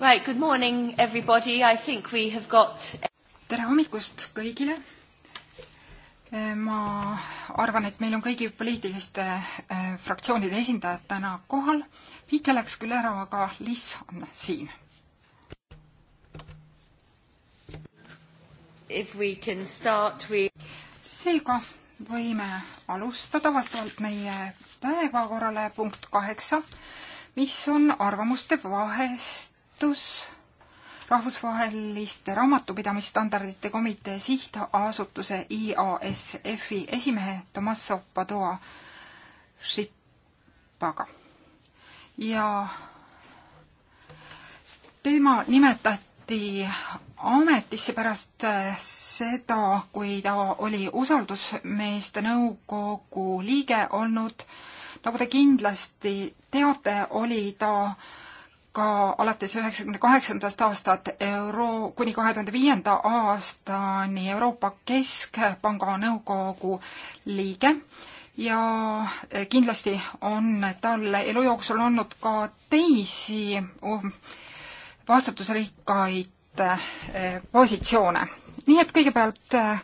Right, good morning everybody, I think we have got tere hommikust kõigile! Eh, ma arvan, et meil on kõigi poliitiliste eh, fraktsioonide esindajad täna kohal. Piitsa läks küll ära, aga Liis on siin. We... seega võime alustada vastavalt meie päevakorrale punkt kaheksa, mis on arvamuste vahest algatus rahvusvaheliste raamatupidamisstandardite komitee sihtasutuse IASF-i esimehe Tomasso Padoa Šipaga. ja tema nimetati ametisse pärast seda, kui ta oli usaldusmeeste nõukogu liige olnud. nagu te kindlasti teate, oli ta äh, ka alates üheksakümne kaheksandast aastat euro, kuni kahe tuhande viienda aastani Euroopa Keskpanga nõukogu liige ja kindlasti on tal elu jooksul olnud ka teisi uh, vastutusrikkaid eh, positsioone. nii et kõigepealt eh,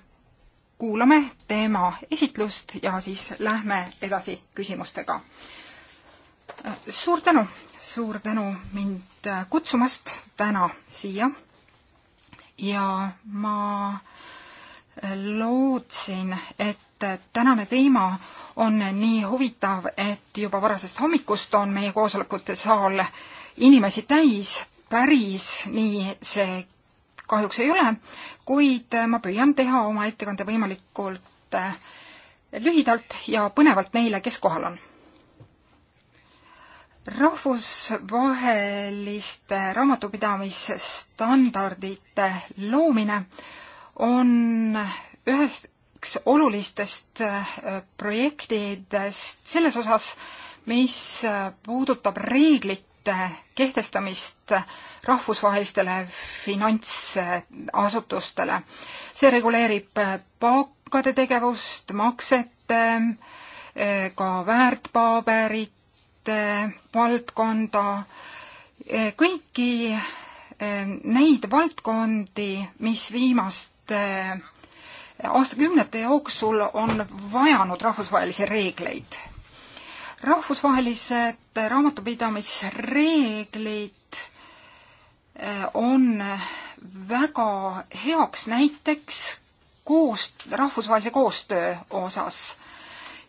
kuulame tema esitlust ja siis lähme edasi küsimustega. Eh, suur tänu! suur tänu mind äh, kutsumast täna siia ja ma äh, lootsin, et äh, tänane teema on nii huvitav, et juba varasest hommikust on meie koosolekute saal inimesi täis, päris nii see kahjuks ei ole, kuid ma püüan teha oma ettekande võimalikult lühidalt ja põnevalt neile, kes kohal on rahvusvaheliste raamatupidamisstandardite loomine on üheks olulistest äh, projektidest selles osas, mis äh, puudutab reeglite kehtestamist rahvusvahelistele finantsasutustele. see reguleerib äh, pankade tegevust, maksete, ka väärtpaberit, valdkonda, eh, kõiki eh, neid valdkondi, mis viimaste eh, aastakümnete jooksul on vajanud rahvusvahelisi reegleid. rahvusvahelised raamatupidamisreeglid on väga heaks näiteks koost-, rahvusvahelise koostöö osas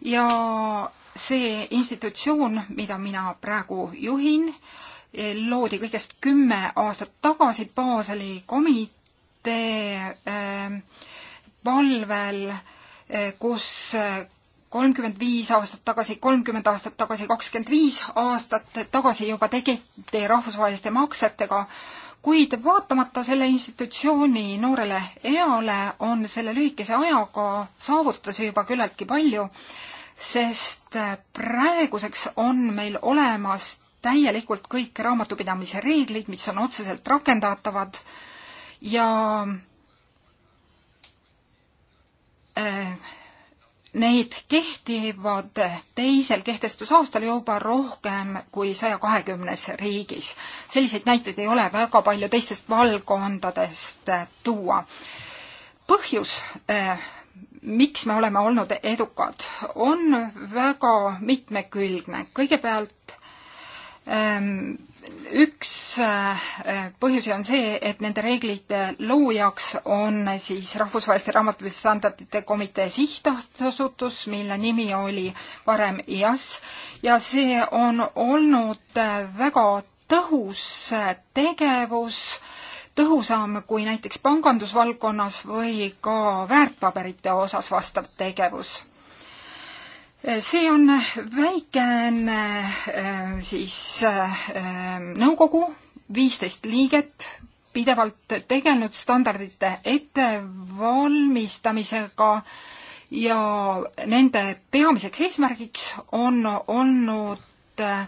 ja see institutsioon, mida mina praegu juhin, loodi kõigest kümme aastat tagasi Baseli komitee valvel, ähm, äh, kus äh, kolmkümmend viis aastat tagasi, kolmkümmend aastat tagasi, kakskümmend viis aastat tagasi juba tegiti rahvusvaheliste maksetega, kuid vaatamata selle institutsiooni noorele eale on selle lühikese ajaga saavutada juba küllaltki palju sest praeguseks on meil olemas täielikult kõik raamatupidamise reeglid, mis on otseselt rakendatavad ja äh, Need kehtivad teisel kehtestusaastal juba rohkem kui saja kahekümnes riigis. selliseid näiteid ei ole väga palju teistest valdkondadest tuua. põhjus äh, miks me oleme olnud edukad, on väga mitmekülgne. kõigepealt ähm, üks äh, põhjusi on see, et nende reeglite loojaks on siis Rahvusvaheliste Raamatuliste Standardite Komitee Sihtasutus, mille nimi oli varem IAS ja see on olnud äh, väga tõhus äh, tegevus tõhusam kui näiteks pangandusvaldkonnas või ka väärtpaberite osas vastav tegevus. see on väikene äh, siis äh, nõukogu, viisteist liiget, pidevalt tegelenud standardite ettevalmistamisega ja nende peamiseks eesmärgiks on olnud äh,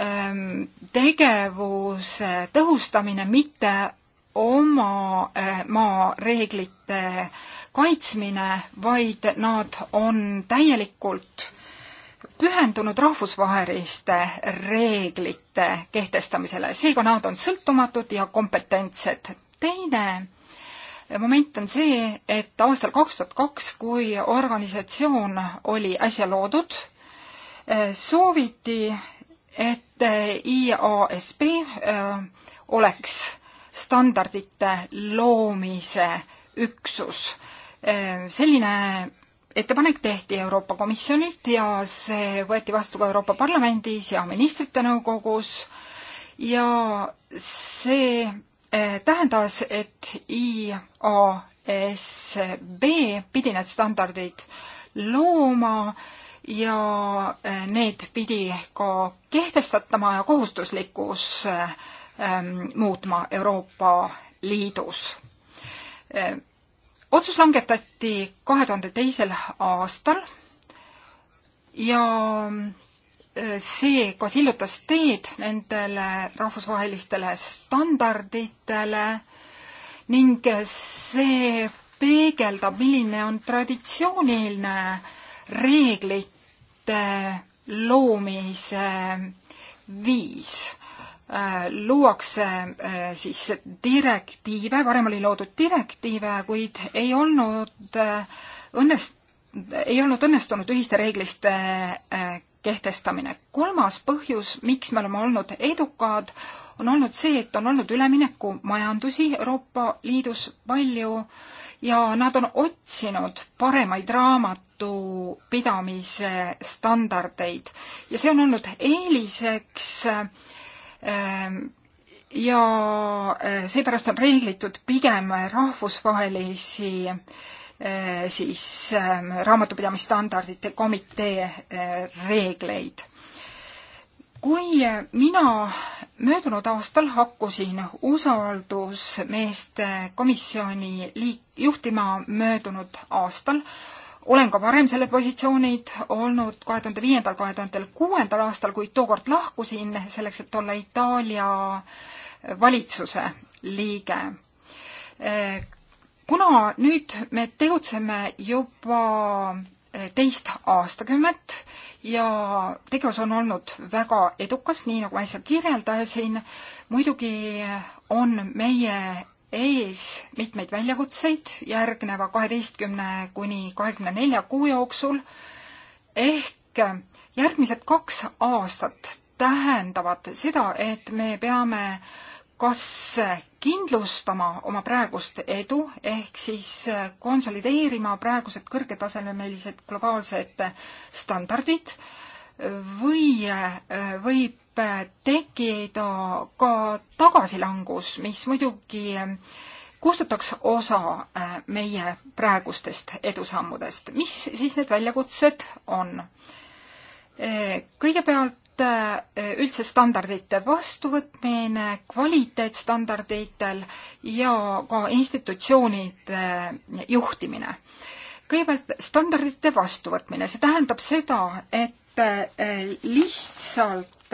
Ähm, tegevuse tõhustamine, mitte oma äh, maa reeglite kaitsmine, vaid nad on täielikult pühendunud rahvusvaheliste reeglite kehtestamisele, seega nad on sõltumatud ja kompetentsed. teine moment on see, et aastal kaks tuhat kaks, kui organisatsioon oli äsja loodud, äh, sooviti et äh, IASB äh, oleks standardite loomise üksus. Äh, selline ettepanek tehti Euroopa Komisjonilt ja see võeti vastu ka Euroopa Parlamendis ja ministrite nõukogus ja see tähendas, et IASB pidi need standardid looma äh, ja eh, need pidi ka kehtestatama ja kohustuslikuks eh, muutma Euroopa Liidus. Eh, otsus langetati kahe tuhande teisel aastal ja see ka sillutas teed nendele rahvusvahelistele standarditele ning see peegeldab, milline on traditsiooniline reeglite ettevõtte loomise viis luuakse eh, siis direktiive, varem oli loodud direktiive, kuid ei olnud eh, õnnest-, ei olnud õnnestunud ühiste reegliste eh, kehtestamine. kolmas põhjus, miks me oleme olnud edukad, on olnud see, et on olnud üleminekumajandusi Euroopa Liidus palju äh, ja nad on otsinud paremaid raamatupidamise standardeid ja see on olnud eeliseks ähm, ja äh, seepärast on reeglitud pigem rahvusvahelisi äh, siis ähm, raamatupidamisstandardite komitee äh, reegleid kui mina möödunud aastal hakkusin usaldusmeeste komisjoni liik-, juhtima möödunud aastal, olen ka varem selle positsioonid olnud kahe tuhande viiendal, kahe tuhande kuuendal aastal, kuid tookord lahkusin selleks, et olla Itaalia valitsuse liige. kuna nüüd me tegutseme juba teist aastakümmet ja tegevus on olnud väga edukas, nii nagu ma äsja kirjeldasin. muidugi on meie ees mitmeid väljakutseid järgneva kaheteistkümne kuni kahekümne nelja kuu jooksul ehk järgmised kaks aastat tähendavad seda, et me peame äh, kas kindlustama oma praegust edu ehk siis konsolideerima praegused kõrgetasemelised globaalsed standardid või võib tekkida ka tagasilangus, mis muidugi kustutaks osa äh, meie praegustest edusammudest. mis siis need väljakutsed on? Äh, kõigepealt Eh, üldse standardite vastuvõtmine kvaliteetstandarditel ja ka institutsioonide eh, juhtimine. kõigepealt standardite vastuvõtmine, see tähendab seda, et eh, lihtsalt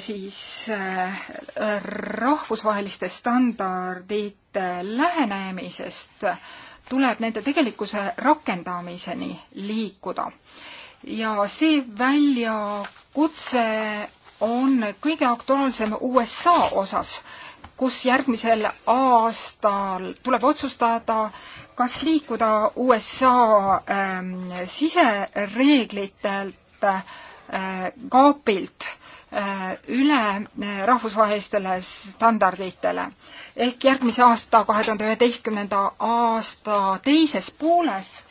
siis rahvusvaheliste standardite lähenemisest tuleb nende tegelikkuse rakendamiseni liikuda ja see väljakutse on kõige aktuaalsem USA osas, kus järgmisel aastal tuleb otsustada, kas liikuda USA ähm, sisereeglitelt äh, kaapilt äh, üle äh, rahvusvahelistele standarditele. ehk järgmise aasta, kahe tuhande üheteistkümnenda aasta teises pooles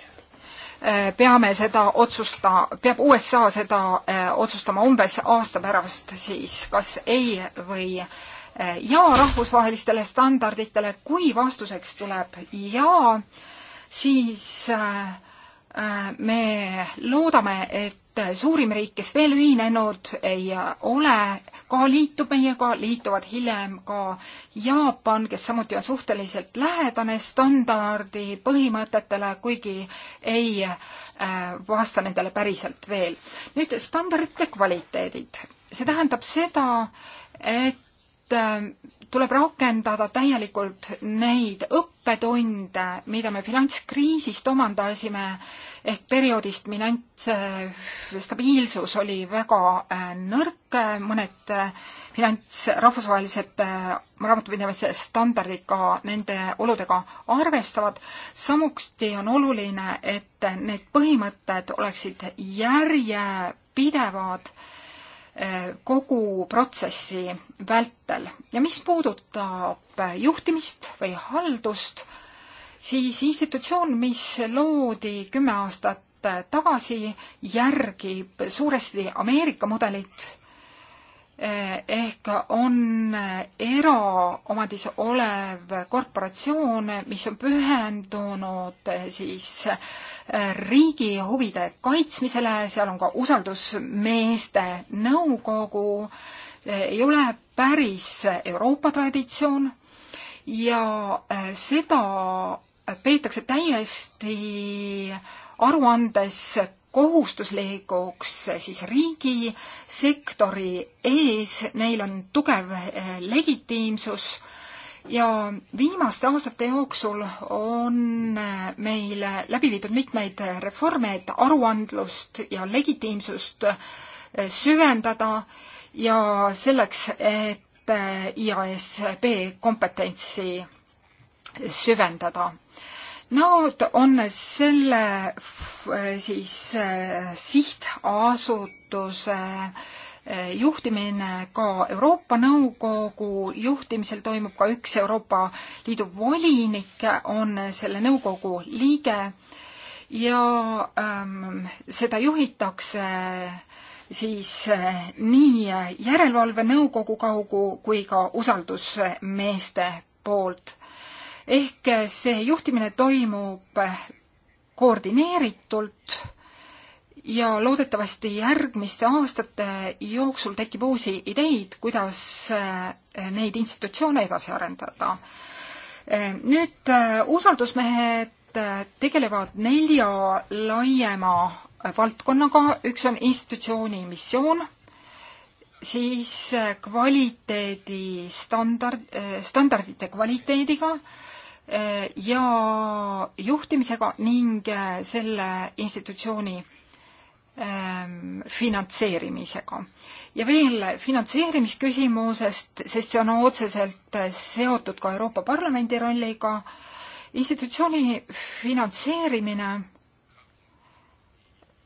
Äh, peame seda otsusta, peab USA seda äh, otsustama umbes aasta pärast siis, kas ei või äh, ja rahvusvahelistele standarditele, kui vastuseks tuleb ja, siis me loodame, et suurim riik, kes veel ühinenud ei ole, ka liitub meiega, liituvad hiljem ka Jaapan, kes samuti on suhteliselt lähedane standardi põhimõtetele, kuigi ei äh, vasta nendele päriselt veel. nüüd standardite kvaliteedid. see tähendab seda, et äh, tuleb rakendada täielikult neid õppetunde, mida me finantskriisist omandasime, ehk perioodist finantsstabiilsus oli väga äh, nõrk, äh, mõned äh, finants, rahvusvahelised raamatupidamise standardid ka nende oludega arvestavad. samuti on oluline, et need põhimõtted oleksid järjepidevad kogu protsessi vältel. ja mis puudutab juhtimist või haldust, siis institutsioon, mis loodi kümme aastat tagasi, järgib suuresti Ameerika mudelit ehk on eraomandis olev korporatsioon, mis on pühendunud siis riigi huvide kaitsmisele, seal on ka usaldusmeeste nõukogu, ei ole päris Euroopa traditsioon ja äh, seda peetakse täiesti aruandes kohustuslikuks siis riigisektori ees, neil on tugev äh, legitiimsus äh, ja viimaste aastate jooksul on äh, meil läbi viidud mitmeid äh, reforme, et aruandlust ja legitiimsust äh, süvendada ja selleks, et IASB kompetentsi süvendada Nad on selle siis sihtasutuse juhtimine ka Euroopa Nõukogu juhtimisel toimub ka üks Euroopa Liidu volinik on selle nõukogu liige ja ähm, seda juhitakse siis äh, nii järelevalvenõukogu kaugu kui ka usaldusmeeste poolt. ehk see juhtimine toimub koordineeritult äh, ja loodetavasti järgmiste aastate jooksul tekib uusi ideid, kuidas eh, neid institutsioone edasi arendada. Eh, nüüd eh, usaldusmehed tegelevad nelja laiema valdkonnaga, üks on institutsiooni missioon, siis kvaliteedi standard, standardite kvaliteediga ja juhtimisega ning selle institutsiooni Ähm, finantseerimisega. ja veel finantseerimisküsimusest, sest see on otseselt äh, seotud ka Euroopa Parlamendi rolliga, institutsiooni finantseerimine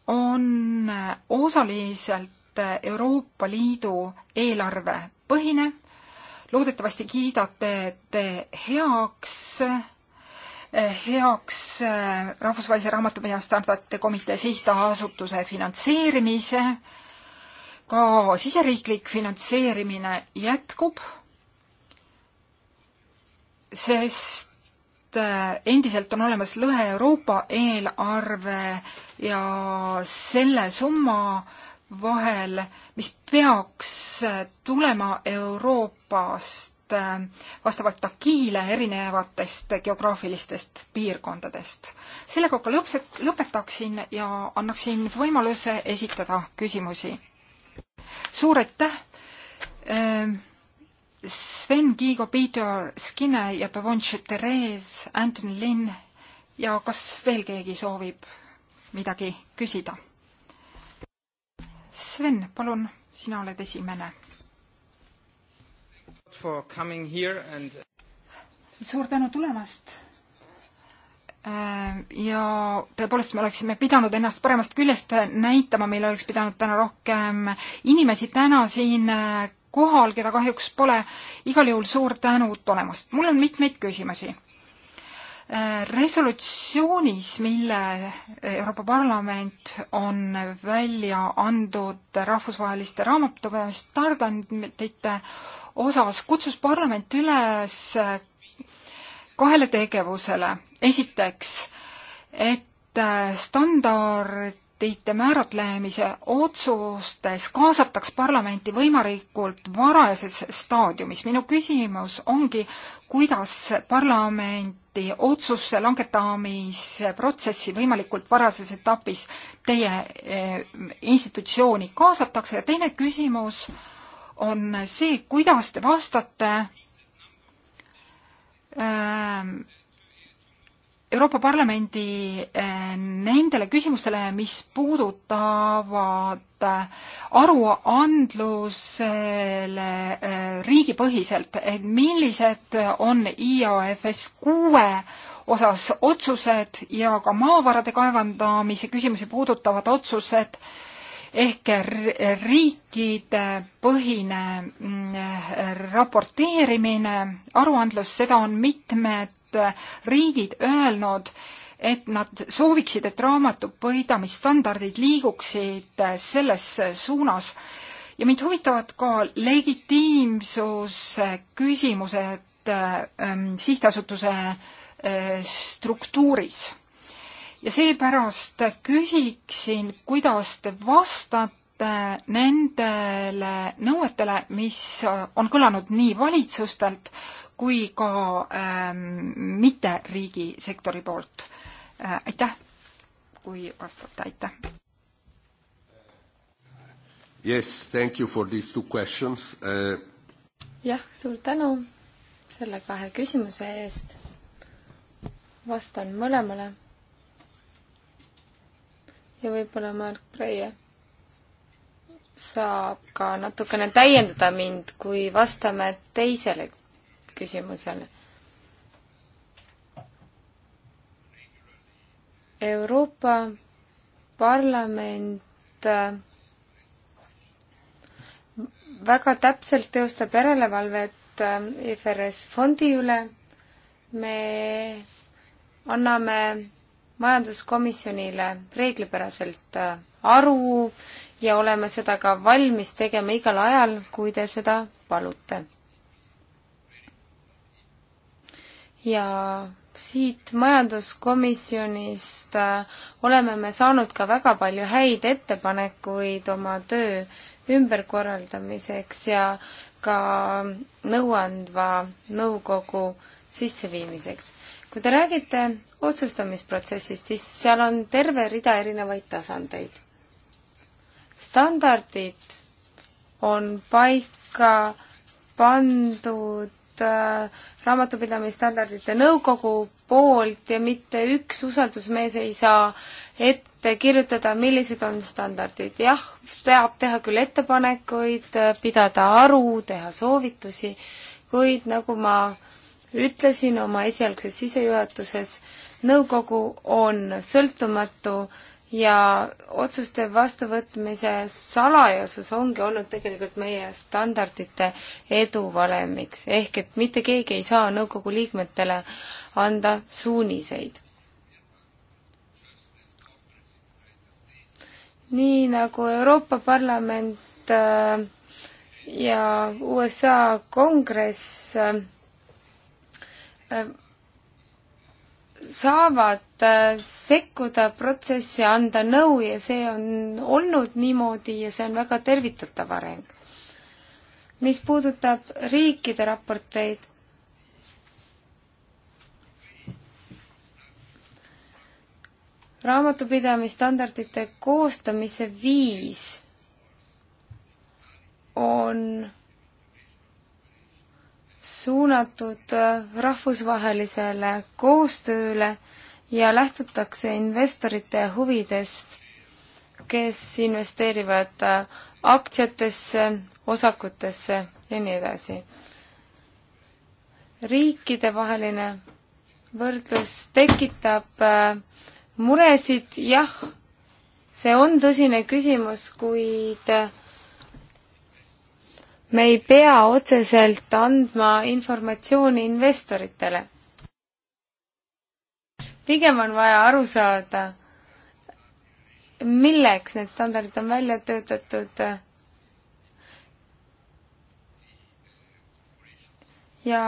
on äh, osaliselt äh, Euroopa Liidu eelarve põhine, loodetavasti kiidate te heaks heaks äh, Rahvusvahelise Raamatupidamisstandardite Komitee sihtasutuse finantseerimise. ka siseriiklik finantseerimine jätkub, sest äh, endiselt on olemas lõhe Euroopa eelarve ja selle summa vahel, mis peaks äh, tulema Euroopast tulevad äh, vastavalt takiile erinevatest geograafilistest piirkondadest. sellega ka lõpset, lõpetaksin ja annaksin võimaluse esitada küsimusi. suur aitäh! Ähm, Sven Kiigo, Peter Skinner ja Pevonš Therese, Anton Linn ja kas veel keegi soovib midagi küsida? Sven, palun, sina oled esimene for coming here and uh, suur tänu tulemast! Äh, ja tõepoolest, me oleksime pidanud ennast paremast küljest näitama, meil oleks pidanud täna rohkem inimesi täna siin äh, kohal, keda kahjuks pole. igal juhul suur tänu tulemast. mul on mitmeid küsimusi äh, resolutsioonis, mille Euroopa Parlament on välja andnud rahvusvaheliste raamatupidamistardandite osas kutsus parlament üles kahele tegevusele. esiteks, et standardite määratlemise otsustes kaasataks parlamenti võimalikult varajases staadiumis. minu küsimus ongi, kuidas parlamenti otsusse langetamise protsessi võimalikult varases etapis teie eh, institutsiooni kaasatakse ja teine küsimus äh, on see, kuidas te vastate ähm, Euroopa Parlamendi äh, nendele küsimustele, mis puudutavad äh, aruandlusele äh, riigipõhiselt, et millised on IAFS kuue osas otsused ja ka maavarade kaevandamise küsimusi puudutavad otsused äh, ehk riikide põhine mm, raporteerimine, aruandlus, seda on mitmed riigid öelnud, et nad sooviksid, et raamatupidamisstandardid liiguksid selles suunas. ja mind huvitavad ka legitiimsuse küsimused mm, sihtasutuse eh, struktuuris ja seepärast küsiksin, kuidas te vastate nendele nõuetele, mis on kõlanud nii valitsustelt kui ka ähm, mitte riigisektori poolt äh,. aitäh, kui vastate, aitäh. Yes, thank you for these two questions uh.... jah, suur tänu selle kahe küsimuse eest. vastan mõlemale ja võib-olla Mark Preie saab ka natukene täiendada mind, kui vastame teisele küsimusele. Euroopa Parlament äh, väga täpselt teostab järelevalvet IFRS äh, e fondi üle, me anname majanduskomisjonile reeglipäraselt äh, aru ja oleme seda ka valmis tegema igal ajal, kui te seda palute. ja siit majanduskomisjonist äh, oleme me saanud ka väga palju häid ettepanekuid oma töö ümberkorraldamiseks ja ka nõuandva nõukogu sisseviimiseks kui te räägite otsustamisprotsessist, siis seal on terve rida erinevaid tasandeid. standardid on paika pandud äh, raamatupidamisstandardite nõukogu poolt ja mitte üks usaldusmees ei saa ette kirjutada, millised on standardid. jah, saab teha küll ettepanekuid, äh, pidada aru, teha soovitusi, kuid nagu ma äh, ütlesin oma esialgses sisejuhatuses, nõukogu on sõltumatu ja otsuste vastuvõtmise salajasus ongi olnud tegelikult meie standardite eduvalemiks, ehk et mitte keegi ei saa nõukogu liikmetele anda suuniseid. nii nagu Euroopa Parlament äh, ja USA Kongress äh, saavad äh, sekkuda protsessi, anda nõu ja see on olnud niimoodi ja see on väga tervitatav areng. mis puudutab riikide raporteid, raamatupidamisstandardite koostamise viis on suunatud äh, rahvusvahelisele koostööle ja lähtutakse investorite huvidest, kes investeerivad äh, aktsiatesse, osakutesse ja nii edasi. riikidevaheline võrdlus tekitab äh, muresid, jah, see on tõsine küsimus, kuid me ei pea otseselt andma informatsiooni investoritele. pigem on vaja aru saada, milleks need standardid on välja töötatud ja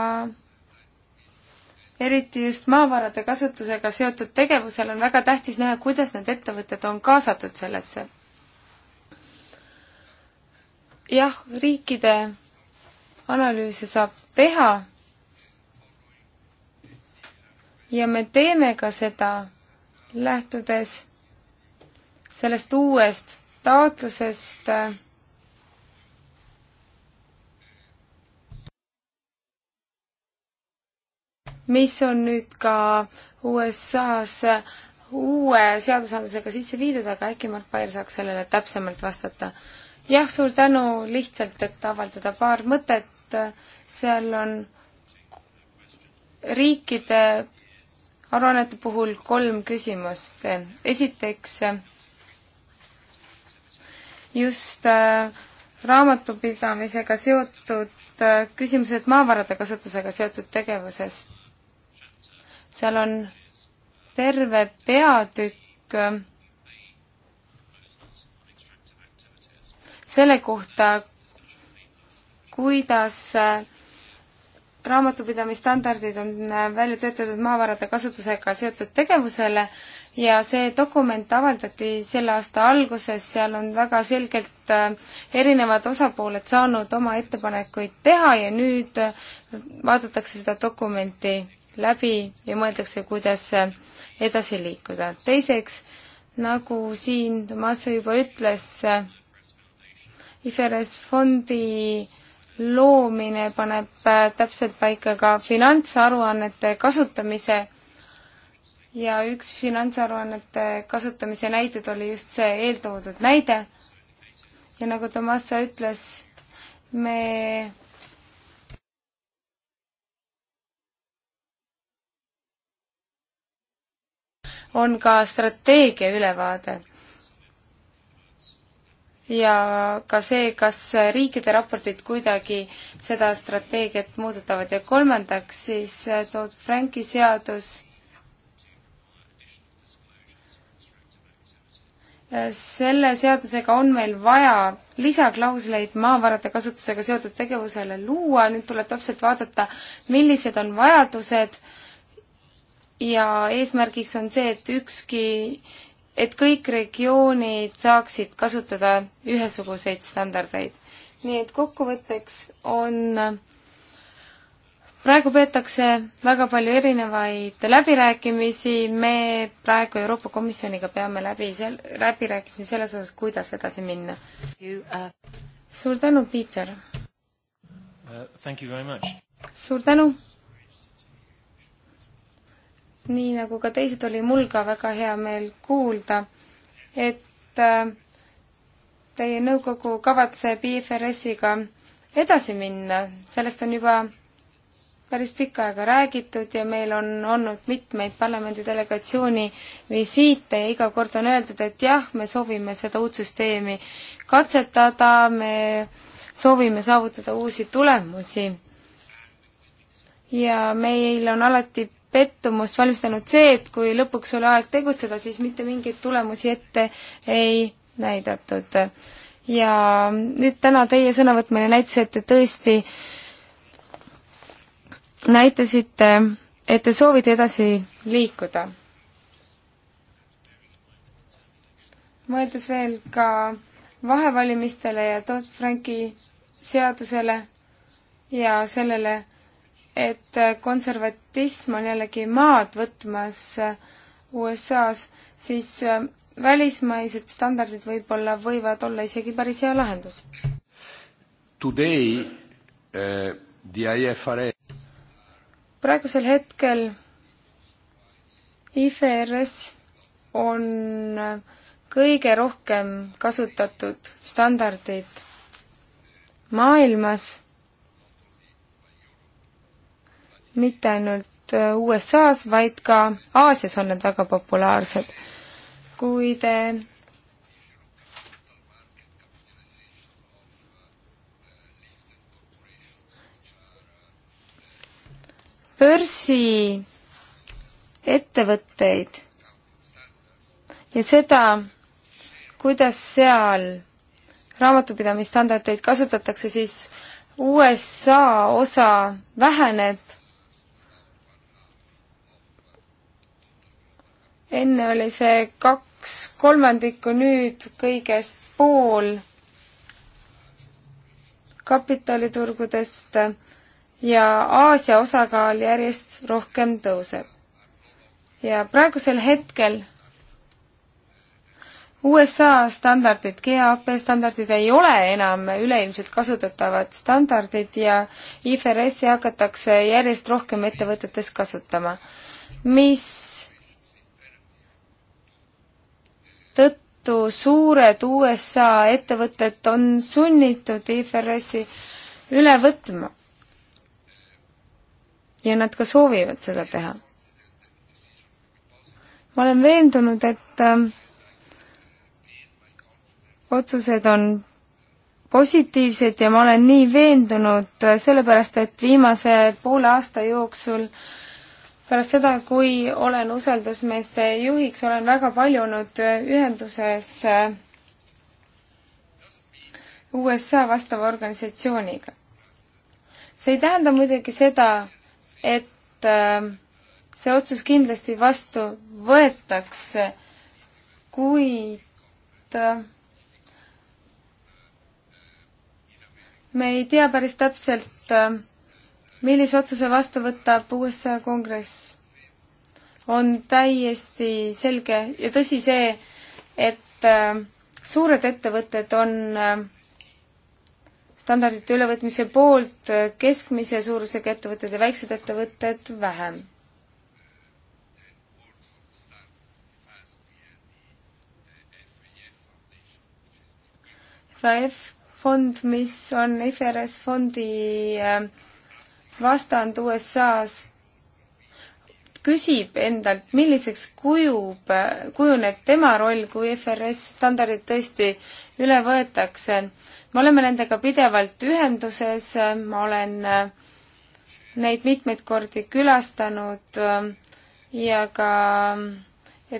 eriti just maavarade kasutusega seotud tegevusel on väga tähtis näha, kuidas need ettevõtted on kaasatud sellesse jah, riikide analüüse saab teha ja me teeme ka seda, lähtudes sellest uuest taotlusest äh, mis on nüüd ka USA-s uue seadusandlusega sisse viidud, aga äkki Mark Pair saaks sellele täpsemalt vastata jah, suur tänu, lihtsalt, et avaldada paar mõtet, seal on riikide aruannete puhul kolm küsimust. esiteks just äh, raamatupidamisega seotud äh, küsimused maavarade kasutusega seotud tegevuses. seal on terve peatükk äh, selle kohta, kuidas äh, raamatupidamisstandardid on äh, välja töötatud maavarade kasutusega seotud tegevusele ja see dokument avaldati selle aasta alguses, seal on väga selgelt äh, erinevad osapooled saanud oma ettepanekuid teha ja nüüd vaadatakse seda dokumenti läbi ja mõeldakse, kuidas edasi liikuda. teiseks, nagu siin Tomaso juba ütles, IFRS fondi loomine paneb äh, täpselt paika ka finantsaruannete kasutamise ja üks finantsaruannete kasutamise näited oli just see eeltoodud näide. ja nagu Tomasa ütles, me on ka strateegia ülevaade ja ka see, kas riikide raportid kuidagi seda strateegiat muudetavad ja kolmandaks siis äh, Todd Franki seadus, äh, selle seadusega on meil vaja lisaklausleid maavarade kasutusega seotud tegevusele luua, nüüd tuleb täpselt vaadata, millised on vajadused ja eesmärgiks on see, et ükski et kõik regioonid saaksid kasutada ühesuguseid standardeid. nii et kokkuvõtteks on, praegu peetakse väga palju erinevaid läbirääkimisi, me praegu Euroopa Komisjoniga peame läbi sel-, läbirääkimisi selles osas, kuidas edasi minna. Uh, suur tänu, Peter uh,! suur tänu! nii nagu ka teised, oli mul ka väga hea meel kuulda, et äh, teie nõukogu kavatseb IFRS-iga edasi minna, sellest on juba päris pikka aega räägitud ja meil on olnud mitmeid parlamendi delegatsiooni visiite ja iga kord on öeldud, et jah, me soovime seda uut süsteemi katsetada, me soovime saavutada uusi tulemusi. ja meil on alati pettumust valmistanud see, et kui lõpuks oli aeg tegutseda, siis mitte mingeid tulemusi ette ei näidatud. ja nüüd täna teie sõnavõtt meile näitas, et te tõesti näitasite, et te soovite edasi liikuda. mõeldes veel ka vahevalimistele ja Todd Franki seadusele ja sellele, et konservatism on jällegi maad võtmas USA-s, siis ähm, välismaised standardid võib-olla võivad olla isegi päris hea lahendus. Today uh, the IFRA praegusel hetkel IFRS on kõige rohkem kasutatud standardid maailmas mitte ainult äh, USA-s, vaid ka Aasias on need väga populaarsed. kui te börsiettevõtteid ja seda, kuidas seal raamatupidamisstandardeid kasutatakse, siis USA osa väheneb enne oli see kaks kolmandikku, nüüd kõigest pool kapitaliturgudest ja Aasia osakaal järjest rohkem tõuseb. ja praegusel hetkel USA standardid, GAP standardid ei ole enam üleilmselt kasutatavad standardid ja IFRS-i hakatakse järjest rohkem ettevõtetes kasutama, mis tõttu suured USA ettevõtted on sunnitud IFRS-i üle võtma. ja nad ka soovivad seda teha. ma olen veendunud, et ähm, otsused on positiivsed ja ma olen nii veendunud, äh, sellepärast et viimase poole aasta jooksul äh, pärast seda, kui olen usaldusmeeste juhiks, olen väga palju olnud ühenduses äh, USA vastava organisatsiooniga. see ei tähenda muidugi seda, et äh, see otsus kindlasti vastu võetakse, kuid äh, me ei tea päris täpselt, millise otsuse vastu võtab USA kongress, on täiesti selge ja tõsi see, et äh, suured ettevõtted on äh, standardite ülevõtmise poolt, äh, keskmise suurusega ettevõtted ja väiksed ettevõtted vähem FAF fond, mis on IFRS fondi vastand USA-s küsib endalt, milliseks kujub, kujuneb tema roll, kui FRS standardid tõesti üle võetakse. me oleme nendega pidevalt ühenduses, ma olen äh, neid mitmeid kordi külastanud äh, ja ka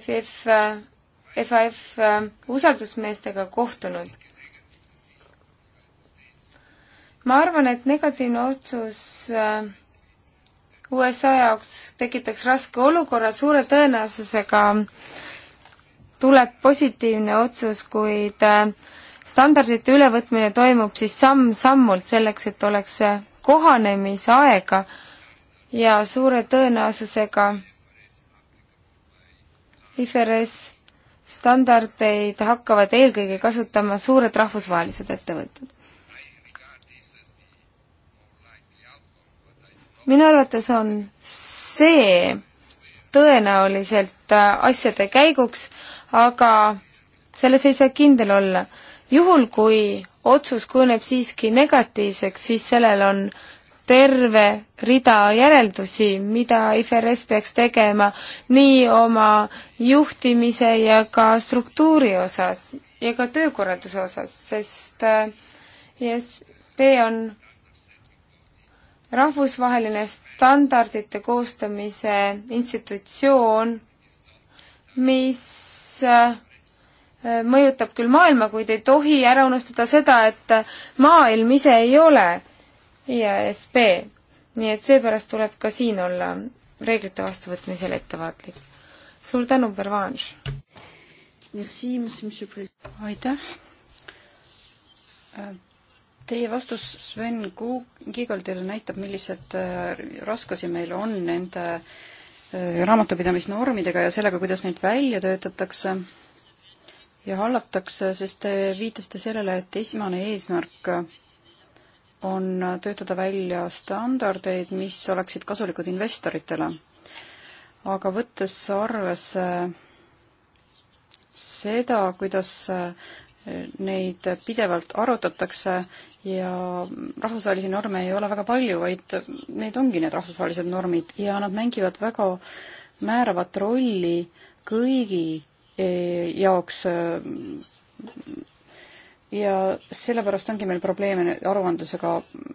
FF, äh, FAF usaldusmeestega kohtunud ma arvan, et negatiivne otsus äh, USA jaoks tekitaks raske olukorra, suure tõenäosusega tuleb positiivne otsus, kuid äh, standardite ülevõtmine toimub siis samm-sammult, selleks et oleks kohanemisaega ja suure tõenäosusega IFRS standardeid hakkavad eelkõige kasutama suured rahvusvahelised ettevõtted minu arvates on see tõenäoliselt äh, asjade käiguks, aga selles ei saa kindel olla. juhul, kui otsus kujuneb siiski negatiivseks, siis sellel on terve rida järeldusi, mida IFRS peaks tegema nii oma juhtimise ja ka struktuuri osas ja ka töökorralduse osas, sest äh, ISP on rahvusvaheline standardite koostamise institutsioon, mis äh, mõjutab küll maailma, kuid ei tohi ära unustada seda, et maailm ise ei ole IASB. nii et seepärast tuleb ka siin olla reeglite vastuvõtmisel ettevaatlik. suur tänu, Pervanš! aitäh! Äh, Teie vastus Sven Kiigoldile näitab, millised äh, raskusi meil on nende äh, raamatupidamisnormidega ja sellega, kuidas neid välja töötatakse ja hallatakse, sest te viitasite sellele, et esmane eesmärk on töötada välja standardeid, mis oleksid kasulikud investoritele. aga võttes arvesse seda, kuidas neid pidevalt arutatakse ja rahvusvahelisi norme ei ole väga palju, vaid need ongi need rahvusvahelised normid ja nad mängivad väga määravat rolli kõigi e, jaoks ja sellepärast ongi meil probleeme aruandlusega,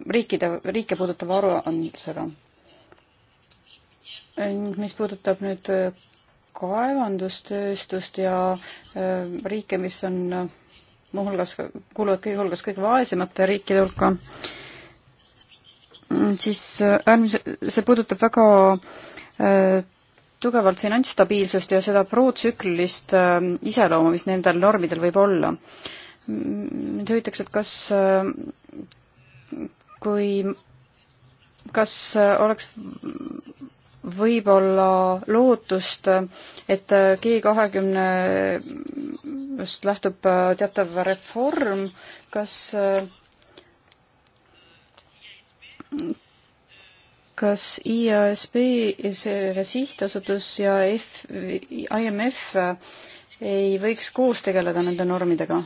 riikide, riike puudutava aruandlusega. mis puudutab nüüd kaevandustööstust ja e, riike, mis on muuhulgas kuuluvad kõige hulgas kõige vaesemate riikide hulka, mm, siis äh, äärmise, see puudutab väga äh, tugevalt finantsstabiilsust ja seda protsüklilist äh, iseloomu, mis nendel normidel võib olla. Mm, mind huvitaks, et kas äh,, kui, kas äh, oleks võib-olla lootust, et äh, G kahekümne millest lähtub äh, teatav reform, kas äh, kas IASB, selle sihtasutus ja F, IMF äh, ei võiks koos tegeleda nende normidega?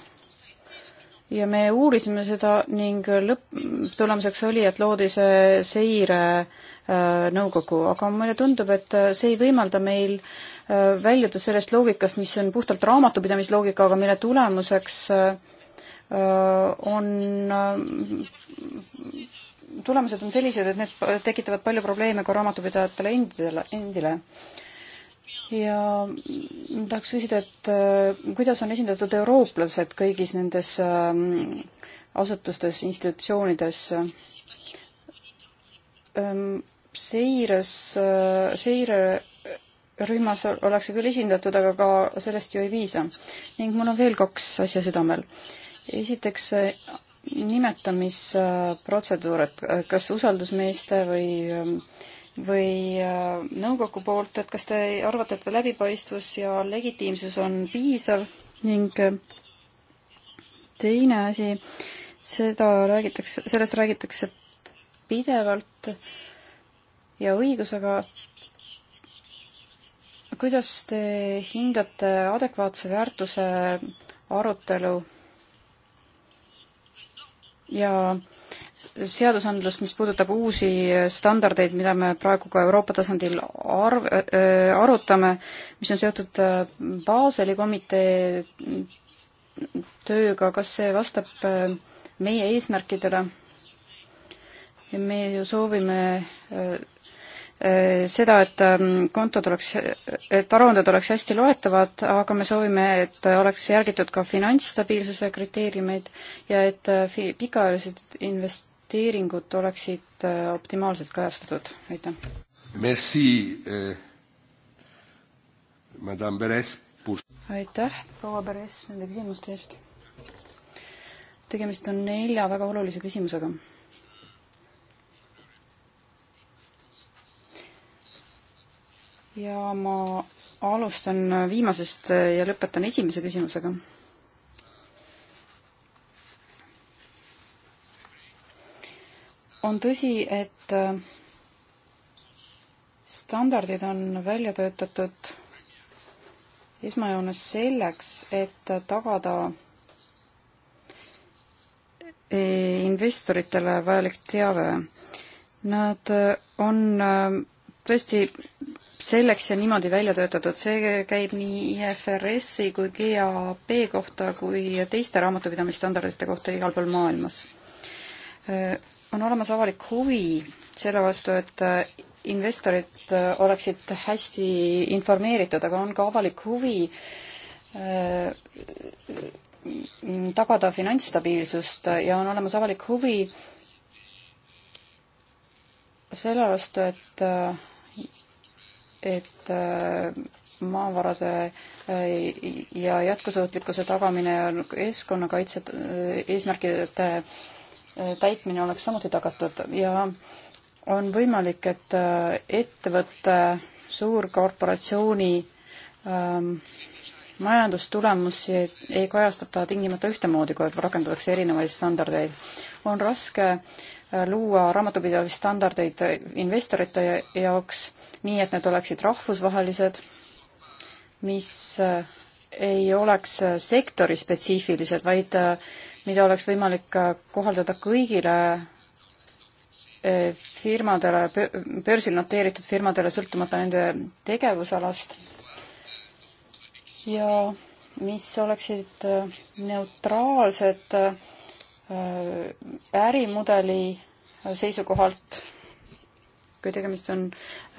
ja me uurisime seda ning lõpptulemuseks oli, et loodi see seirenõukogu, aga mulle tundub, et see ei võimalda meil äh, väljuda sellest loogikast, mis on puhtalt raamatupidamisloogika, aga mille tulemuseks äh, on äh, tulemused on sellised, et need tekitavad palju probleeme ka raamatupidajatele endile, endile. ja tahaks küsida, et äh, kuidas on esindatud eurooplased kõigis nendes asutustes, institutsioonides? seires, seire rühmas ollakse küll esindatud, aga ka sellest ju ei piisa. ning mul on veel kaks asja südamel. esiteks eh, nimetamisprotseduur, et kas usaldusmeeste või või eh, nõukogu poolt, et kas te arvate, et läbipaistvus ja legitiimsus on piisav ning eh, teine asi, seda räägitakse, sellest räägitakse pidevalt ja õigusega, kuidas te hindate adekvaatse väärtuse arutelu ja seadusandlust, mis puudutab uusi standardeid, mida me praegu ka Euroopa tasandil arv- äh,, arutame, mis on seotud äh, Baseli komitee tööga, kas see vastab äh, meie eesmärkidele? me ju soovime äh, Äh, seda, et ähm, kontod oleks, et aruanded oleks hästi loetavad, aga me soovime, et oleks järgitud ka finantsstabiilsuse kriteeriumeid ja et äh, pikaajalised investeeringud oleksid äh, optimaalselt kajastatud, aitäh. Merci eh,, madame Beres. aitäh, proua Beres, nende küsimuste eest. tegemist on nelja väga olulise küsimusega ja ma alustan viimasest ja lõpetan esimese küsimusega. on tõsi, et standardid on välja töötatud esmajoones selleks, et tagada investoritele vajalik teave. Nad on tõesti selleks ja niimoodi välja töötatud, see käib nii IFRS-i kui GAP kohta kui teiste raamatupidamisstandardite kohta igal pool maailmas. Äh, on olemas avalik huvi selle vastu, et äh, investorid äh, oleksid hästi informeeritud, aga on ka avalik huvi tagada finantsstabiilsust ja on olemas avalik huvi selle vastu, et et äh, maavarade äh, ja jätkusuutlikkuse tagamine ja keskkonnakaitse äh, eesmärkide täitmine oleks samuti tagatud ja on võimalik, et ettevõtte, suurkorporatsiooni ähm, majandustulemusi ei, ei kajastata tingimata ühtemoodi, kui rakendatakse erinevaid standardeid. on raske äh, luua raamatupidamisstandardeid investorite jaoks, nii et need oleksid rahvusvahelised, mis äh, ei oleks äh, sektorispetsiifilised, vaid äh, mida oleks võimalik kohaldada kõigile firmadele, börsil noteeritud firmadele, sõltumata nende tegevusalast ja mis oleksid neutraalsed äh, Äh, ärimudeli äh, seisukohalt, kui tegemist on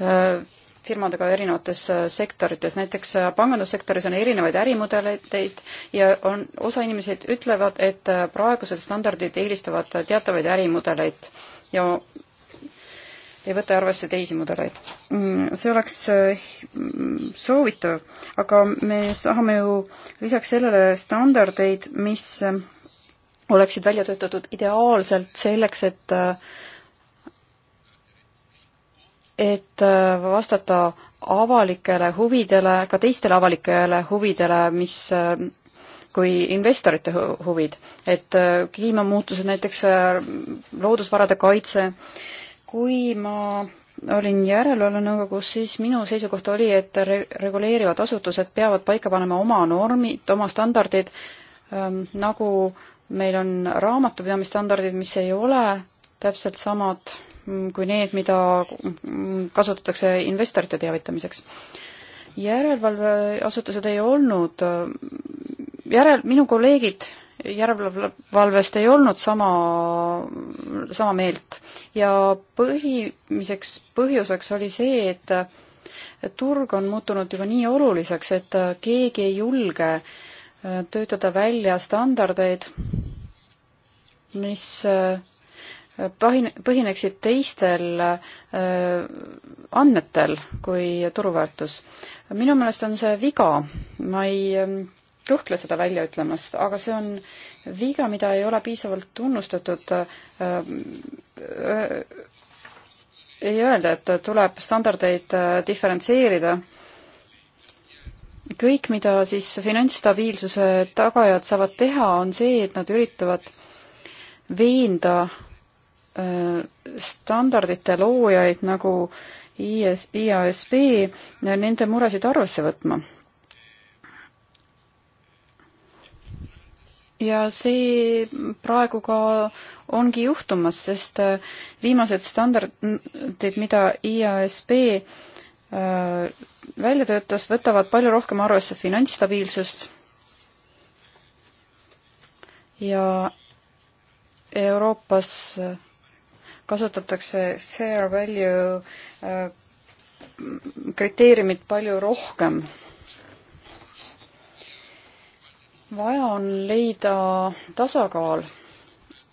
äh, firmadega erinevates sektorites, näiteks pangandussektoris on erinevaid ärimudeleid ja on, osa inimesi ütlevad, et praegused standardid eelistavad teatavaid ärimudeleid ja ei võta arvesse teisi mudeleid. Mm, see oleks soovitav, aga me saame ju lisaks sellele standardeid, mis oleksid välja töötatud ideaalselt selleks, et et vastata avalikele huvidele, ka teistele avalikele huvidele, mis kui investorite huvid, et kliimamuutused, näiteks loodusvarade kaitse. kui ma olin järelevalvenõukogus, siis minu seisukoht oli, et re-, reguleerivad asutused peavad paika panema oma normid, oma standardid ähm,, nagu äh, meil on raamatupidamisstandardid, mis ei ole täpselt samad mm, kui need, mida mm, kasutatakse investorite teavitamiseks. järelevalveasutused ei olnud, järel, minu kolleegid järelevalvest ei olnud sama, sama meelt ja põhimiseks põhjuseks oli see, et turg on muutunud juba nii oluliseks, et keegi ei julge äh, töötada välja standardeid, mis äh, pahin-, põhineksid teistel äh, andmetel kui turuväärtus. minu meelest on see viga, ma ei ähm, kõhkle seda välja ütlemast, aga see on viga, mida ei ole piisavalt tunnustatud. Äh, ei öelda, et tuleb standardeid diferentseerida kõik, mida siis finantsstabiilsuse tagajad saavad teha, on see, et nad üritavad veenda äh, standardite loojaid nagu IS, IASB nende muresid arvesse võtma. ja see praegu ka ongi juhtumas, sest äh, viimased standardid, mida IASB äh, välja töötas, võtavad palju rohkem arvesse finantsstabiilsust ja Euroopas kasutatakse fair value äh, kriteeriumit palju rohkem. vaja on leida tasakaal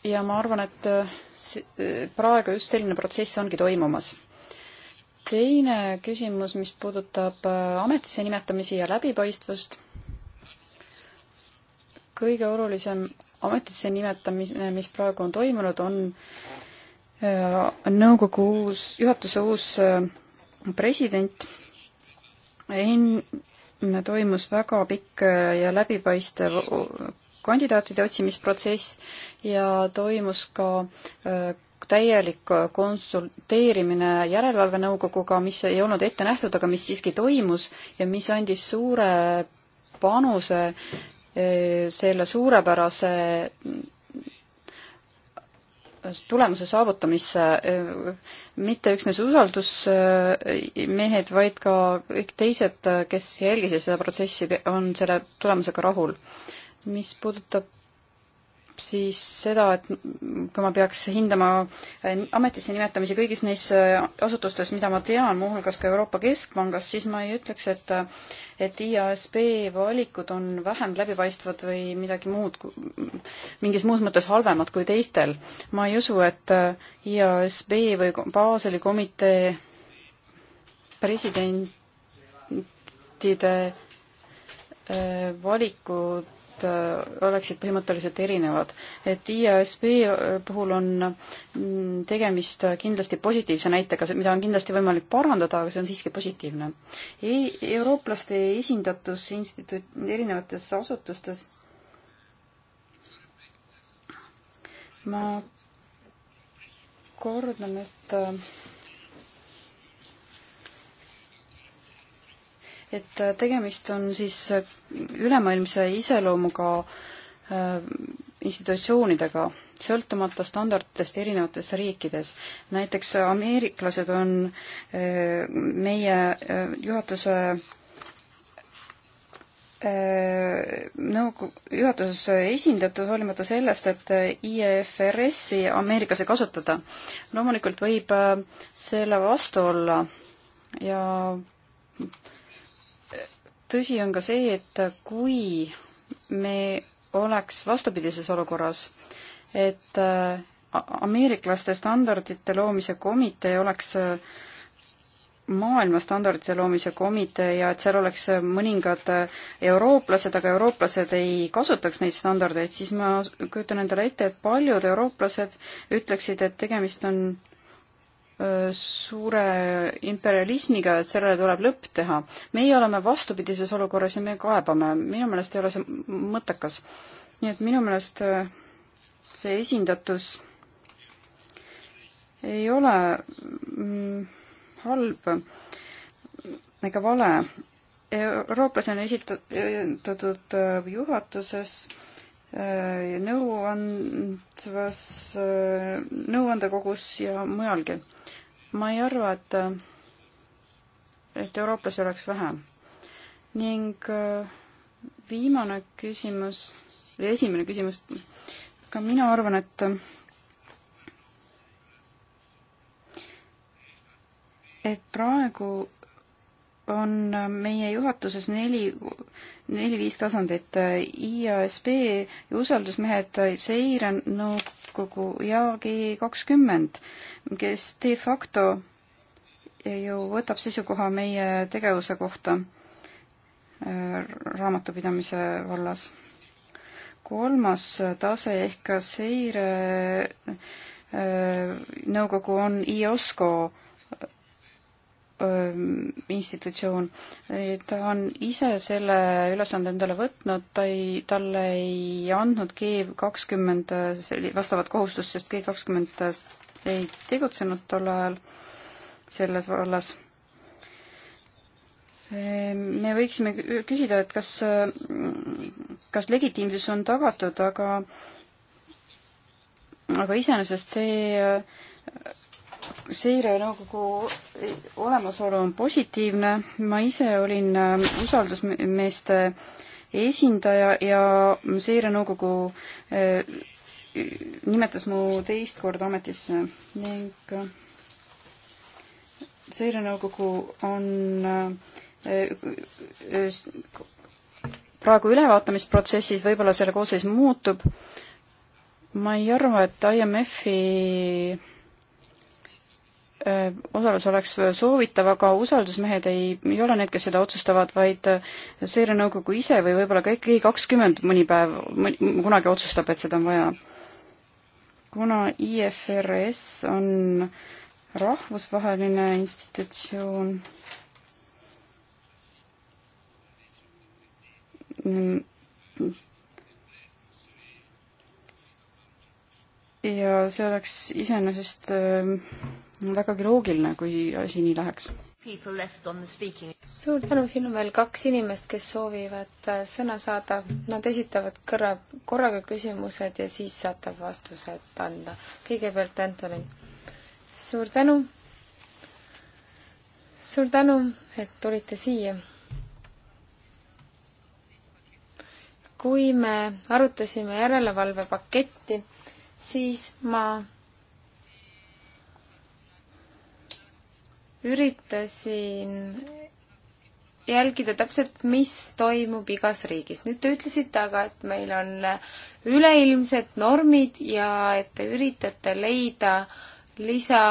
ja ma arvan, et äh, praegu just selline protsess ongi toimumas teine küsimus, mis puudutab äh, ametisse nimetamisi ja läbipaistvust. kõige olulisem ametisse nimetamine, mis praegu on toimunud, on äh, nõukogu uus, juhatuse uus äh, president. enne toimus väga pikk ja läbipaistev kandidaatide otsimisprotsess ja toimus ka täielik äh, konsulteerimine järelevalvenõukoguga, mis ei olnud ette nähtud, aga mis siiski toimus ja mis andis suure panuse äh, selle suurepärase äh, tulemuse saavutamisse mitte üksnes usaldusmehed, vaid ka kõik teised, kes jälgisid seda protsessi, on selle tulemusega rahul. mis puudutab siis seda, et kui ma peaks hindama äh, ametisse nimetamisi kõigis neis äh, asutustes, mida ma tean, muuhulgas ka Euroopa Keskpangas, siis ma ei ütleks, et äh, et IASB valikud on vähem läbipaistvad või midagi muud, mingis muus mõttes halvemad kui teistel. ma ei usu, et IASB või Baseli komitee presidentide valikud Äh, oleksid põhimõtteliselt erinevad. et IASB äh, puhul on mm, tegemist äh, kindlasti positiivse näitega, mida on kindlasti võimalik parandada, aga see on siiski positiivne. ei, eurooplaste esindatus instituut, erinevates asutustes ma kordan, et et äh, tegemist on siis äh, ülemaailmse iseloomuga äh, institutsioonidega, sõltumata standarditest erinevates riikides. näiteks ameeriklased on meie juhatuse nõukogu juhatuses esindatud, hoolimata sellest, et IFRS-i e Ameerikas ei kasutata. loomulikult võib selle vastu olla ja tõsi on ka see, et kui me oleks vastupidises olukorras, et äh, ameeriklaste standardite loomise komitee oleks äh, maailma standardite loomise komitee ja et seal oleks äh, mõningad eurooplased, aga eurooplased ei kasutaks neid standardeid, siis ma kujutan endale ette, et paljud eurooplased ütleksid, et tegemist on äh, suure imperialismiga, et sellele tuleb lõpp teha. meie oleme vastupidises olukorras ja me kaebame, minu meelest ei ole see mõttekas. nii et minu meelest see esindatus ei ole mm, halb ega vale. eurooplasi on esitatud juhatuses nõuandvas, nõuandekogus ja mujalgi ma ei arva, et, et eurooplasi oleks vähem. ning äh, viimane küsimus või esimene küsimus, ka mina arvan, et et praegu on äh, meie juhatuses neli neli-viis tasandit, IASB ja usaldusmehed, seirenõukogu ja G kakskümmend, kes de facto ju võtab seisukoha meie tegevuse kohta äh, raamatupidamise vallas. kolmas tase ehk seire äh, nõukogu on IOSCO institutsioon. ta on ise selle ülesande endale võtnud, ta ei, talle ei andnud G kakskümmend vastavat kohustust, sest G kakskümmend ei tegutsenud tol ajal selles vallas. me võiksime küsida, et kas, kas legitiimsus on tagatud, aga aga iseenesest see seirenõukogu olemasolu on positiivne, ma ise olin ähm, usaldusmeeste esindaja ja seirenõukogu äh, nimetas mu teist korda ametisse ning äh, seirenõukogu on äh, praegu ülevaatamisprotsessis, võib-olla selle koosseis muutub. ma ei arva, et IMF-i osalus oleks soovitav, aga usaldusmehed ei, ei ole need, kes seda otsustavad, vaid äh, seirenõukogu ise või võib-olla ka ikkagi kakskümmend mõni päev, kunagi otsustab, et seda on vaja. kuna IFRS on rahvusvaheline institutsioon, mm, ja see oleks iseenesest äh, vägagi loogiline, kui asi nii läheks. suur tänu, siin on veel kaks inimest, kes soovivad äh, sõna saada. Nad esitavad korra, korraga küsimused ja siis saate vastused anda. kõigepealt Antonin. suur tänu. suur tänu, et tulite siia kui me arutasime järelevalvepaketti, siis ma üritasin jälgida täpselt, mis toimub igas riigis. nüüd te ütlesite aga, et meil on üleilmsed normid ja et te üritate leida lisa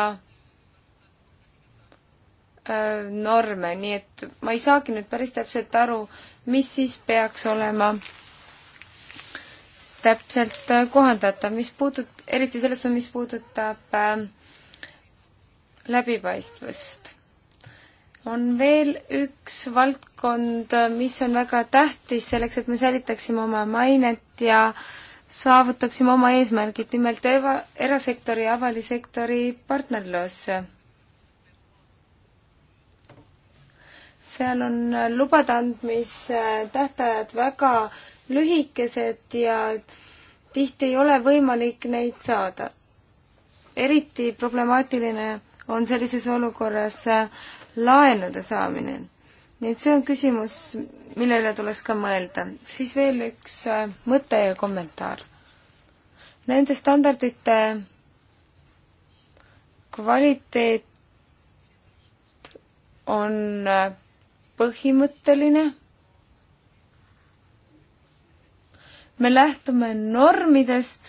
äh, norme, nii et ma ei saagi nüüd päris täpselt aru, mis siis peaks olema täpselt äh, kohandatav, mis puudut-, eriti selles, mis puudutab äh, läbipaistvust. on veel üks valdkond, mis on väga tähtis selleks, et me säilitaksime oma mainet ja saavutaksime oma eesmärgid, nimelt eva, erasektori ja avalisektori partnerlus. seal on lubade andmise tähtajad väga lühikesed ja tihti ei ole võimalik neid saada. eriti problemaatiline on sellises olukorras äh, laenude saamine. nii et see on küsimus, mille üle tuleks ka mõelda. siis veel üks äh, mõte ja kommentaar. Nende standardite kvaliteet on äh, põhimõtteline me lähtume normidest,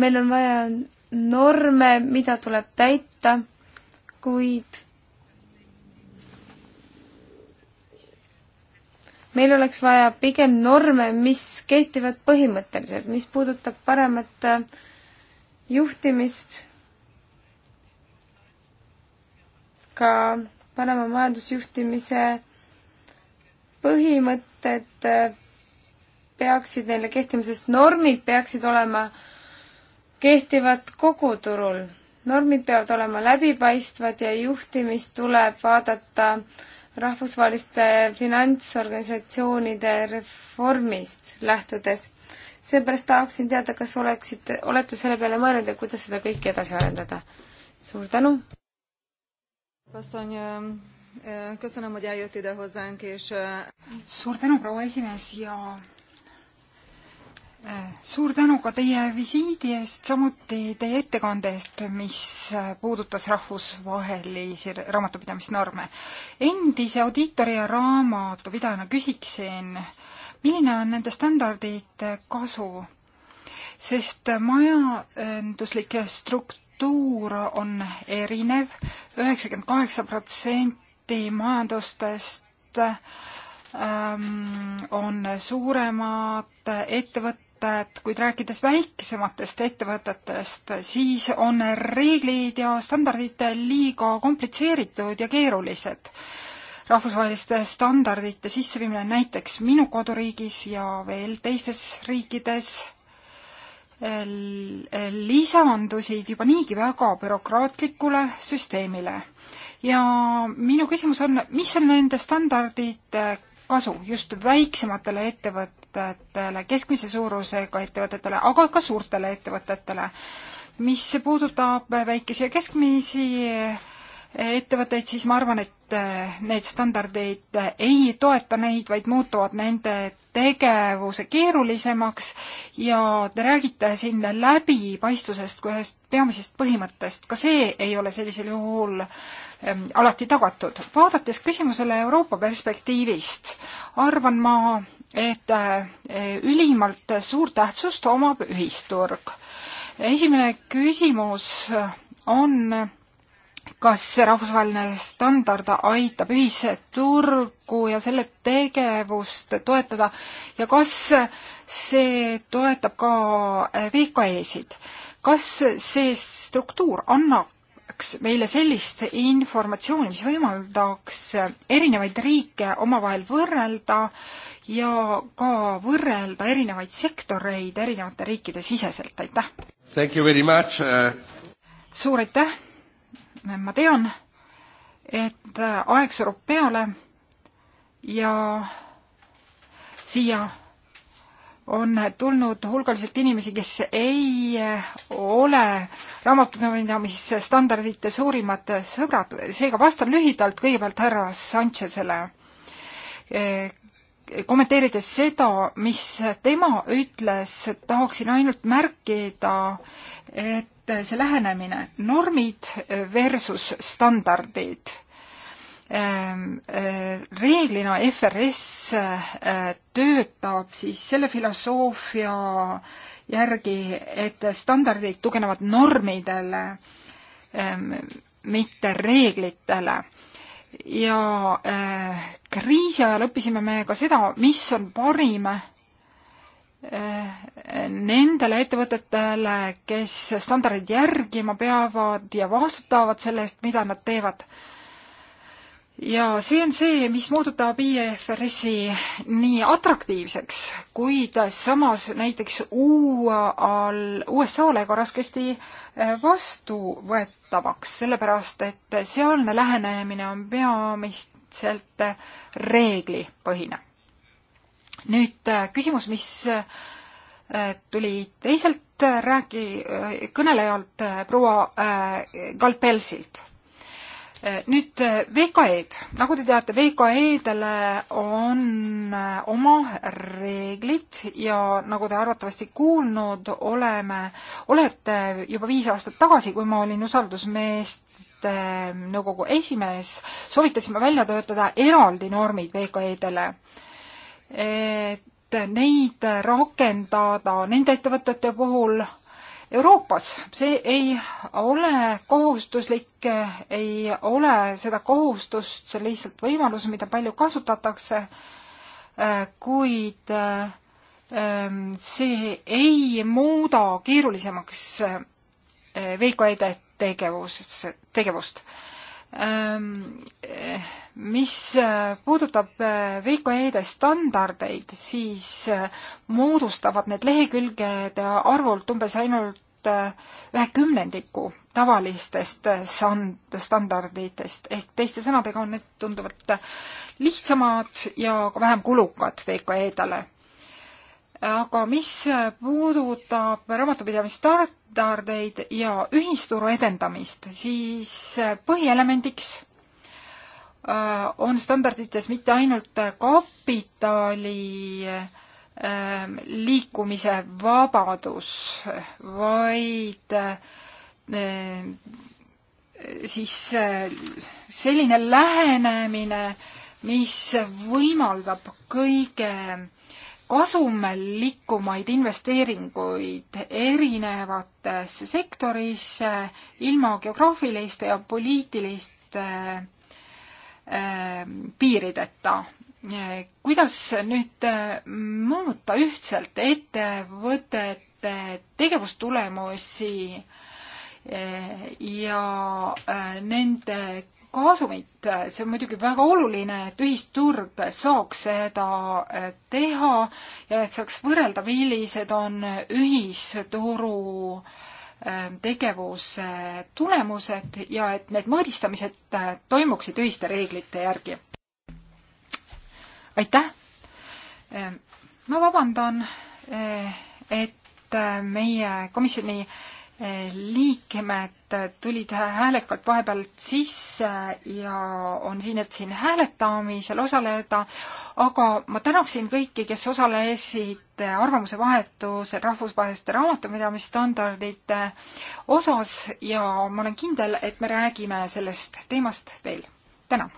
meil on vaja norme, mida tuleb täita, kuid meil oleks vaja pigem norme, mis kehtivad põhimõtteliselt, mis puudutab paremat äh, juhtimist, ka parema majandusjuhtimise põhimõtted äh, peaksid neile kehtima, sest normid peaksid olema äh, kehtivad kogu turul. normid peavad olema läbipaistvad ja juhtimist tuleb vaadata rahvusvaheliste finantsorganisatsioonide reformist lähtudes. seepärast tahaksin teada, kas oleksite, olete selle peale mõelnud ja kuidas seda kõike edasi arendada? suur tänu! suur tänu, proua esimees ja suur tänu ka teie visiidi eest, samuti teie ettekande eest, mis puudutas rahvusvahelisi raamatupidamisnorme. Endise audiitori ja raamatupidajana küsiksin, milline on nende standardite kasu? sest majanduslik struktuur on erinev, üheksakümmend kaheksa protsenti majandustest ähm, on suuremad ettevõtted, ettevõtet, kuid rääkides väiksematest ettevõtetest, siis on reeglid ja standardid liiga komplitseeritud ja keerulised. rahvusvaheliste standardite sisseviimine näiteks minu koduriigis ja veel teistes riikides lisandusid juba niigi väga bürokraatlikule süsteemile. ja minu küsimus on, mis on nende standardite kasu just väiksematele ettevõtetele? ettevõtetele, keskmise suurusega ettevõtetele, aga ka suurtele ettevõtetele. mis puudutab väikesi ja keskmisi ettevõtteid, siis ma arvan, et need standardeid ei toeta neid, vaid muutuvad nende tegevuse keerulisemaks ja te räägite siin läbipaistvusest kui ühest peamisest põhimõttest, ka see ei ole sellisel juhul ähm, alati tagatud. vaadates küsimusele Euroopa perspektiivist, arvan ma, et äh, ülimalt suurt tähtsust omab ühisturg. esimene küsimus on, kas see rahvusvaheline standard aitab ühisturgu ja selle tegevust toetada ja kas see toetab ka VKE-sid? kas see struktuur annab annaks meile sellist informatsiooni, mis võimaldaks erinevaid riike omavahel võrrelda ja ka võrrelda erinevaid sektoreid erinevate riikide siseselt, aitäh! Uh, suur aitäh! ma tean, et aeg surub peale ja siia on tulnud hulgaliselt inimesi, kes ei ole raamatupidamise standardite suurimad sõbrad, seega vastan lühidalt kõigepealt härra Sanchezele, eh, kommenteerides seda, mis tema ütles, tahaksin ainult märkida, et see lähenemine, normid versus standardid Ähm, äh, reeglina FRS äh, töötab siis selle filosoofia järgi, et standardid tugevnevad normidele, ähm, mitte reeglitele. ja äh, kriisi ajal õppisime me ka seda, mis on parim nendele ettevõtetele, kes standardeid järgima peavad ja vastutavad selle eest, mida nad teevad ja see on see, mis muudutab IFRS-i nii atraktiivseks, kuid samas näiteks UA-l, USA-le ka raskesti eh, vastuvõetavaks, sellepärast et sealne lähenemine on peamiselt reeglipõhine. nüüd eh, küsimus, mis eh, tuli teiselt rääki-, kõnelejalt proua Galpelsilt Eh, nüüd eh, VKE-d, nagu te teate, VKE-dele on eh, oma reeglid ja nagu te arvatavasti kuulnud oleme, olete juba viis aastat tagasi, kui ma olin usaldusmeeste nõukogu esimees, soovitasime välja töötada eraldi normid VKE-dele. et neid rakendada nende ettevõtete puhul Euroopas. see ei ole kohustuslik, ei ole seda kohustust, see on lihtsalt võimalus, mida palju kasutatakse, äh, kuid äh, ähm, see ei muuda keerulisemaks äh, veikoide tegevus, tegevust. Ähm, mis äh, puudutab äh, VKE-de standardeid, siis äh, moodustavad need lehekülgede arvult umbes ainult ühe kümnendiku tavalistest standarditest, ehk teiste sõnadega on need tunduvalt lihtsamad ja ka vähem kulukad VKE-dele. aga mis puudutab raamatupidamisstandardeid ja ühisturu edendamist, siis põhielemendiks Äh, on standardites mitte ainult äh, kapitali äh, liikumise vabadus, vaid siis selline lähenemine, mis võimaldab kõige kasumlikumaid investeeringuid erinevatesse sektorisse ilma geograafiliste ja poliitiliste Ähm, piirideta. kuidas nüüd äh, mõõta ühtselt ettevõtete tegevustulemusi äh, ja äh, nende kasumit, see on muidugi väga oluline, et ühisturg saaks seda teha ja et saaks võrrelda, millised on ühisturu äh, Ähm, tegevuse tulemused ja et need mõõdistamised äh, toimuksid ühiste reeglite järgi. aitäh! Ähm, ma vabandan, äh, et äh, meie komisjoni Eh, liikmed tulid häälekalt vahepealt sisse ja on siin, et siin hääletamisel osaleda, aga ma tänaksin kõiki, kes osalesid arvamuse vahetusel rahvusvaheliste raamatupidamisstandardite osas ja ma olen kindel, et me räägime sellest teemast veel. tänan!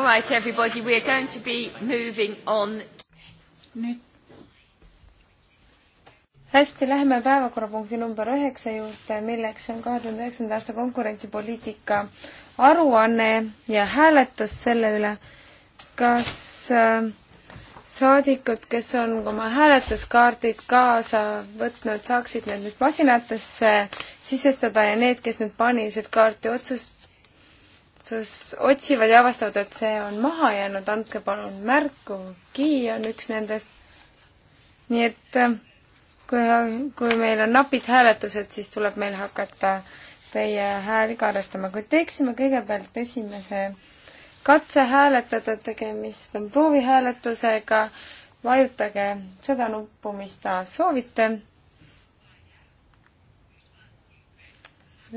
All right, everybody, we are going to be moving on. nüüd. hästi, läheme päevakorrapunkti number üheksa juurde, milleks on kahe tuhande üheksanda aasta konkurentsipoliitika aruanne ja hääletus selle üle, kas äh, saadikud, kes on oma hääletuskaardid kaasa võtnud, saaksid need nüüd masinatesse sisestada ja need, kes nüüd paaniliselt kaarti otsust, valitsus otsivad ja avastavad, et see on maha jäänud, andke palun märku. Gi on üks nendest. nii et äh, kui, kui meil on napid hääletused, siis tuleb meil hakata teie hääli ka arvestama, kuid teeksime kõigepealt esimese katse hääletada, tegemist on proovihääletusega, vajutage seda nuppu, mis te soovite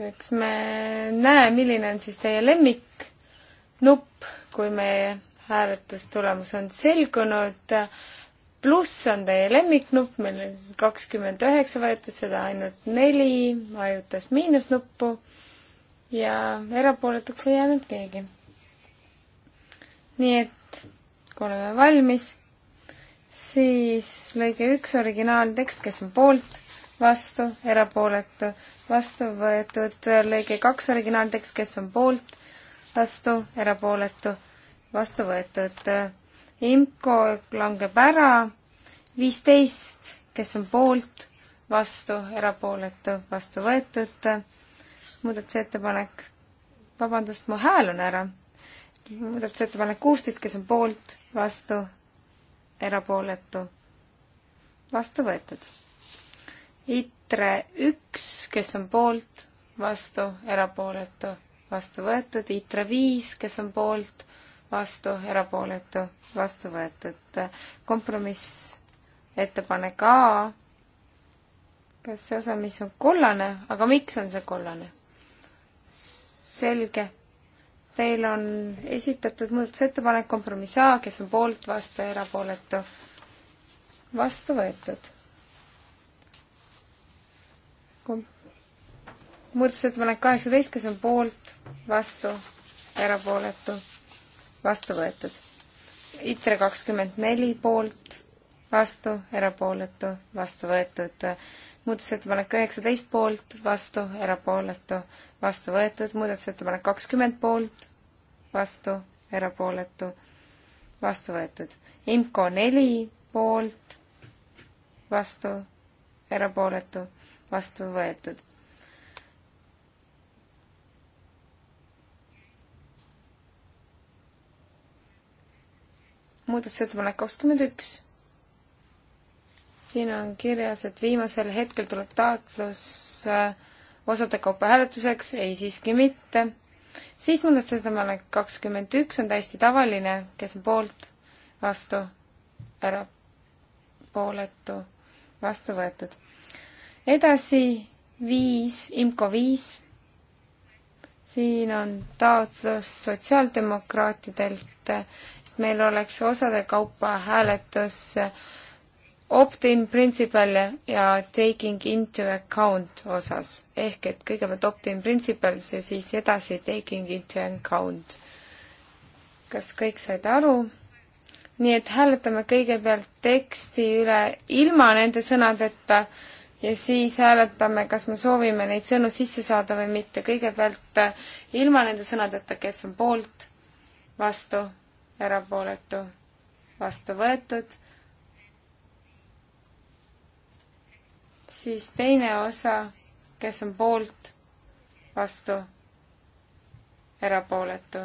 eks me näe, milline on siis teie lemmiknupp, kui meie hääletustulemus on selgunud. pluss on teie lemmiknupp, meil on kakskümmend üheksa vajutas seda, ainult neli vajutas miinusnuppu ja erapooletuks ei jäänud keegi. nii et kui oleme valmis, siis lõige üks originaaltekst, kes on poolt, vastu, erapooletu vastu võetud lõige kaks originaaltekst, kes on poolt, vastu, erapooletu, vastu võetud. IMCO langeb ära, viisteist, kes on poolt, vastu, erapooletu, vastu võetud. muudatusettepanek, vabandust, mu hääl on ära. muudatusettepanek kuusteist, kes on poolt, vastu, erapooletu, vastu võetud. It ITRE üks, kes on poolt, vastu, erapooletu, vastu võetud, ITRE viis, kes on poolt, vastu, erapooletu, vastu võetud. kompromiss, ettepanek A, kas see osa, mis on kollane, aga miks on see kollane? selge. Teil on esitatud muudatusettepanek kompromiss A, kes on poolt, vastu, erapooletu, vastu võetud muudatusettepanek kaheksateist, kes on poolt, vastu, erapooletu, vastu võetud. ITRE kakskümmend neli poolt, vastu, erapooletu, vastu võetud. muudatusettepanek üheksateist poolt, vastu, erapooletu, vastu võetud. muudatusettepanek kakskümmend poolt, vastu, erapooletu, vastu võetud. IMCO neli poolt, vastu, erapooletu vastu võetud. muudatusettepanek kakskümmend üks. siin on kirjas, et viimasel hetkel tuleb taotlus äh, osade kaupa hääletuseks, ei siiski mitte. siis muudatusettepanek kakskümmend üks on täiesti tavaline, kes on poolt, vastu, ära, pooletu, vastu võetud edasi viis, IMCO viis. siin on taotlus sotsiaaldemokraatidelt, et meil oleks osade kaupa hääletus opt-in principle ja taking into account osas. ehk et kõigepealt opt-in principles ja siis edasi taking into account. kas kõik said aru? nii et hääletame kõigepealt teksti üle ilma nende sõnadeta ja siis hääletame, kas me soovime neid sõnu sisse saada või mitte. kõigepealt eh, ilma nende sõnadeta, kes on poolt, vastu, erapooletu, vastu võetud. siis teine osa, kes on poolt, vastu, erapooletu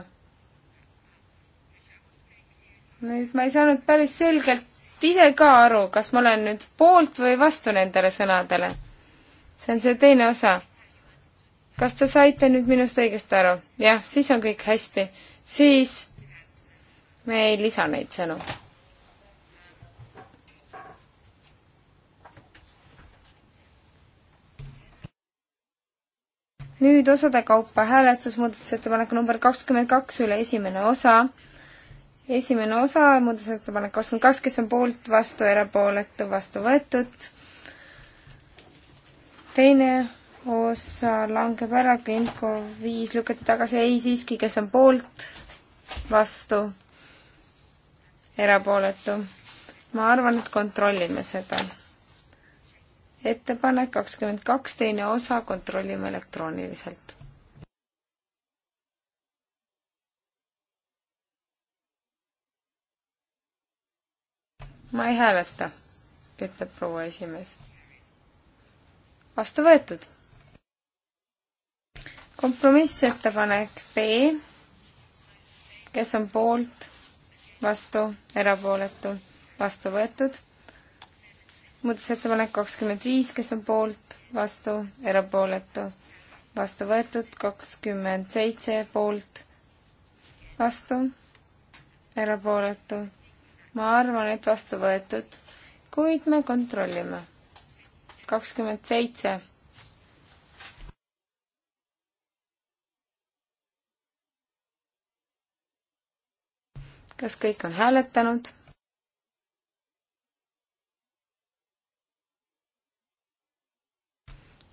nüüd ma ei saanud päris selgelt ise ka aru, kas ma olen nüüd poolt või vastu nendele sõnadele. see on see teine osa. kas te saite nüüd minust õigesti aru? jah, siis on kõik hästi. siis me ei lisa neid sõnu. nüüd osade kaupa hääletus muudatusettepaneku number kakskümmend kaks üle esimene osa esimene osa, muudatusettepanek kakskümmend kaks, kes on poolt, vastu, erapooletu, vastu võetud. teine osa langeb ära, Genko viis lükati tagasi, ei siiski, kes on poolt, vastu, erapooletu. ma arvan, et kontrollime seda. ettepanek kakskümmend kaks, teine osa, kontrollime elektrooniliselt ma ei hääleta, ütleb proua esimees. vastu võetud. kompromissettepanek B. kes on poolt, vastu, erapooletu, vastu võetud. muudatusettepanek kakskümmend viis, kes on poolt, vastu, erapooletu, vastu võetud, kakskümmend seitse poolt, vastu, erapooletu ma arvan, et vastu võetud, kuid me kontrollime. kakskümmend seitse. kas kõik on hääletanud?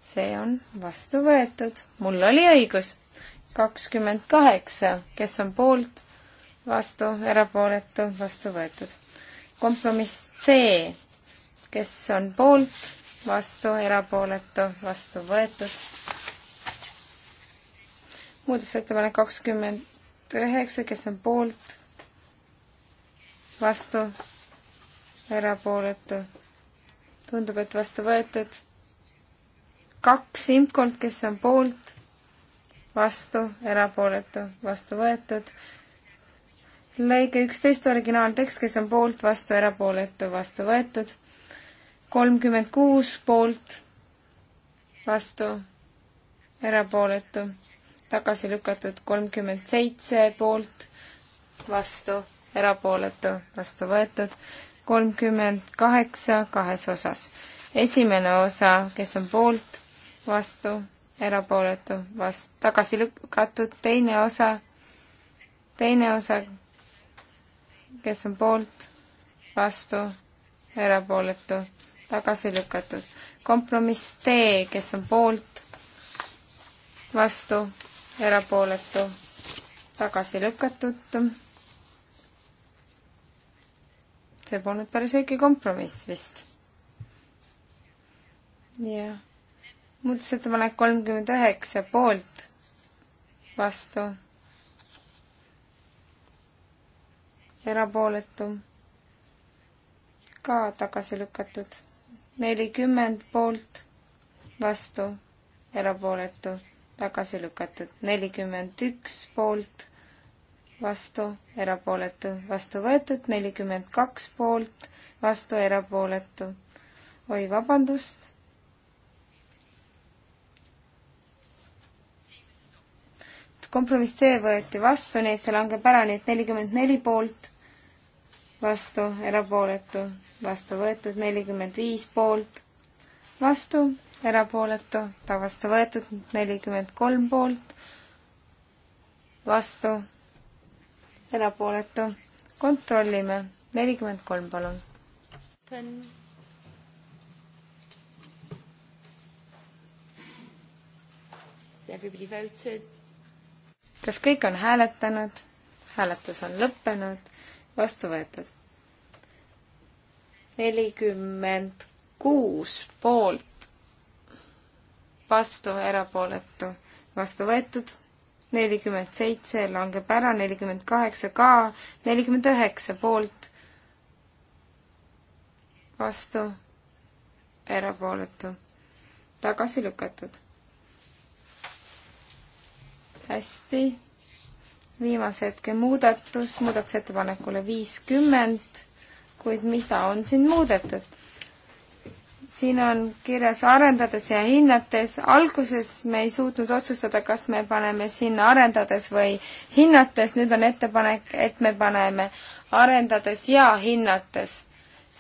see on vastu võetud, mul oli õigus. kakskümmend kaheksa, kes on poolt? vastu, erapooletu, vastu võetud. kompromiss C, kes on poolt, vastu, erapooletu, vastu võetud. muudatusettepanek kakskümmend üheksa, kes on poolt, vastu, erapooletu, tundub, et vastu võetud. kaks imkolt, kes on poolt, vastu, erapooletu, vastu võetud lõige üksteist originaaltekst, kes on poolt, vastu, erapooletu, vastu võetud. kolmkümmend kuus poolt, vastu, erapooletu, tagasi lükatud. kolmkümmend seitse poolt, vastu, erapooletu, vastu võetud. kolmkümmend kaheksa kahes osas. esimene osa, kes on poolt, vastu, erapooletu, vast-, tagasi lükatud. teine osa, teine osa kes on poolt, vastu, erapooletu, tagasi lükatud. kompromiss D, kes on poolt, vastu, erapooletu, tagasi lükatud. see polnud päris õige kompromiss vist. jah. muudatusettepanek kolmkümmend üheksa poolt, vastu erapooletu, ka tagasi lükatud. nelikümmend poolt, vastu, erapooletu, tagasi lükatud. nelikümmend üks poolt, vastu, erapooletu, vastu võetud. nelikümmend kaks poolt, vastu, erapooletu. oi, vabandust kompromiss C võeti vastu, nii et see langeb ära, nii et nelikümmend neli poolt, vastu, erapooletu, vastu võetud, nelikümmend viis poolt, vastu, erapooletu, ta vastu võetud, nelikümmend kolm poolt, vastu, erapooletu. kontrollime, nelikümmend kolm, palun. kas kõik on hääletanud? hääletus on lõppenud, vastu võetud nelikümmend kuus poolt, vastu, erapooletu, vastu võetud, nelikümmend seitse langeb ära, nelikümmend kaheksa ka, nelikümmend üheksa poolt, vastu, erapooletu, tagasi lükatud. hästi, viimase hetke muudatus, muudatusettepanekule viiskümmend kuid mida on siin muudetud? siin on kirjas arendades ja hinnates. alguses me ei suutnud otsustada, kas me paneme sinna arendades või hinnates. nüüd on ettepanek, et me paneme arendades ja hinnates.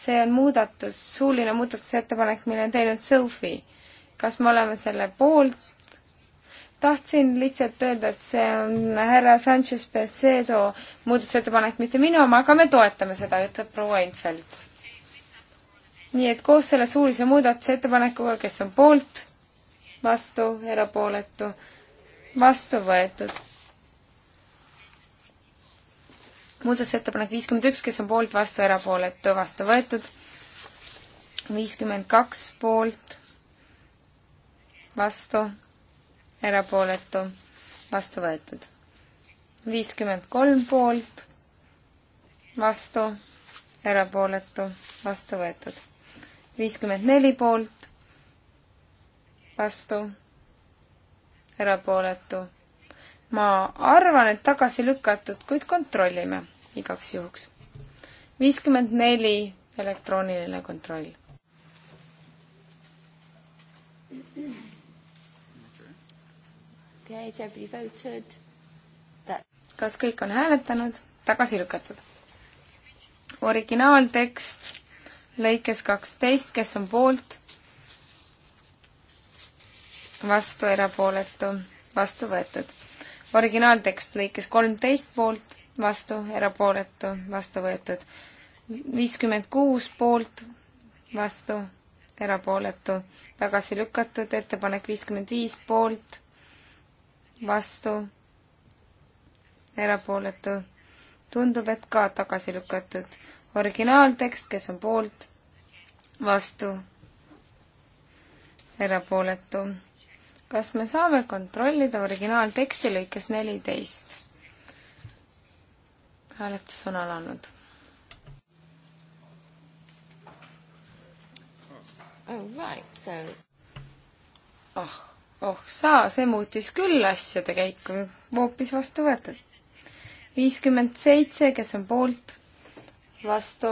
see on muudatus, suuline muudatusettepanek, mille on teinud Sophie. kas me oleme selle poolt? tahtsin lihtsalt öelda, et see on härra Sanchez Pesedo muudatusettepanek, mitte minu oma, aga me toetame seda, ütleb proua Infeld. nii et koos selle suulise muudatusettepanekuga, kes on poolt, vastu, erapooletu, vastu võetud. muudatusettepanek viiskümmend üks, kes on poolt, vastu, erapooletu, vastu võetud. viiskümmend kaks poolt, vastu erapooletu, vastu võetud. viiskümmend kolm poolt, vastu, erapooletu, vastu võetud. viiskümmend neli poolt, vastu, erapooletu. ma arvan, et tagasi lükatud, kuid kontrollime igaks juhuks. viiskümmend neli elektrooniline kontroll kas kõik on hääletanud? tagasi lükatud. originaaltekst lõikes kaksteist, kes on poolt? vastu, erapooletu, vastu võetud. originaaltekst lõikes kolmteist poolt, vastu, erapooletu, vastu võetud. viiskümmend kuus poolt, vastu, erapooletu, tagasi lükatud, ettepanek viiskümmend viis poolt vastu, erapooletu. tundub, et ka tagasi lükatud. originaaltekst, kes on poolt, vastu, erapooletu. kas me saame kontrollida originaalteksti lõikes neliteist? hääletus on alanud. Oh, right, so... Ah, oh oh saa, see muutis küll asjade käiku, hoopis vastu võetud. viiskümmend seitse, kes on poolt, vastu,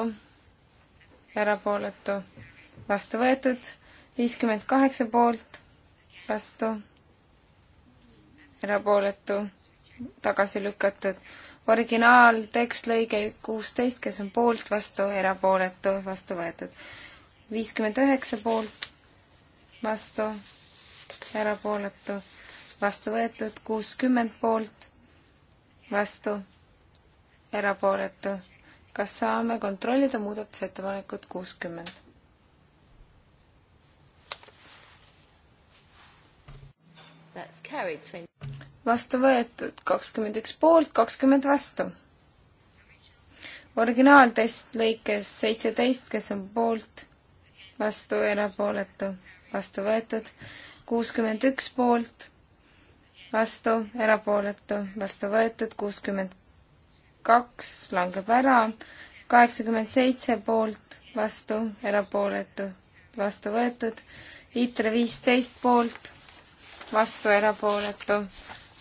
erapooletu, vastu võetud, viiskümmend kaheksa poolt, vastu, erapooletu, tagasi lükatud originaaltekst lõige kuusteist, kes on poolt, vastu, erapooletu, vastu võetud. viiskümmend üheksa poolt, vastu, erapooletu, vastu võetud kuuskümmend poolt, vastu, erapooletu. kas saame kontrollida muudatusettepanekut kuuskümmend? vastu võetud kakskümmend üks poolt, kakskümmend vastu. originaaltest lõikes seitseteist, kes on poolt, vastu, erapooletu, vastu võetud kuuskümmend üks poolt, vastu, erapooletu, vastu võetud, kuuskümmend kaks langeb ära, kaheksakümmend seitse poolt, vastu, erapooletu, vastu võetud, ITRE viisteist poolt, vastu, erapooletu,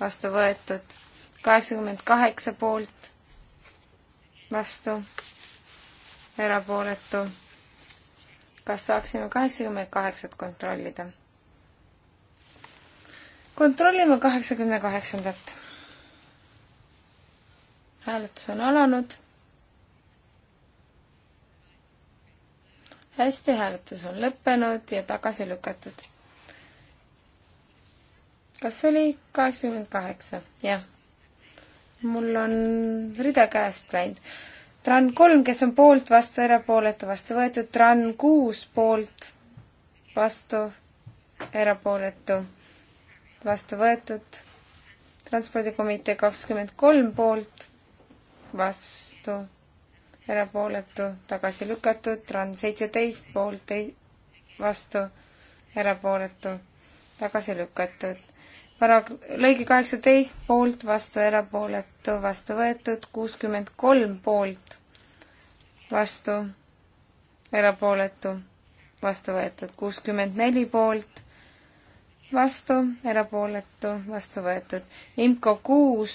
vastu võetud, kaheksakümmend kaheksa poolt, vastu, erapooletu. kas saaksime kaheksakümmend kaheksat kontrollida? kontrollime kaheksakümne kaheksandat. hääletus on alanud. hästi, hääletus on lõppenud ja tagasi lükatud. kas oli kaheksakümmend kaheksa? jah. mul on rida käest läinud. Tran kolm, kes on poolt, vastu, erapooletu, vastu võetud. Tran kuus poolt, vastu, erapooletu vastu võetud. transpordikomitee kakskümmend kolm poolt, vastu, erapooletu, tagasi lükatud. Tran seitseteist poolt, vastu, erapooletu, tagasi lükatud paragrahv, lõige kaheksateist poolt, vastu erapooletu, vastu võetud, kuuskümmend kolm poolt, vastu erapooletu, vastu võetud, kuuskümmend neli poolt, vastu, erapooletu, vastu võetud. IMCO kuus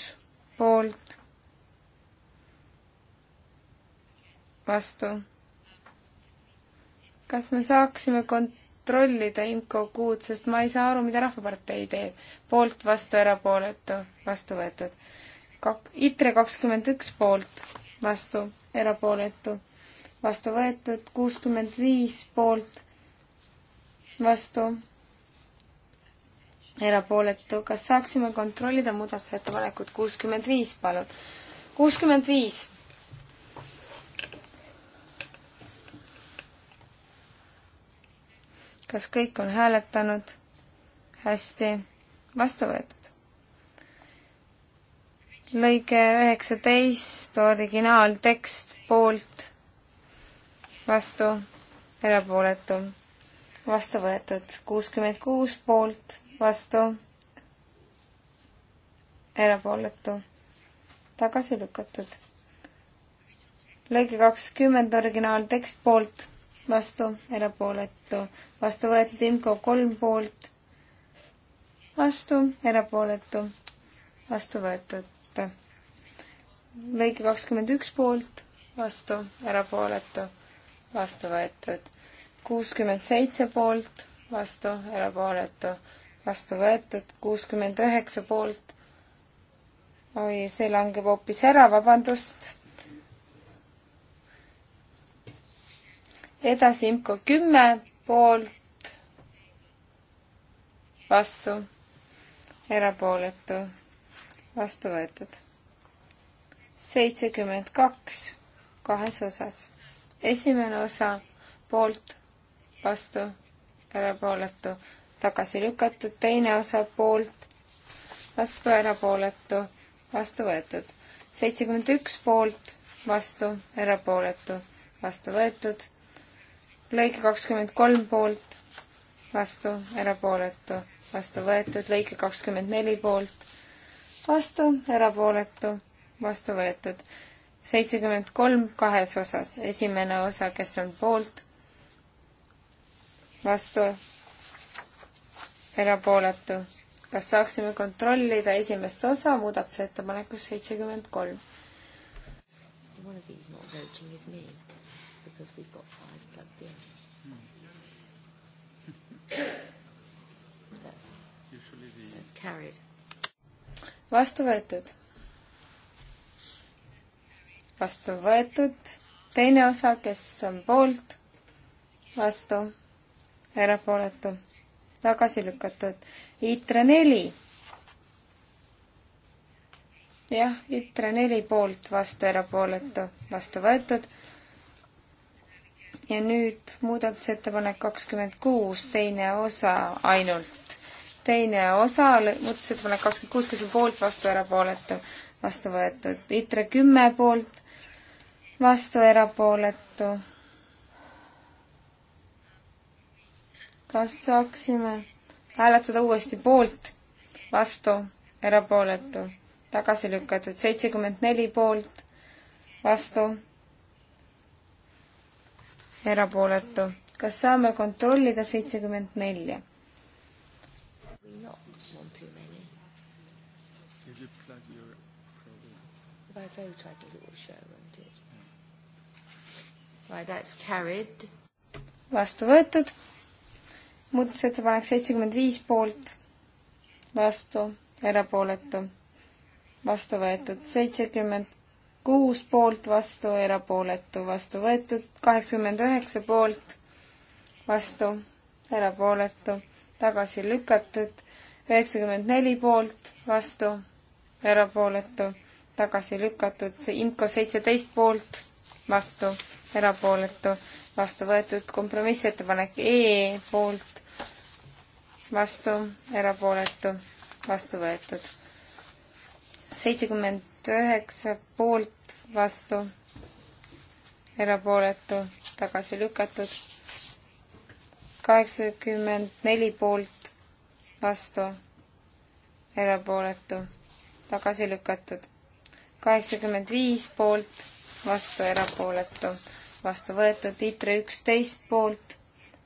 poolt, vastu. kas me saaksime kontrollida IMCO kuud, sest ma ei saa aru, mida Rahvapartei teeb. poolt, vastu, erapooletu, vastu võetud. Kak-, ITRE kakskümmend üks poolt, vastu, erapooletu, vastu võetud, kuuskümmend viis poolt, vastu erapooletu. kas saaksime kontrollida muudatusettepanekut kuuskümmend viis, palun? kuuskümmend viis. kas kõik on hääletanud? hästi, vastu võetud. lõige üheksateist, originaaltekst poolt, vastu, erapooletu, vastu võetud, kuuskümmend kuus poolt, vastu, erapooletu, tagasi lükatud. lõige kakskümmend, originaaltekst poolt, vastu, erapooletu, vastu võetud IMCO kolm poolt, vastu, erapooletu, vastu võetud. lõige kakskümmend üks poolt, vastu, erapooletu, vastu võetud. kuuskümmend seitse poolt, vastu, erapooletu vastu võetud, kuuskümmend üheksa poolt. oi, see langeb hoopis ära, vabandust. edasi IMCO kümme poolt, vastu, erapooletu, vastu võetud. seitsekümmend kaks kahes osas. esimene osa poolt, vastu, erapooletu tagasi lükatud, teine osa poolt, vastu, erapooletu, vastu võetud. seitsekümmend üks poolt, vastu, erapooletu, vastu võetud. lõige kakskümmend kolm poolt, vastu, erapooletu, vastu võetud. lõige kakskümmend neli poolt, vastu, erapooletu, vastu võetud. seitsekümmend kolm kahes osas, esimene osa, kes on poolt, vastu, erapooletu. kas saaksime kontrollida esimest osa muudatusettepanekust seitsekümmend kolm? one of these not voting is me because we've got five plugged in. that's, that's carried. vastu võetud. vastu võetud. teine osa, kes on poolt, vastu, erapooletu tagasi lükatud. ITRE neli. jah, ITRE neli poolt, vastu erapooletu, vastu võetud. ja nüüd muudatusettepanek kakskümmend kuus, teine osa ainult. teine osa, muudatusettepanek kakskümmend kuus, kes on poolt, vastu erapooletu, vastu võetud. ITRE kümme poolt, vastu erapooletu kas saaksime hääletada uuesti poolt, vastu, erapooletu, tagasi lükatud, seitsekümmend neli poolt, vastu, erapooletu. kas saame kontrollida seitsekümmend nelja? By vote, I think it will show, won't it? Right, that's carried. vastu võetud muudatusettepanek seitsekümmend viis poolt, vastu, erapooletu, vastu võetud seitsekümmend kuus poolt, vastu, erapooletu, vastu võetud kaheksakümmend üheksa poolt, vastu, erapooletu, tagasi lükatud üheksakümmend neli poolt, vastu, erapooletu, tagasi lükatud, IMCO seitseteist poolt, vastu, erapooletu, vastu võetud kompromissettepanek E poolt, vastu, erapooletu, vastu võetud. seitsekümmend üheksa poolt, vastu, erapooletu, tagasi lükatud. kaheksakümmend neli poolt, vastu, erapooletu, tagasi lükatud. kaheksakümmend viis poolt, vastu, erapooletu, vastu võetud. ITRE üksteist poolt,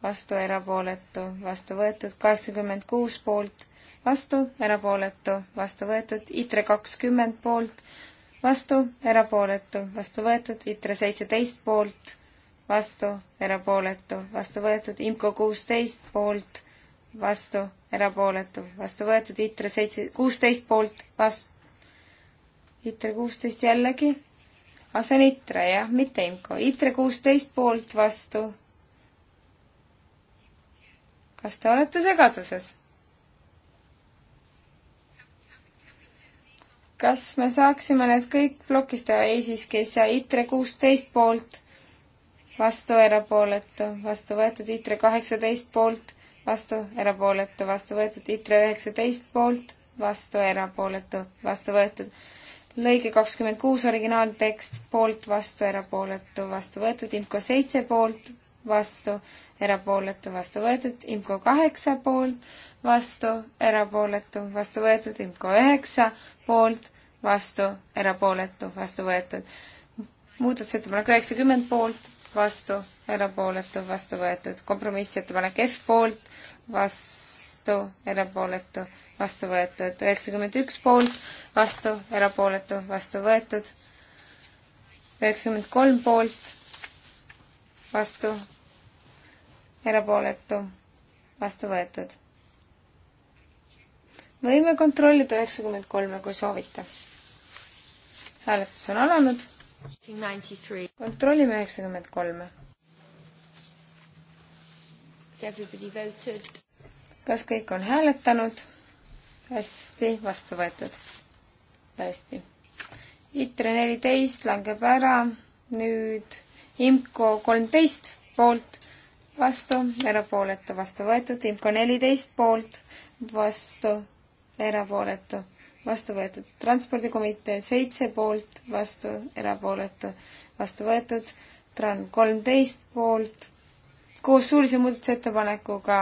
vastu, erapooletu, vastu võetud, kaheksakümmend kuus poolt, vastu, erapooletu, vastu võetud, ITRE kakskümmend poolt, vastu, erapooletu, vastu võetud, ITRE seitseteist poolt, vastu, erapooletu, vastu võetud, IMCO kuusteist poolt, vastu, erapooletu, vastu võetud, ITRE seitse, kuusteist poolt, vastu, ITRE kuusteist jällegi, aga see on ITRE jah, mitte IMCO, ITRE kuusteist poolt, vastu, kas te olete segaduses? kas me saaksime need kõik plokist teha, ei siiski ei saa, ITRE kuusteist poolt, vastu erapooletu, vastu võetud ITRE kaheksateist poolt, vastu erapooletu, vastu võetud ITRE üheksateist poolt, vastu erapooletu, vastu võetud lõige kakskümmend kuus originaaltekst, poolt, vastu, erapooletu, vastu võetud, IMCO seitse poolt, vastu, erapooletu, vastu võetud, IMCO kaheksa poolt, vastu, erapooletu, vastu võetud, IMCO üheksa poolt, vastu, erapooletu, vastu võetud. muudatusettepanek üheksakümmend poolt, vastu, erapooletu, vastu võetud. kompromissettepanek F poolt, vastu, erapooletu, vastu võetud. üheksakümmend üks poolt, vastu, erapooletu, vastu võetud. üheksakümmend kolm poolt vastu, erapooletu, vastu võetud. võime kontrollida üheksakümmend kolme, kui soovite. hääletus on alanud. kontrollime üheksakümmend kolme. kas kõik on hääletanud? hästi, vastu võetud. hästi. ITRE neliteist langeb ära, nüüd IMCO kolmteist poolt, vastu, erapooletu, vastu võetud, IMCO neliteist poolt, vastu, erapooletu, vastu võetud, transpordikomitee seitse poolt, vastu, erapooletu, vastu võetud, TRAN kolmteist poolt, koos suulise muudatusettepanekuga,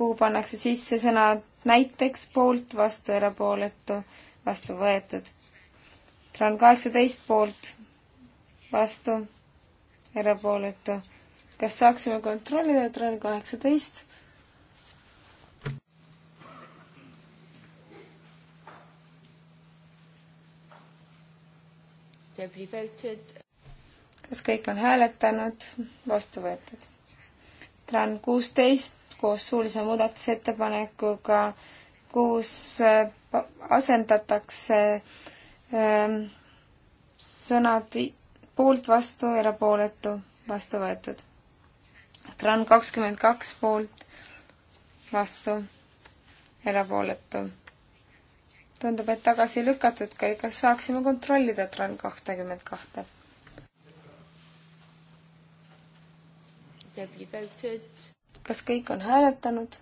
kuhu pannakse sisse sõnad näiteks poolt, vastu, erapooletu, vastu võetud. TRAN kaheksateist poolt, vastu, erapooletu. kas saaksime kontrollida, et REN kaheksateist? kas kõik on hääletanud, vastu võetud? TRAN kuusteist koos suulise muudatusettepanekuga, kus äh, asendatakse ähm, sõnad poolt, vastu, erapooletu, vastu võetud. Tran kakskümmend kaks poolt, vastu, erapooletu. tundub, et tagasi lükatud ka, kas saaksime kontrollida Tran kahtekümmend kahte? kas kõik on hääletanud?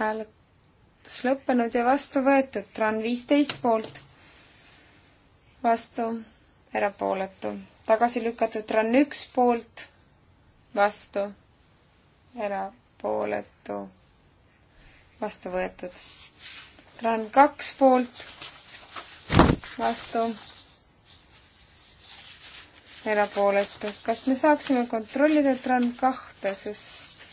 hääletus lõppenud ja vastu võetud, Tran viisteist poolt, vastu erapooletu, tagasi lükatud Tran üks poolt, vastu, erapooletu, vastu võetud. Tran kaks poolt, vastu, erapooletu. kas me saaksime kontrollida Tran kahte, sest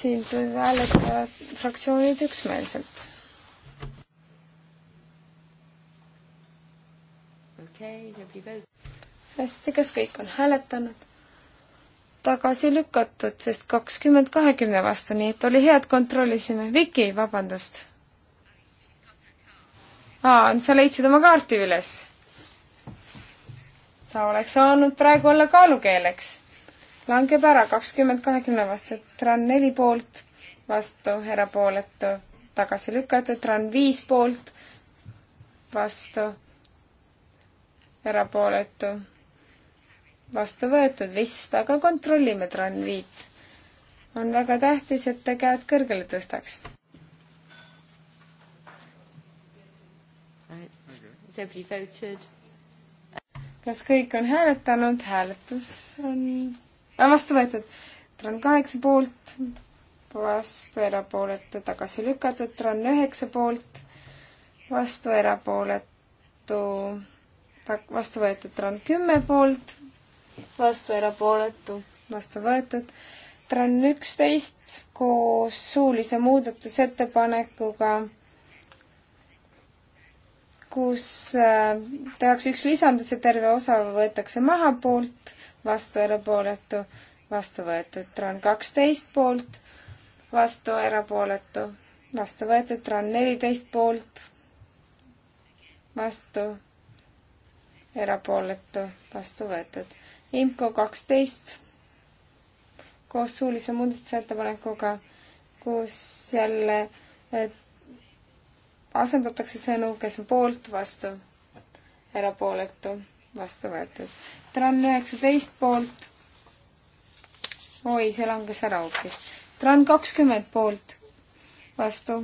siin hääletavad fraktsioonid üksmeelselt hästi, kas kõik on hääletanud? tagasi lükatud, sest kakskümmend kahekümne vastu, nii et oli hea, et kontrollisime. Viki, vabandust. aa, sa leidsid oma kaarti üles. sa oleks saanud praegu olla kaalukeeleks. langeb ära kakskümmend kahekümne vastu, tran neli poolt, vastu, erapooletu, tagasi lükatud, tran viis poolt, vastu erapooletu, vastu võetud vist, aga kontrollime Tran viit. on väga tähtis, et te käed kõrgele tõstaks. kas kõik on hääletanud, hääletus on äh, vastu võetud. Tran kaheksa poolt, vastu erapooletu, tagasi lükatud, Tran üheksa poolt, vastu erapooletu vastu võetud Tran kümme poolt, vastu erapooletu, vastu võetud. Tran üksteist koos suulise muudatusettepanekuga, kus äh, tehakse üks lisandus ja terve osa võetakse maha poolt, vastu erapooletu, vastu võetud. Tran kaksteist poolt, vastu erapooletu, vastu võetud. Tran neliteist poolt, vastu erapooletu, vastu võetud. IMCO kaksteist koos suulise muudatusettepanekuga, kus jälle asendatakse sõnu, kes on poolt, vastu, erapooletu, vastu võetud. Tran üheksateist poolt. oi, see langes ära hoopis. Tran kakskümmend poolt, vastu.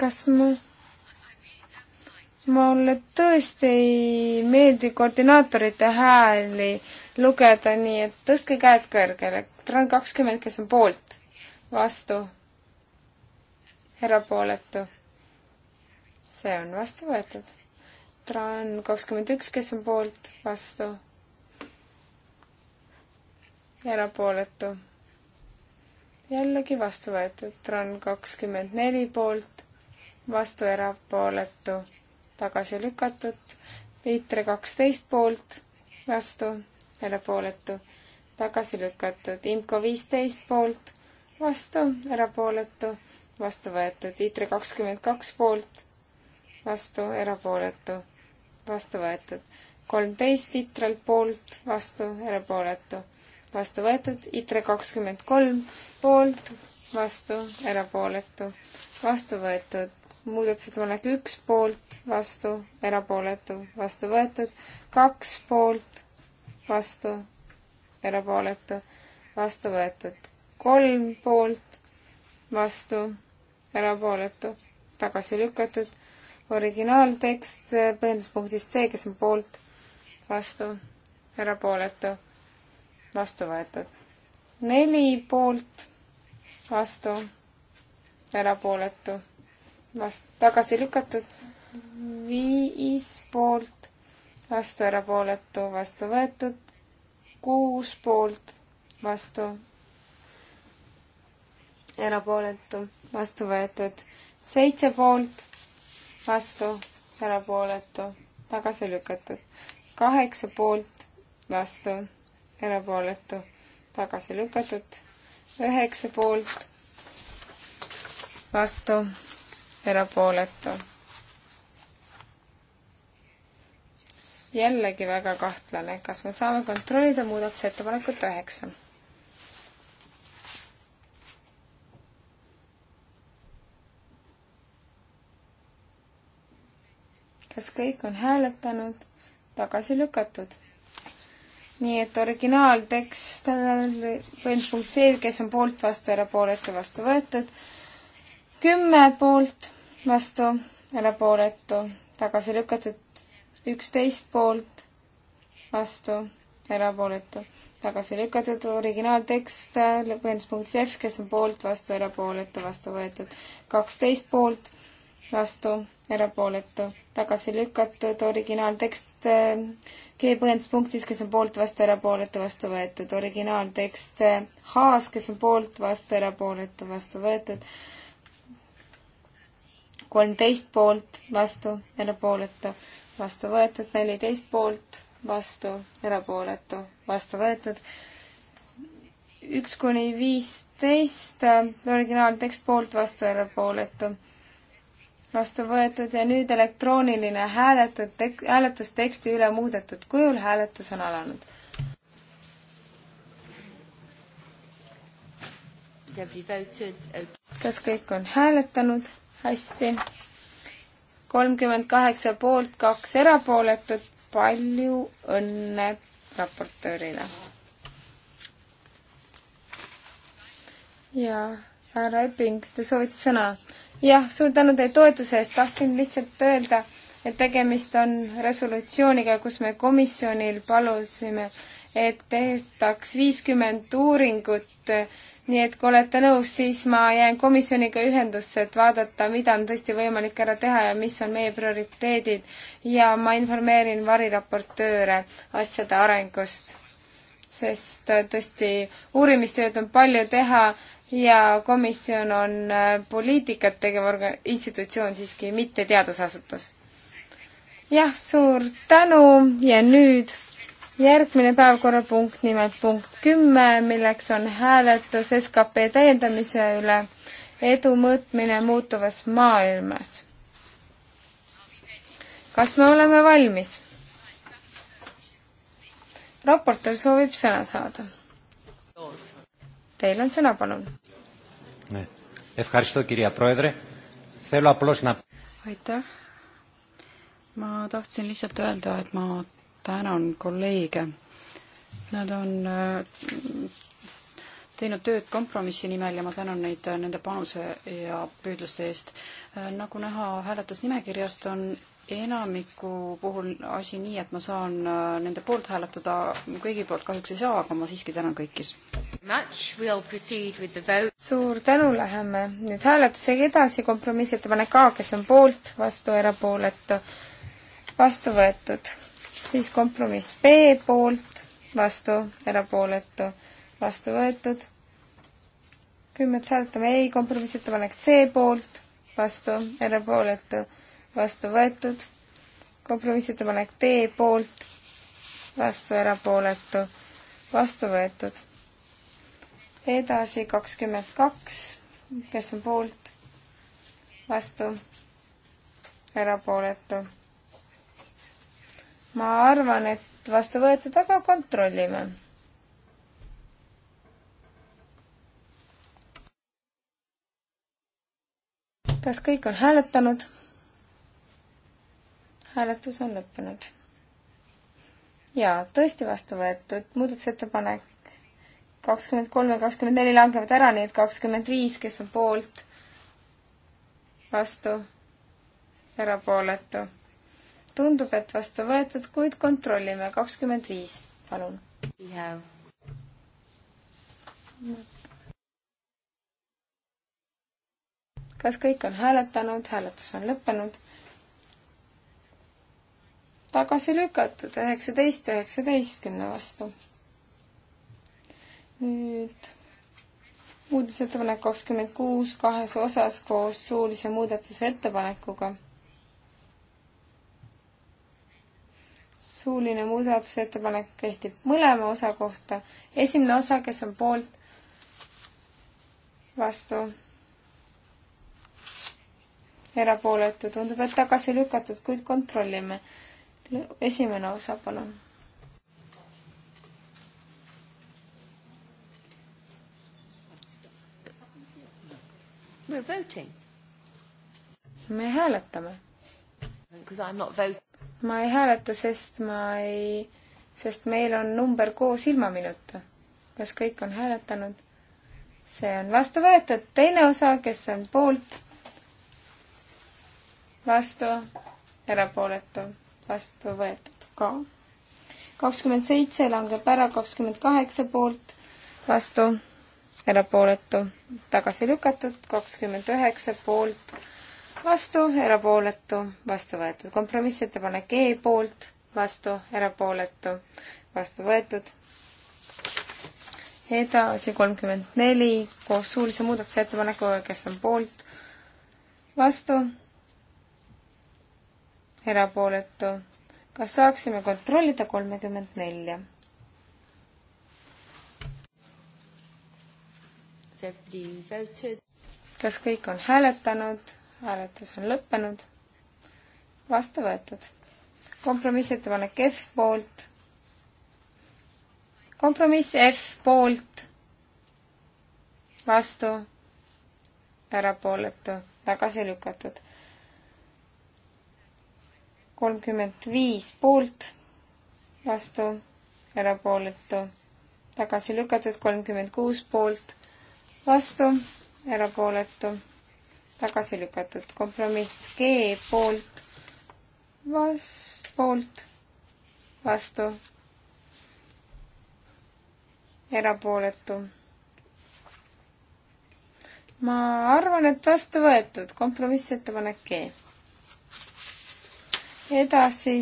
kas me ma mulle tõesti ei meeldi koordinaatorite hääli lugeda, nii et tõstke käed kõrgele. Tran kakskümmend, kes on poolt, vastu, erapooletu. see on vastu võetud. Tran kakskümmend üks, kes on poolt, vastu, erapooletu. jällegi vastu võetud. Tran kakskümmend neli poolt, vastu, erapooletu tagasi lükatud, liitre kaksteist poolt, vastu, erapooletu, tagasi lükatud, IMCO viisteist poolt, vastu, erapooletu, vastu võetud, liitre kakskümmend kaks poolt, vastu, erapooletu, vastu võetud, kolmteist liitralt poolt, vastu, erapooletu, vastu võetud, liitre kakskümmend kolm poolt, vastu, erapooletu, vastu võetud, muudatusettepanek üks poolt, vastu, erapooletu, vastu võetud, kaks poolt, vastu, erapooletu, vastu võetud, kolm poolt, vastu, erapooletu, tagasi lükatud, originaaltekst põhjenduspunktist C, kes on poolt, vastu, erapooletu, vastu võetud. neli poolt, vastu, erapooletu vast-, tagasi lükatud, viis poolt, vastu erapooletu, vastu võetud, kuus poolt, vastu erapooletu, vastu võetud, seitse poolt, vastu erapooletu, tagasi lükatud, kaheksa poolt, vastu erapooletu, tagasi lükatud, üheksa poolt, vastu erapooletu. jällegi väga kahtlane, kas me saame kontrollida muudatusettepanekut üheksa? kas kõik on hääletanud, tagasi lükatud. nii et originaaltekst, äh, punkt C, kes on poolt, vastu, erapooletu, vastu võetud kümme poolt, vastu, erapooletu, tagasi lükatud, üksteist poolt, vastu, erapooletu, tagasi lükatud, originaaltekst, põhjenduspunktis F, kes on poolt, vastu, erapooletu, vastu võetud, kaksteist poolt, vastu, erapooletu, tagasi lükatud, originaaltekst G põhjenduspunktis, kes on poolt, vastu, erapooletu, vastu võetud, originaaltekst H-s, kes on poolt, vastu, erapooletu, vastu võetud, kolmteist poolt, vastu, erapooletu, vastu võetud, neliteist poolt, vastu, erapooletu, vastu võetud, üks kuni viisteist, originaaltekst poolt, vastu, erapooletu, vastu võetud ja nüüd elektrooniline hääletud tek-, hääletusteksti üle muudetud kujul, hääletus on alanud kas kõik on hääletanud? hästi. kolmkümmend kaheksa poolt, kaks erapooletut, palju õnne raportöörile. ja härra Epping, te soovite sõna? jah, suur tänu teie toetuse eest, tahtsin lihtsalt öelda, et tegemist on resolutsiooniga, kus me komisjonil palusime, et tehtaks viiskümmend uuringut äh, nii et kui olete nõus, siis ma jään komisjoniga ühendusse, et vaadata, mida on tõesti võimalik ära teha ja mis on meie prioriteedid ja ma informeerin variraportööre asjade arengust. sest äh, tõesti, uurimistööd on palju teha ja komisjon on äh, poliitikat tegev orga-, institutsioon siiski, mitte teadusasutus. jah, suur tänu ja nüüd järgmine päevakorrapunkt, nimelt punkt kümme, milleks on hääletus skp täiendamise üle edu mõõtmine muutuvas maailmas. kas me oleme valmis? raportöör soovib sõna saada. Teil on sõna, palun. aitäh. ma tahtsin lihtsalt öelda, et ma tänan kolleege. Nad on äh, teinud tööd kompromissi nimel ja ma tänan neid äh, nende panuse ja püüdluste eest. Äh, nagu näha hääletusnimekirjast, on enamiku puhul asi nii, et ma saan nende poolt hääletada, kõigi poolt kahjuks ei saa, aga ma siiski tänan kõiki. suur tänu, läheme nüüd hääletusega edasi, kompromissettepanek A, kes on poolt, vastu, erapooletu, vastu võetud siis kompromiss B poolt, vastu, erapooletu, vastu võetud. kümmet hääletame ei, kompromissettepanek C poolt, vastu, erapooletu, vastu võetud. kompromissettepanek D poolt, vastu, erapooletu, vastu võetud. edasi kakskümmend kaks, kes on poolt, vastu, erapooletu ma arvan, et vastu võetud, aga kontrollime. kas kõik on hääletanud? hääletus on lõppenud. jaa, tõesti vastu võetud, muudatusettepanek kakskümmend kolm ja kakskümmend neli langevad ära, nii et kakskümmend viis, kes on poolt, vastu, erapooletu tundub, et vastu võetud, kuid kontrollime. kakskümmend viis, palun. kas kõik on hääletanud, hääletus on lõppenud? tagasi lükatud üheksateist üheksateistkümne vastu. nüüd muudatusettepanek kakskümmend kuus kahes osas koos suulise muudatusettepanekuga suuline muudatusettepanek kehtib mõlema osa kohta. esimene osa, kes on poolt, vastu, erapooletu, tundub, et tagasi lükatud, kuid kontrollime. esimene osa, palun. me hääletame. Because I am not voting ma ei hääleta, sest ma ei, sest meil on number koos ilma minuta. kas kõik on hääletanud? see on vastu võetud, teine osa, kes on poolt, vastu, erapooletu, vastu võetud ka. kakskümmend seitse langeb ära, kakskümmend kaheksa poolt, vastu, erapooletu, tagasi lükatud, kakskümmend üheksa poolt vastu, erapooletu, vastu võetud. kompromissettepanek E poolt, vastu, erapooletu, vastu võetud. edasi kolmkümmend neli koos suulise muudatusettepanekuga, kes on poolt, vastu, erapooletu. kas saaksime kontrollida kolmekümmend nelja? kas kõik on hääletanud? hääletus on lõppenud, vastu võetud. kompromissettepanek F poolt, kompromiss F poolt, vastu, erapooletu, tagasi lükatud. kolmkümmend viis poolt, vastu, erapooletu, tagasi lükatud, kolmkümmend kuus poolt, vastu, erapooletu tagasi lükatud. kompromiss G poolt, vas-, poolt, vastu, erapooletu. ma arvan, et vastu võetud, kompromissettepanek G. edasi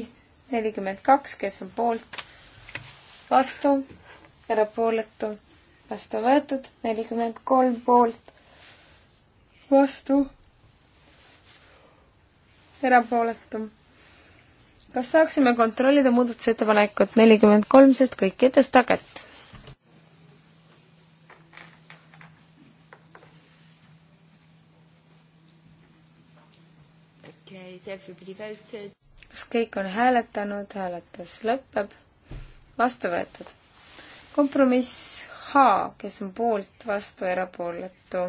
nelikümmend kaks, kes on poolt, vastu, erapooletu, vastu võetud, nelikümmend kolm poolt vastu, erapooletu. kas saaksime kontrollida muudatusettepanekut nelikümmend kolm, sest kõik jätas taget? kas kõik on hääletanud, hääletus lõpeb, vastu võetud. kompromiss H, kes on poolt, vastu, erapooletu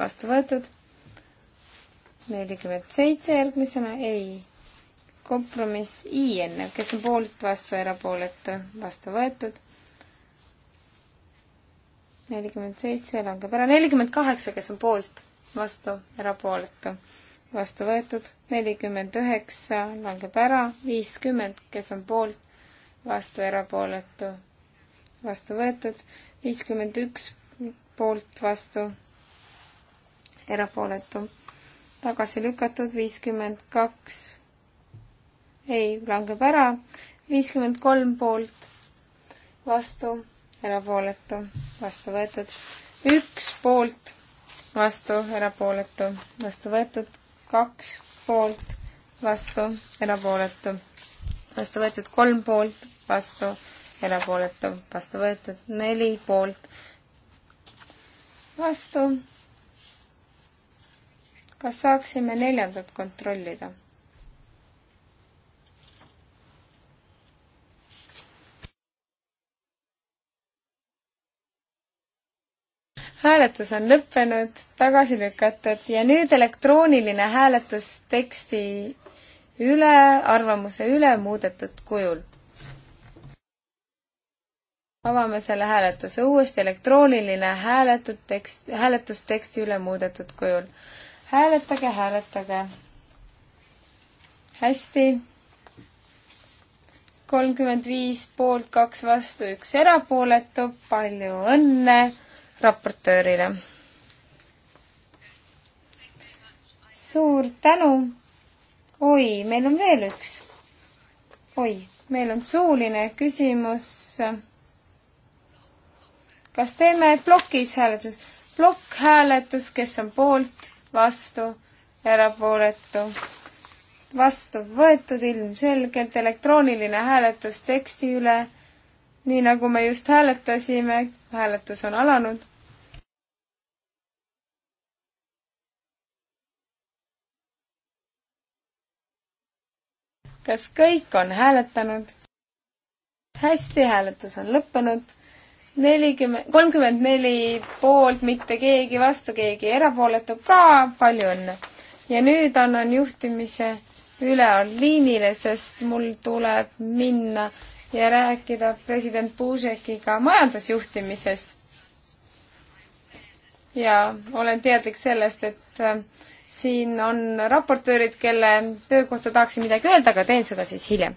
vastu võetud. nelikümmend seitse järgmisena, ei. kompromiss I enne, kes on poolt, vastu, erapooletu, vastu võetud. nelikümmend seitse langeb ära, nelikümmend kaheksa, kes on poolt, vastu, erapooletu, vastu võetud. nelikümmend üheksa langeb ära, viiskümmend, kes on poolt, vastu, erapooletu, vastu võetud. viiskümmend üks poolt, vastu erapooletu. tagasi lükatud viiskümmend kaks, ei, langeb ära, viiskümmend kolm poolt, vastu, erapooletu, vastu võetud, üks poolt, vastu, erapooletu, vastu võetud, kaks poolt, vastu, erapooletu, vastu võetud kolm poolt, vastu, erapooletu, vastu võetud neli poolt, vastu, kas saaksime neljandat kontrollida? hääletus on lõppenud, tagasi lükatud ja nüüd elektrooniline hääletus teksti üle, arvamuse üle muudetud kujul. avame selle hääletuse uuesti, elektrooniline hääletud tekst, hääletus teksti üle muudetud kujul hääletage, hääletage. hästi. kolmkümmend viis poolt, kaks vastu, üks erapooletu. palju õnne raportöörile. suur tänu. oi, meil on veel üks. oi, meil on suuline küsimus. kas teeme plokis hääletus? plokkhääletus, kes on poolt? vastu, erapooletu, vastu võetud ilmselgelt elektrooniline hääletus teksti üle, nii nagu me just hääletasime, hääletus on alanud. kas kõik on hääletanud? hästi, hääletus on lõppenud nelikümmend, kolmkümmend neli poolt, mitte keegi vastu, keegi erapooletu ka, palju õnne. ja nüüd annan juhtimise üle Arliinile, sest mul tuleb minna ja rääkida president Puusekiga majandusjuhtimisest. ja olen teadlik sellest, et äh, siin on raportöörid, kelle töökohta tahaksin midagi öelda, aga teen seda siis hiljem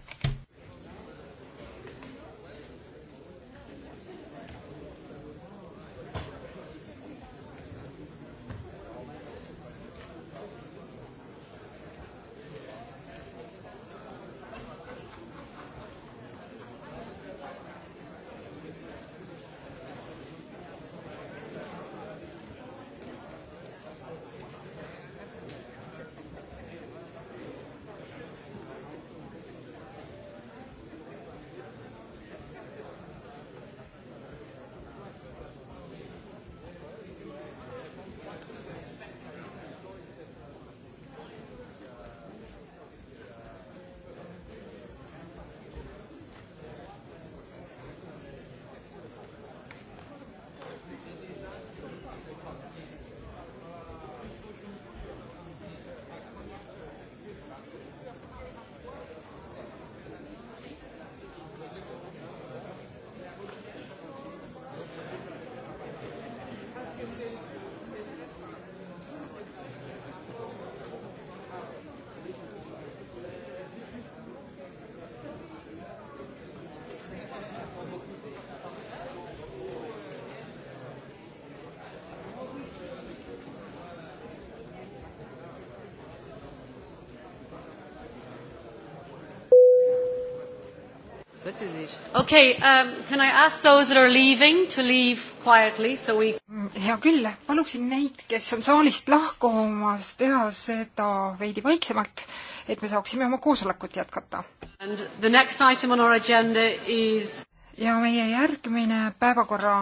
Okay, um, can I ask those that are leaving to leave quietly so we mm, hea küll, paluksin neid, kes on saalist lahkumas, teha seda veidi vaiksemalt, et me saaksime oma koosolekut jätkata. And the next item on our agenda is ja meie järgmine päevakorra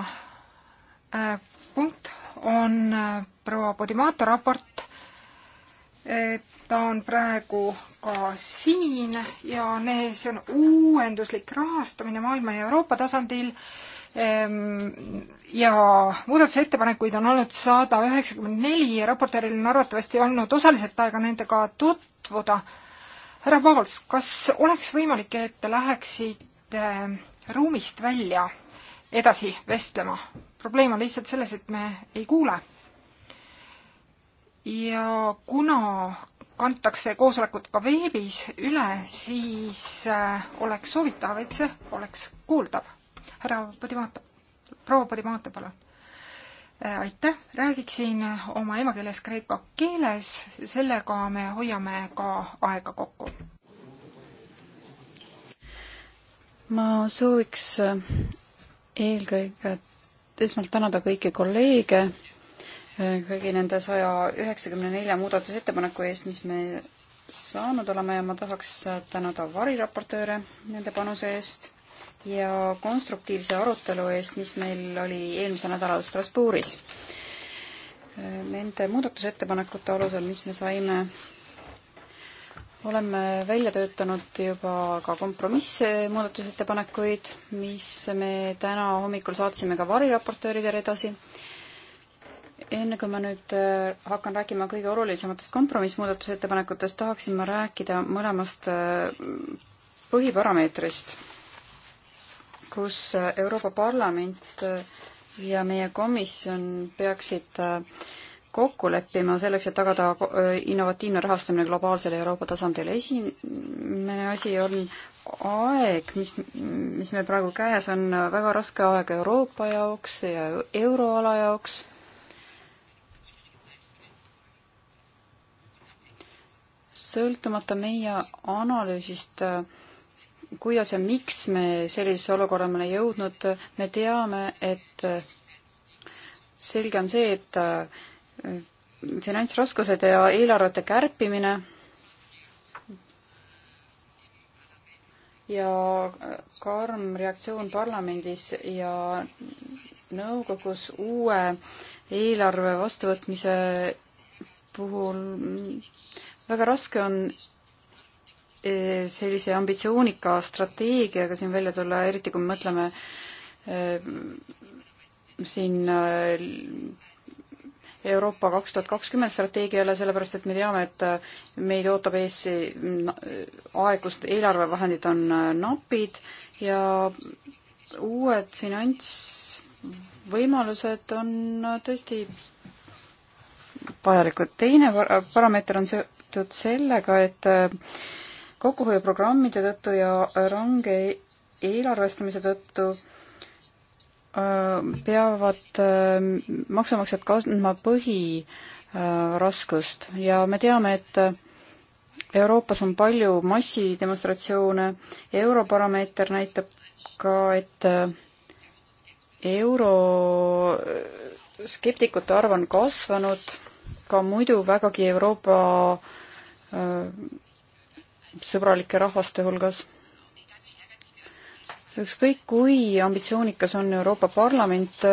äh, punkt on äh, proua Podimata raport äh, ta on praegu ka siin ja see on uuenduslik rahastamine maailma ja Euroopa tasandil ehm, ja muudatusettepanekuid on olnud sada üheksakümmend neli ja raportööril on arvatavasti olnud osaliselt aega nendega tutvuda. härra Paavals, kas oleks võimalik, et te läheksite ehm, ruumist välja edasi vestlema? probleem on lihtsalt selles, et me ei kuule. ja kuna kantakse koosolekut ka veebis üle, siis äh, oleks soovitav, et see oleks kuuldav. härra Padimata, proua Padimata, palun. Äh, aitäh, räägiksin oma emakeeles kreeka keeles, sellega me hoiame ka aega kokku. ma sooviks äh, eelkõige esmalt tänada kõiki kolleege kõigi nende saja üheksakümne nelja muudatusettepaneku eest, mis me saanud oleme ja ma tahaks tänada variraportööre nende panuse eest ja konstruktiivse arutelu eest, mis meil oli eelmisel nädalal Strasbourgis. Nende muudatusettepanekute alusel, mis me saime, oleme välja töötanud juba ka kompromissmuudatusettepanekuid, mis me täna hommikul saatsime ka variraportööridele edasi enne kui ma nüüd äh, hakkan rääkima kõige olulisematest kompromissmuudatusettepanekutest, tahaksin ma rääkida mõlemast äh, põhiparameetrist, kus äh, Euroopa Parlament ja meie komisjon peaksid kokku leppima selleks, et tagada innovatiivne rahastamine globaalsel Euroopa tasandil. esimene asi on aeg, mis, mis meil praegu käes on, väga raske aeg Euroopa jaoks ja euroala jaoks sõltumata meie analüüsist, kuidas ja miks me sellisesse olukorda oleme jõudnud, me teame, et selge on see, et äh, finantsraskused ja eelarvete kärpimine ja äh, karm reaktsioon parlamendis ja nõukogus uue eelarve vastuvõtmise puhul väga raske on e, sellise ambitsioonika strateegiaga siin välja tulla, eriti kui me mõtleme e, siin e, Euroopa kaks tuhat kakskümmend strateegiale, sellepärast et me teame, et meid ootab ees aeg, kus eelarvevahendid on napid ja uued finantsvõimalused on tõesti vajalikud. teine parameeter on see seotud sellega, et äh, kokkuhoiuprogrammide tõttu ja range eelarvestamise tõttu äh, peavad äh, maksumaksjad kandma põhiraskust ja me teame, et Euroopas on palju massidemonstratsioone, Europarameeter näitab ka, et euroskeptikute arv on kasvanud, ka muidu vägagi Euroopa äh, Äh, sõbralike rahvaste hulgas. ükskõik, kui ambitsioonikas on Euroopa Parlament,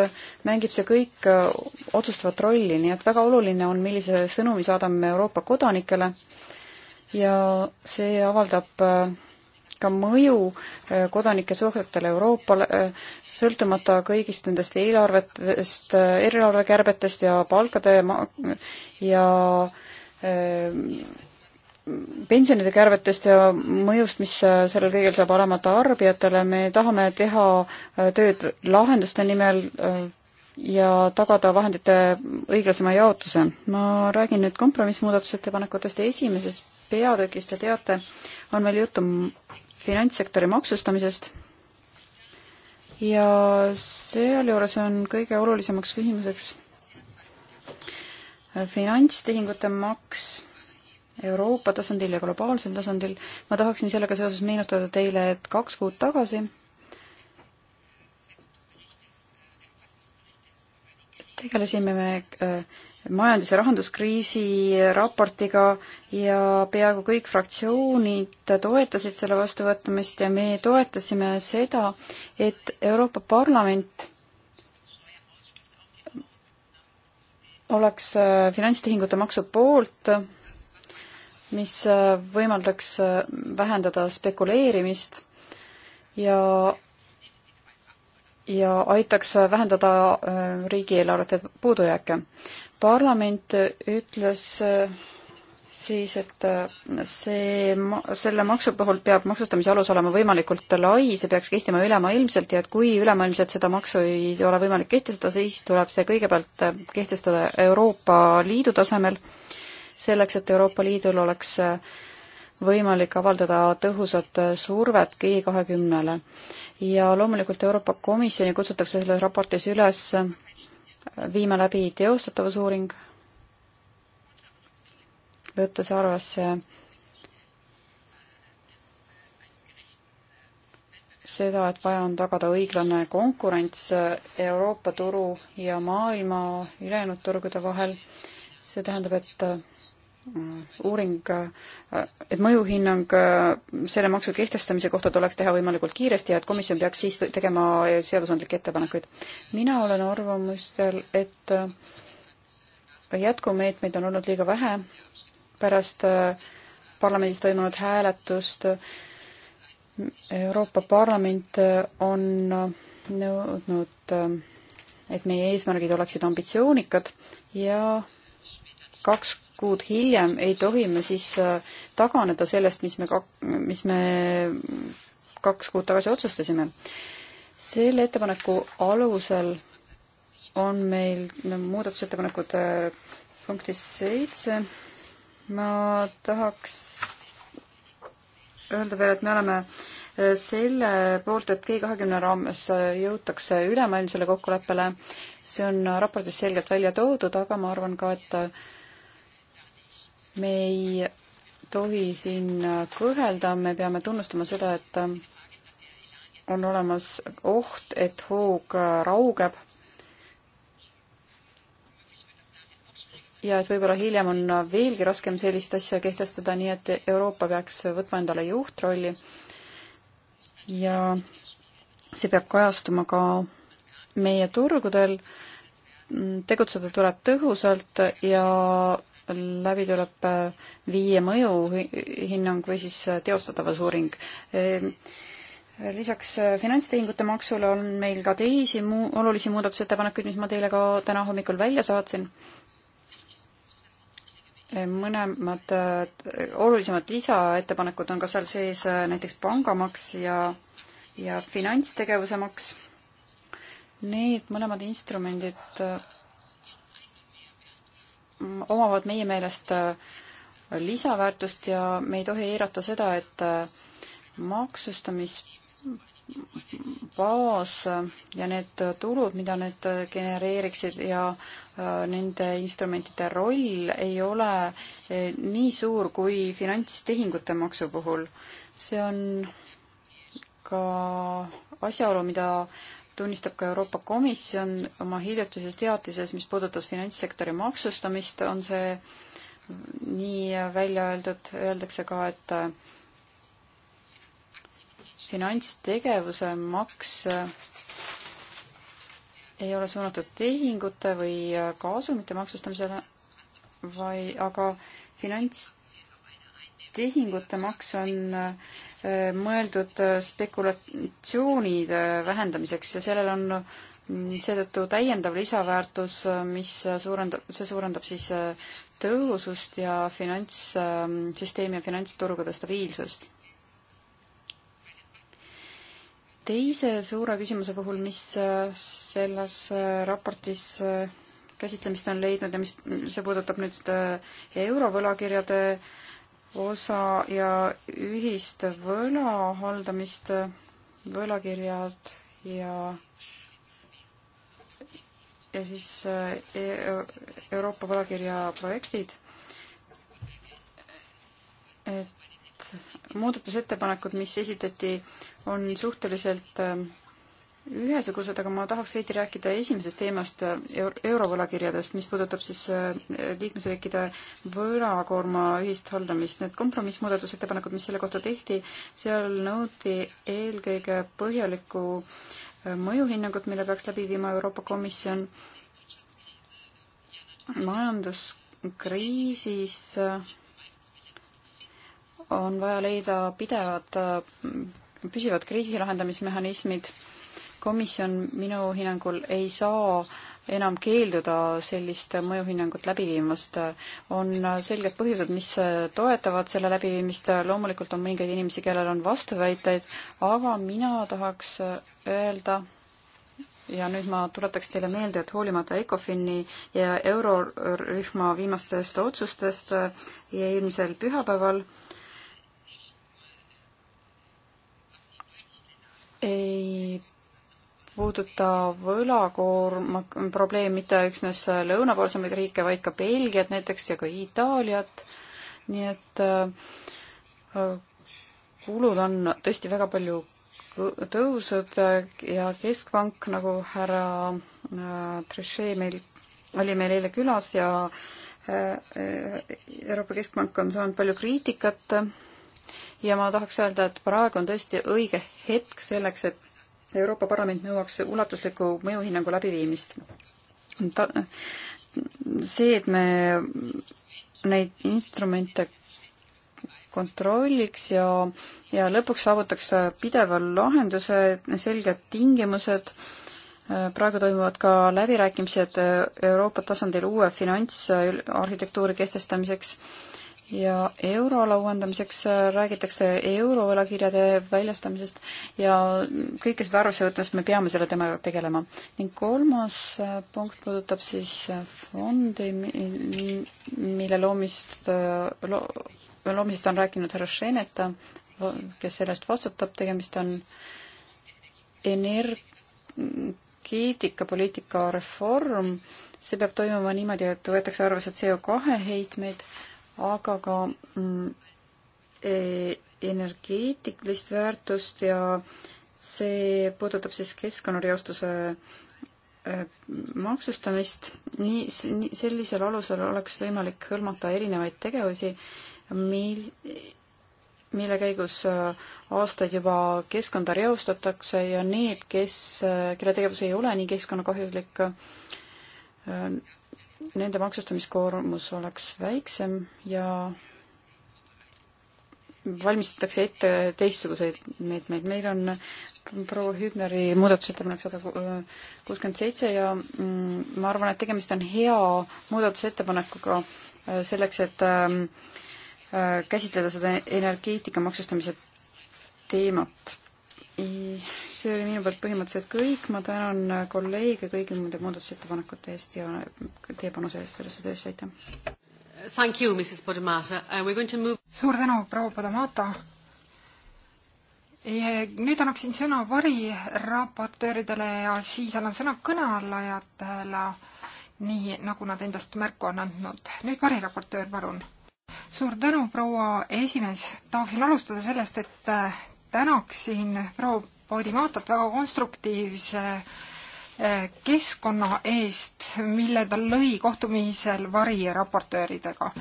mängib see kõik äh, otsustavat rolli, nii et väga oluline on, millise sõnumi saadame Euroopa kodanikele ja see avaldab äh, ka mõju kodanike suhetele Euroopale, sõltumata kõigist nendest eelarvetest, eelarvekärbetest ja palkade ja, ja pensionide kärbetest ja mõjust, mis äh, sellel kõigil saab olema tarbijatele, me tahame teha äh, tööd lahenduste nimel äh, ja tagada vahendite õiglasema jaotuse. ma räägin nüüd kompromissmuudatusettepanekutest ja esimesest peatükist te teate, on meil juttu finantssektori maksustamisest ja sealjuures on kõige olulisemaks küsimuseks finantstehingute maks Euroopa tasandil ja globaalsel tasandil. ma tahaksin sellega seoses meenutada teile, et kaks kuud tagasi tegelesime me äh, majandus- ja rahanduskriisi raportiga ja peaaegu kõik fraktsioonid toetasid selle vastuvõtmist ja me toetasime seda, et Euroopa Parlament oleks äh, finantstehingute maksu poolt mis äh, võimaldaks äh, vähendada spekuleerimist ja ja aitaks äh, vähendada riigieelarvete puudujääke. parlament ütles siis, et see, selle maksu puhul peab maksustamise alus olema võimalikult lai, see peaks kehtima ülemaailmselt ja et kui ülemaailmselt seda maksu ei ole võimalik kehtestada, siis tuleb see kõigepealt kehtestada Euroopa Liidu tasemel selleks, et Euroopa Liidul oleks äh, võimalik avaldada tõhusat äh, survet G kahekümnele. ja loomulikult Euroopa Komisjoni kutsutakse selles raportis üles äh, viima läbi teostatavusuuring, võttes arvesse seda, et vaja on tagada õiglane konkurents Euroopa turu ja maailma ülejäänud turgude vahel. see tähendab, et Mm, uuring, äh, et mõjuhinnang äh, selle maksu kehtestamise kohta tuleks teha võimalikult kiiresti ja et komisjon peaks siis tegema äh, seadusandlikke ettepanekuid. mina olen arvamusel, et jätkumeetmeid on olnud liiga vähe pärast parlamendis toimunud hääletust. Euroopa Parlament on nõudnud, et meie eesmärgid oleksid ambitsioonikad ja kaks kuud hiljem ei tohi me siis äh, taganeda sellest, mis me kak-, mis me kaks kuud tagasi otsustasime. selle ettepaneku alusel on meil muudatusettepanekud äh, punktis seitse. ma tahaks öelda veel, et me oleme äh, selle poolt, et G kahekümne raames jõutakse ülemaailmsele kokkuleppele, see on raportis selgelt välja toodud, aga ma arvan ka, et me ei tohi siin kõhelda, me peame tunnustama seda, et on olemas oht, et hoog raugeb. ja et võib-olla hiljem on veelgi raskem sellist asja kehtestada, nii et Euroopa peaks võtma endale juhtrolli. ja see peab kajastuma ka meie turgudel. tegutseda tuleb tõhusalt ja läbi tuleb äh, viie mõjuhinnang või siis äh, teostatavusuuring. Ehm, lisaks äh, finantstehingute maksule on meil ka teisi muu, olulisi muudatusettepanekuid, mis ma teile ka täna hommikul välja saatsin. Ehm, mõlemad olulisemad lisaettepanekud on ka seal sees näiteks pangamaks ja, ja finantstegevuse maks. Need mõlemad instrumendid omavad meie meelest äh, lisaväärtust ja me ei tohi eirata seda, et äh, maksustamisbaas äh, ja need tulud, mida need genereeriksid ja nende instrumentide roll ei ole nii suur kui finantstehingute maksu puhul. see on ka asjaolu, mida tunnistab ka Euroopa Komisjon oma hiljutises teatises, mis puudutas finantssektori maksustamist, on see nii välja öeldud, öeldakse ka, et äh, finantstegevuse maks äh, ei ole suunatud tehingute või äh, kasumite maksustamisele, vai-, aga finantstehingute maks on äh, mõeldud äh, spekulatsioonide vähendamiseks ja sellel on mm, seetõttu täiendav lisaväärtus, äh, mis suurendab, see suurendab siis äh, tõhusust ja finantssüsteemi ähm, ja finantsturgude stabiilsust. teise suure küsimuse puhul, mis selles raportis käsitlemist on leidnud ja mis, see puudutab nüüd eurovõlakirjade äh, osa ja ühist võla haldamist, võlakirjad ja ja siis e, Euroopa võlakirja projektid. et muudatusettepanekud, mis esitati, on suhteliselt ühesugused, aga ma tahaks veidi rääkida esimesest teemast euro, eurovõlakirjadest, mis puudutab siis äh, liikmesriikide võlakoorma ühist haldamist. Need kompromissmuudatusettepanekud, mis selle kohta tehti, seal nõuti eelkõige põhjalikku äh, mõjuhinnangut, mille peaks läbi viima Euroopa Komisjon majanduskriisis äh, on vaja leida pidevad püsivad kriisi lahendamismehhanismid komisjon minu hinnangul ei saa enam keelduda sellist mõjuhinnangut läbi viimast. on selged põhjused, mis toetavad selle läbiviimist, loomulikult on mõningaid inimesi, kellel on vastuväiteid, aga mina tahaks öelda, ja nüüd ma tuletaks teile meelde, et hoolimata ECOFIN-i ja eurorühma viimastest otsustest eelmisel pühapäeval ei puuduta võlakoorma probleem mitte üksnes lõunapoolsemaid riike, vaid ka Belgiat näiteks ja ka Itaaliat. nii et äh, kulud on tõesti väga palju tõusnud ja Keskpank, nagu härra äh, Trichet meil, oli meil eile külas ja äh, Euroopa Keskpank on saanud palju kriitikat ja ma tahaks öelda, et praegu on tõesti õige hetk selleks, et Euroopa Parlament nõuaks ulatuslikku mõjuhinnangu läbiviimist. ta, see, et me neid instrumente kontrolliks ja, ja lõpuks saavutaks pideva lahenduse, selged tingimused, praegu toimuvad ka läbirääkimised Euroopa tasandil uue finantsarhitektuuri kehtestamiseks ja euroala uuendamiseks äh, räägitakse eurovõlakirjade väljastamisest ja kõike seda arvesse võttes me peame selle teemaga tegelema. ning kolmas äh, punkt puudutab siis äh, fondi, mille loomist lo,, loomisest on rääkinud härra Šemeta, kes selle eest vastutab, tegemist on energeetikapoliitika reform, see peab toimuma niimoodi, et võetakse arvesse CO2 heitmeid aga ka mm, e, energeetilist väärtust ja see puudutab siis keskkonnareostuse e, maksustamist. nii, sellisel alusel oleks võimalik hõlmata erinevaid tegevusi, mil, mille käigus e, aastaid juba keskkonda reostatakse ja need, kes, kelle tegevus ei ole nii keskkonnakahjulik, nende maksustamiskoormus oleks väiksem ja valmistatakse ette teistsuguseid meetmeid. meil on proua Hübneri muudatusettepanek sada kuuskümmend seitse ja mm, ma arvan, et tegemist on hea muudatusettepanekuga äh, selleks, et ähm, äh, käsitleda seda energeetika maksustamise teemat see oli minu poolt põhimõtteliselt kõik, ma tänan kolleege kõigi nende muudatusettepanekute eest ja teie panuse eest sellesse töösse, aitäh! Thank you, Mrs Podemata uh,, we are going to move suur tänu, proua Podemata! Nüüd annaksin sõna variraportööridele ja siis annan sõna kõneallajatele, nii nagu nad endast märku on andnud. nüüd variraportöör, palun! suur tänu, proua esimees, tahaksin alustada sellest, et tänaksin proua Podimatat väga konstruktiivse eh, keskkonna eest, mille ta lõi kohtumisel variraportööridega.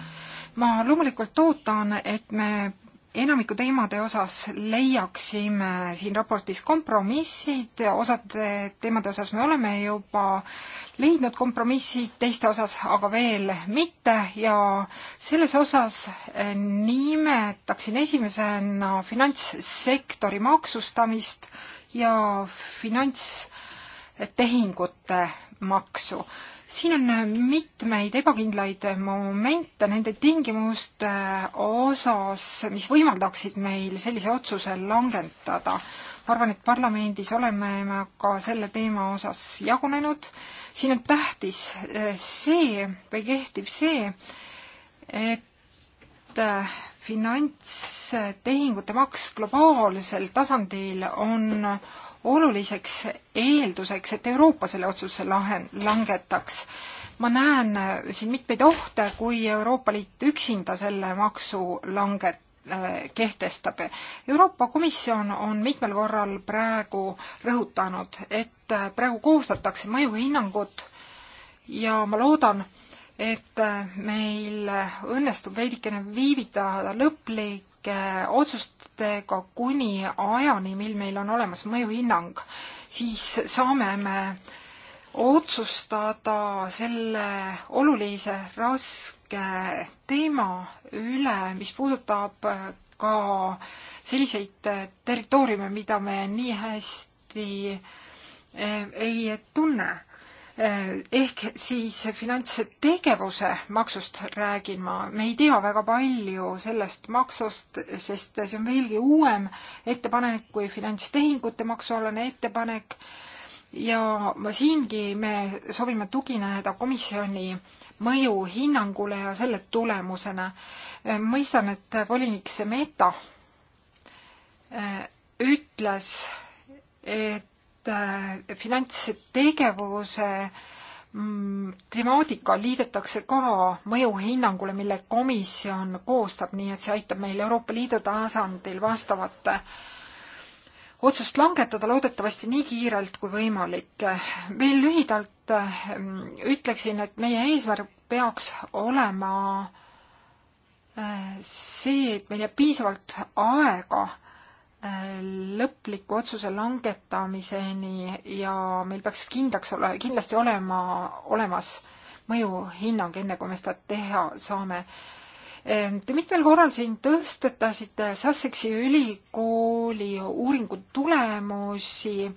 ma loomulikult ootan, et me enamiku teemade osas leiaksime siin raportis kompromissid, osade teemade osas me oleme juba leidnud kompromissid, teiste osas aga veel mitte ja selles osas eh, nimetaksin esimesena finantssektori maksustamist ja finantstehingute maksu siin on äh, mitmeid ebakindlaid äh, momente nende tingimuste äh, osas, mis võimaldaksid meil sellise otsuse langetada. ma arvan, et parlamendis oleme me ka selle teema osas jagunenud. siin on tähtis see või kehtib see, et finantstehingute maks globaalsel tasandil on oluliseks eelduseks, et Euroopa selle otsuse lahen-, langetaks. ma näen äh, siin mitmeid ohte, kui Euroopa Liit üksinda selle maksu langet-, äh, kehtestab. Euroopa Komisjon on mitmel korral praegu rõhutanud, et äh, praegu koostatakse mõjuhinnangut ja ma loodan, et meil õnnestub veidikene viivitada lõplik otsustega kuni ajani, mil meil on olemas mõjuhinnang, siis saame me otsustada selle olulise raske teema üle, mis puudutab ka selliseid territooriume, mida me nii hästi eh, ei tunne ehk siis finantstegevuse maksust räägin ma, me ei tea väga palju sellest maksust, sest see on veelgi uuem ettepanek kui finantstehingute maksualane ettepanek ja siingi me soovime tugineda komisjoni mõjuhinnangule ja selle tulemusena. mõistan, et volinik Semeta ütles, et Äh, finantstegevuse mm, temaatika liidetakse ka mõjuhinnangule, mille komisjon koostab, nii et see aitab meil Euroopa Liidu tasandil vastavat äh, otsust langetada loodetavasti nii kiirelt kui võimalik. veel lühidalt äh, ütleksin, et meie eesmärk peaks olema see, et meil jääb piisavalt aega lõpliku otsuse langetamiseni ja meil peaks kindlaks ole, kindlasti olema olemas mõjuhinnang, enne kui me seda teha saame. Ehm, te mitmel korral siin tõstetasite Sussexi ülikooli uuringu tulemusi,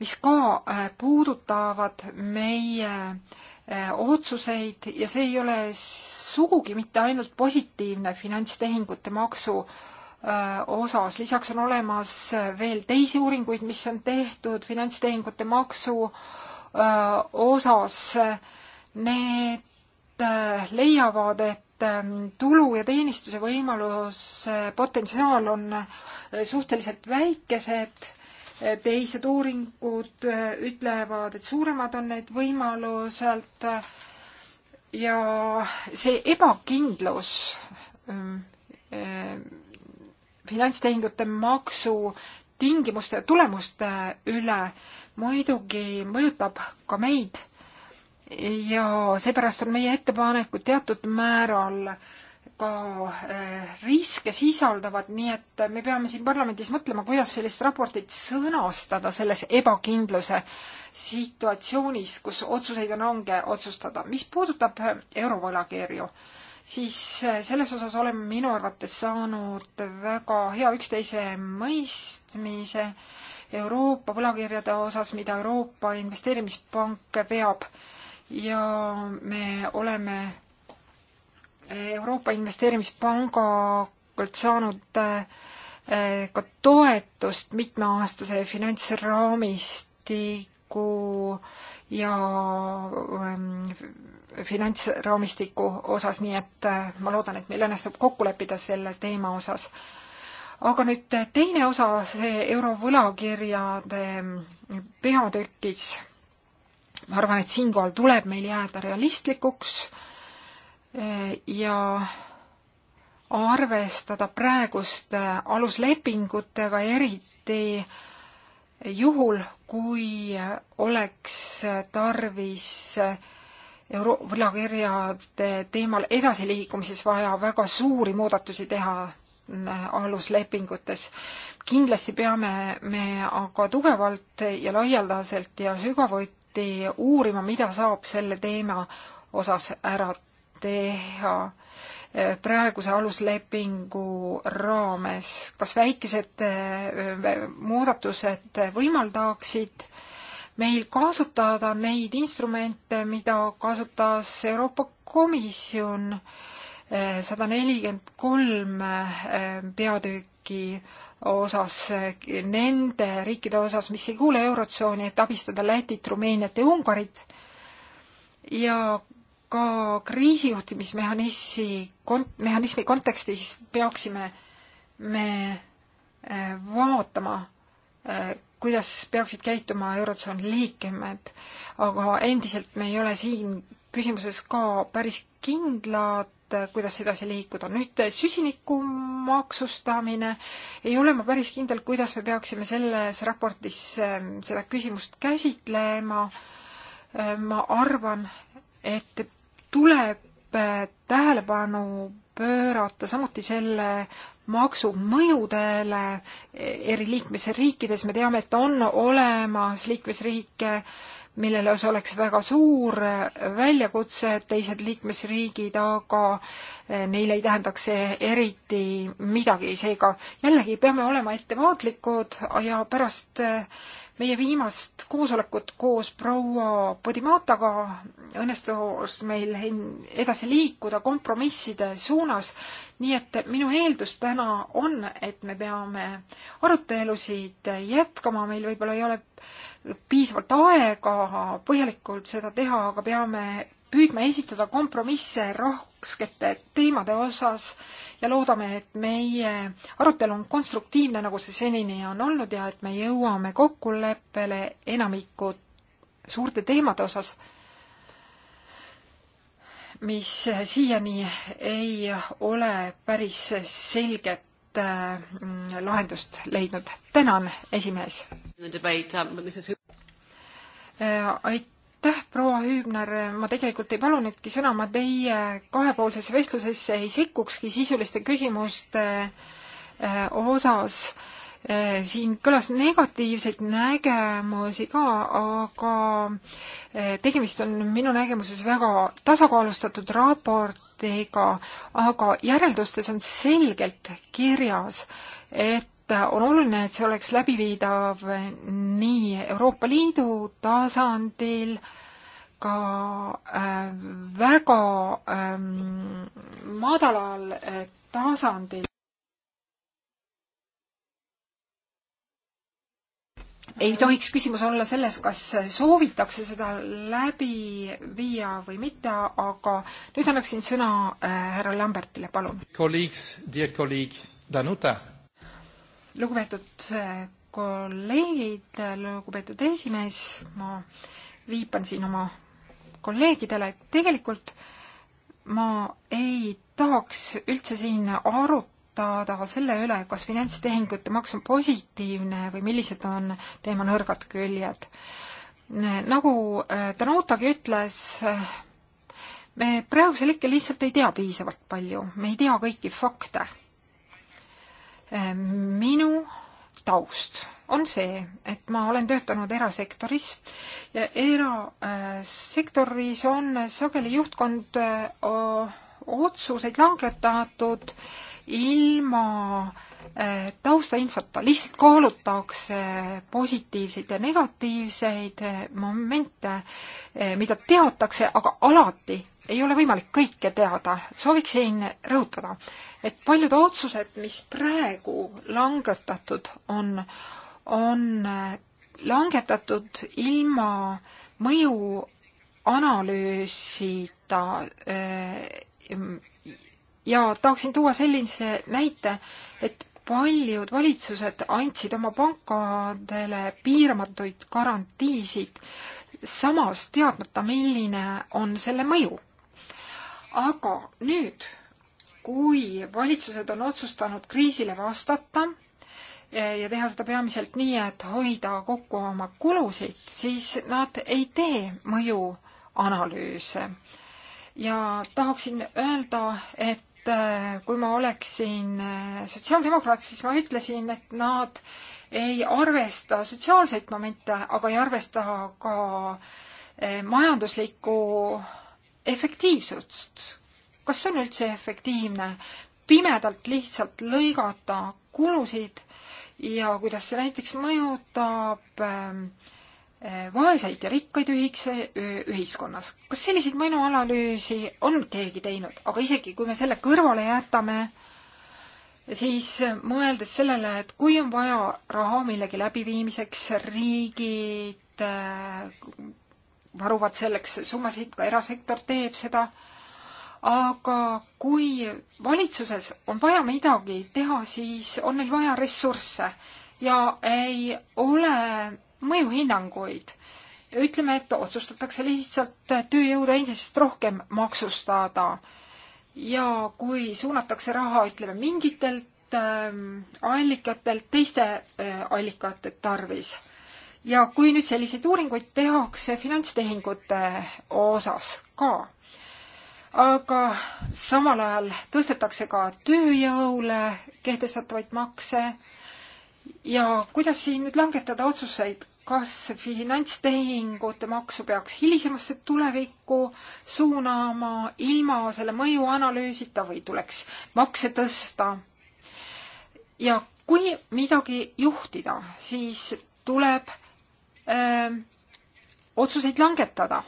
mis ka äh, puudutavad meie äh, otsuseid ja see ei ole sugugi mitte ainult positiivne finantstehingute maksu osas. lisaks on olemas veel teisi uuringuid, mis on tehtud finantstehingute maksu osas. Need leiavad, et tulu ja teenistuse võimaluse potentsiaal on suhteliselt väikesed. teised uuringud ütlevad, et suuremad on need võimalused ja see ebakindlus finantstehingute maksu tingimuste ja tulemuste üle muidugi mõjutab ka meid ja seepärast on meie ettepanekud teatud määral ka eh, riske sisaldavad, nii et me peame siin parlamendis mõtlema, kuidas sellist raportit sõnastada selles ebakindluse situatsioonis, kus otsuseid on range otsustada. mis puudutab eh, eurovõlakirju, siis äh, selles osas oleme minu arvates saanud väga hea üksteise mõistmise Euroopa võlakirjade osas, mida Euroopa Investeerimispank veab. ja me oleme Euroopa Investeerimispangalt saanud äh, ka toetust mitmeaastase finantsraamistiku ja ähm, finantsraamistiku osas, nii et äh, ma loodan, et meil õnnestub kokku leppida selle teema osas. aga nüüd teine osa, see eurovõlakirjade mm, peatükis, ma arvan, et siinkohal tuleb meil jääda realistlikuks äh, ja arvestada praeguste aluslepingutega, eriti juhul, kui oleks tarvis äh, euro-, võlakirjade teemal edasiliikumises vaja väga suuri muudatusi teha äh, aluslepingutes. kindlasti peame me aga tugevalt ja laialdaselt ja sügavuti uurima, mida saab selle teema osas ära teha äh, praeguse aluslepingu raames. kas väikesed äh, muudatused võimaldaksid äh, meil kasutada neid instrumente, mida kasutas Euroopa Komisjon eh, sada nelikümmend kolm eh, peatüki osas, eh, nende riikide osas, mis ei kuule Eurotsooni, et abistada Lätit, Rumeeniat ja Ungarit ja ka kriisijuhtimismehhanismi kont-, mehhanismi kontekstis peaksime me vaatama, kuidas peaksid käituma Eurotsooni liikmed, aga endiselt me ei ole siin küsimuses ka päris kindlad, kuidas edasi liikuda. nüüd süsiniku maksustamine, ei ole ma päris kindel, kuidas me peaksime selles raportis ähm, seda küsimust käsitlema. Äh, ma arvan, et tuleb äh, tähelepanu pöörata samuti selle maksumõjudele eri liikmesriikides, me teame, et on olemas liikmesriike, millele see oleks väga suur väljakutse, teised liikmesriigid, aga eh, neile ei tähendaks see eriti midagi, seega jällegi peame olema ettevaatlikud ja pärast eh, meie viimast koosolekut koos proua Podimataga õnnestus meil edasi liikuda kompromisside suunas, nii et minu eeldus täna on, et me peame arutelusid jätkama, meil võib-olla ei ole piisavalt aega põhjalikult seda teha, aga peame püüdma esitada kompromisse raskete teemade osas ja loodame, et meie arutelu on konstruktiivne, nagu see senini on olnud ja et me jõuame kokkuleppele enamiku suurte teemade osas, mis siiani ei ole päris selget äh, lahendust leidnud. tänan, esimees! Um, äh, aitäh! aitäh, proua Hüübner, ma tegelikult ei palunudki sõna, ma teie kahepoolsesse vestlusesse ei sekkukski sisuliste küsimuste äh, osas. Äh, siin kõlas negatiivseid nägemusi ka, aga äh, tegemist on minu nägemuses väga tasakaalustatud raportiga, aga järeldustes on selgelt kirjas, et et on oluline, et see oleks läbiviidav nii Euroopa Liidu tasandil, ka äh, väga ähm, madalal äh, tasandil. ei tohiks küsimus olla selles, kas soovitakse seda läbi viia või mitte, aga nüüd annaksin sõna äh, härra Lambertile, palun. kolleeg, dear kolleeg Danuta lugupeetud eh, kolleegid, lugupeetud esimees, ma viipan siin oma kolleegidele, et tegelikult ma ei tahaks üldse siin arutada selle üle, kas finantstehingute maks on positiivne või millised on teema nõrgad küljed. nagu eh, Danutagi ütles, eh, me praegusel hetkel lihtsalt ei tea piisavalt palju, me ei tea kõiki fakte Ehm, minu taust on see, et ma olen töötanud erasektoris ja erasektoris äh, on sageli juhtkond äh, otsuseid langetatud ilma äh, taustainfota, lihtsalt kaalutakse positiivseid ja negatiivseid momente, mida teatakse, aga alati ei ole võimalik kõike teada. sooviksin rõhutada, et paljud otsused, mis praegu langetatud on, on äh, langetatud ilma mõjuanalüüsita äh, ja tahaksin tuua sellise näite, et paljud valitsused andsid oma pankadele piiramatuid garantiisid, samas teadmata, milline on selle mõju. aga nüüd kui valitsused on otsustanud kriisile vastata eh, ja teha seda peamiselt nii, et hoida kokku oma kulusid, siis nad ei tee mõjuanalüüse. ja tahaksin öelda, et eh, kui ma oleksin eh, sotsiaaldemokraat, siis ma ütlesin, et nad ei arvesta sotsiaalseid momente, aga ei arvesta ka majanduslikku efektiivsust, kas see on üldse efektiivne, pimedalt lihtsalt lõigata kulusid ja kuidas see näiteks mõjutab ähm, äh, vaeseid ja rikkaid ühikse, ühiskonnas. kas selliseid mõjuanalüüsi on keegi teinud, aga isegi kui me selle kõrvale jätame, siis mõeldes sellele, et kui on vaja raha millegi läbiviimiseks, riigid äh, varuvad selleks summasid, ka erasektor teeb seda, aga kui valitsuses on vaja midagi teha, siis on neil vaja ressursse ja ei ole mõjuhinnanguid. ütleme, et otsustatakse lihtsalt tööjõudu endisest rohkem maksustada ja kui suunatakse raha, ütleme, mingitelt ähm, allikatelt teiste äh, allikate tarvis ja kui nüüd selliseid uuringuid tehakse finantstehingute osas ka aga samal ajal tõstetakse ka tööjõule kehtestatavaid makse ja kuidas siin nüüd langetada otsuseid, kas finantstehingute maksu peaks hilisemasse tulevikku suunama ilma selle mõjuanalüüsita või tuleks makse tõsta? ja kui midagi juhtida, siis tuleb öö, ähm, otsuseid langetada.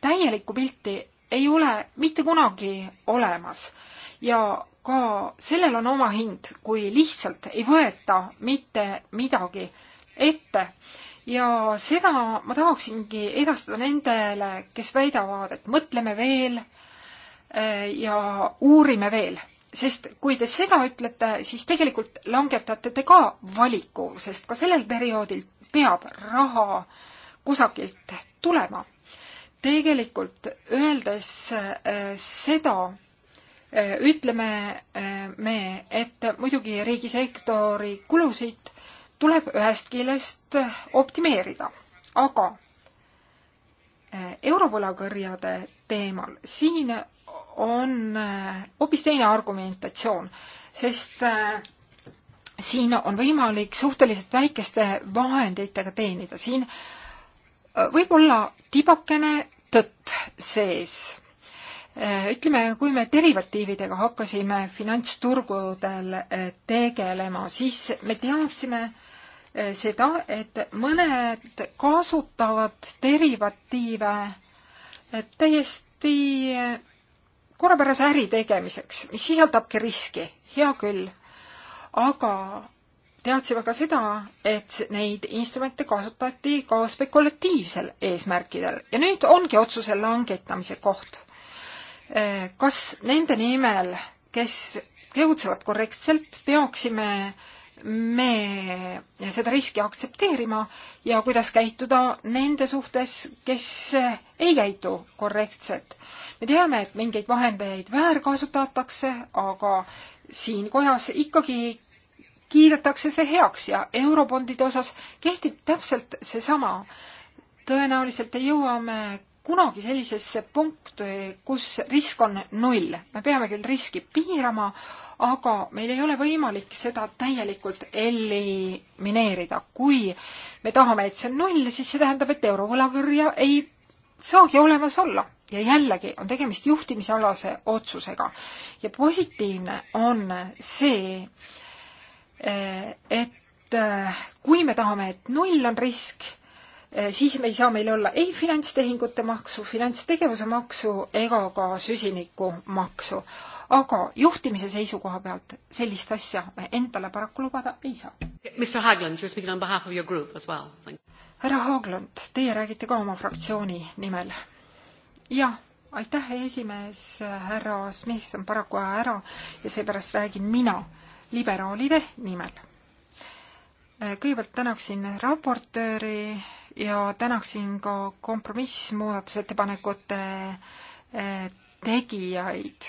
täielikku pilti ei ole mitte kunagi olemas ja ka sellel on oma hind, kui lihtsalt ei võeta mitte midagi ette. ja seda ma tahaksingi edastada nendele, kes väidavad, et mõtleme veel eh, ja uurime veel sest kui te seda ütlete, siis tegelikult langetate te ka valiku, sest ka sellel perioodil peab raha kusagilt tulema tegelikult öeldes äh, seda, äh, ütleme äh, me, et muidugi riigisektori kulusid tuleb ühest küljest optimeerida, aga eurovõlakõrjade teemal, siin on hoopis teine argumentatsioon, sest siin on võimalik suhteliselt väikeste vahenditega teenida, siin võib olla tibakene tõtt sees. Äh, ütleme, kui me derivatiividega hakkasime finantsturgudel äh, tegelema, siis me teadsime, äh, seda, et mõned kasutavad derivatiive täiesti korrapärase äri tegemiseks, mis sisaldabki riski, hea küll, aga teadsime ka seda, et neid instrumente kasutati ka spekulatiivsel eesmärkidel ja nüüd ongi otsuse langetamise koht. kas nende nimel, kes tegutsevad korrektselt, peaksime me seda riski aktsepteerima ja kuidas käituda nende suhtes, kes ei käitu korrektselt. me teame, et mingeid vahendeid väärkasutatakse, aga siin kojas ikkagi kiidetakse see heaks ja eurobondide osas kehtib täpselt seesama. tõenäoliselt jõuame kunagi sellisesse punkti, kus risk on null. me peame küll riski piirama, aga meil ei ole võimalik seda täielikult elimineerida. kui me tahame, et see on null, siis see tähendab, et eurovõlakirja ei saagi olemas olla ja jällegi on tegemist juhtimisalase otsusega. ja positiivne on see, et äh, kui me tahame, et null on risk, äh, siis me ei saa meil olla ei finantstehingute maksu, finantstegevuse maksu ega ka süsinikumaksu. aga juhtimise seisukoha pealt sellist asja me endale paraku lubada ei saa. härra Haaglund, teie räägite ka oma fraktsiooni nimel. jah aitäh, esimees, härra Smith on paraku ära ja seepärast räägin mina liberaalide nimel. kõigepealt tänaksin raportööri ja tänaksin ka kompromissmuudatusettepanekute eh, tegijaid.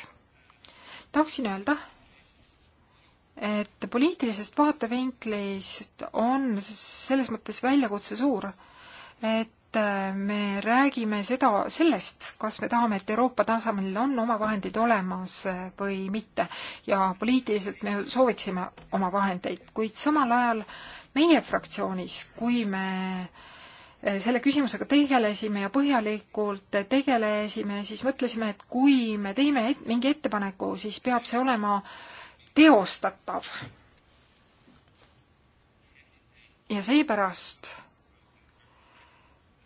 tahaksin öelda, et poliitilisest vaatevinklist on selles mõttes väljakutse suur, et Äh, me räägime seda, sellest, kas me tahame, et Euroopa tasemel on oma vahendid olemas äh, või mitte. ja poliitiliselt me sooviksime oma vahendeid, kuid samal ajal meie fraktsioonis, kui me äh, selle küsimusega tegelesime ja põhjalikult tegelesime, siis mõtlesime, et kui me teeme et, mingi ettepaneku, siis peab see olema teostatav. ja seepärast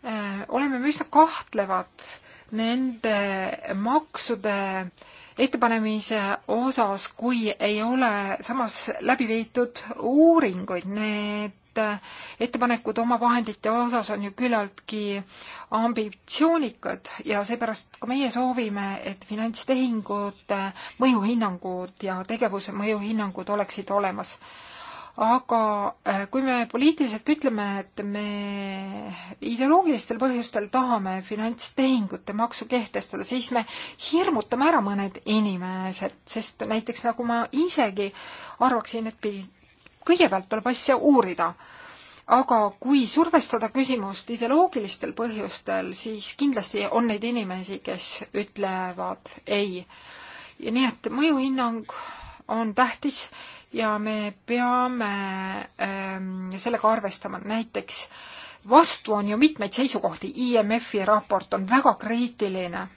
Äh, oleme üsna kahtlevad nende maksude ettepanemise osas, kui ei ole samas läbi viidud uuringuid, need äh, ettepanekud omavahendite osas on ju küllaltki ambitsioonikad ja seepärast ka meie soovime, et finantstehingute mõjuhinnangud ja tegevuse mõjuhinnangud oleksid olemas aga äh, kui me poliitiliselt ütleme, et me ideoloogilistel põhjustel tahame finantstehingute maksu kehtestada, siis me hirmutame ära mõned inimesed, sest näiteks nagu ma isegi arvaksin, et kõigepealt tuleb asja uurida. aga kui survestada küsimust ideoloogilistel põhjustel, siis kindlasti on neid inimesi, kes ütlevad ei. ja nii et mõjuhinnang on tähtis ja me peame ähm, sellega arvestama, näiteks vastu on ju mitmeid seisukohti, IMF-i raport on väga kriitiline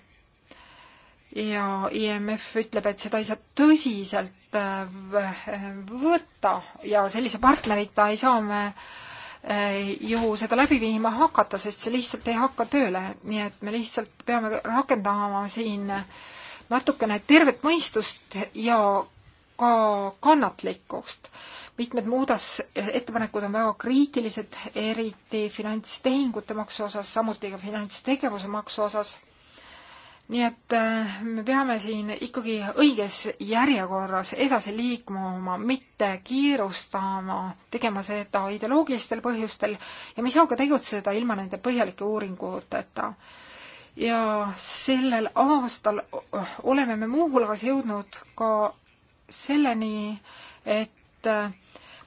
ja IMF ütleb, et seda ei saa tõsiselt äh, võtta ja sellise partnerita ei saa me äh, ju seda läbi viima hakata, sest see lihtsalt ei hakka tööle, nii et me lihtsalt peame rakendama siin natukene tervet mõistust ja ka kannatlikkust. mitmed muudatusettepanekud on väga kriitilised, eriti finantstehingute maksu osas, samuti ka finantstegevuse maksu osas. nii et äh, me peame siin ikkagi õiges järjekorras edasi liikuma, mitte kiirustama, tegema seda ideoloogilistel põhjustel ja me ei saa ka tegutseda ilma nende põhjalike uuringuteta ja sellel aastal oleme me muuhulgas jõudnud ka selleni, et äh,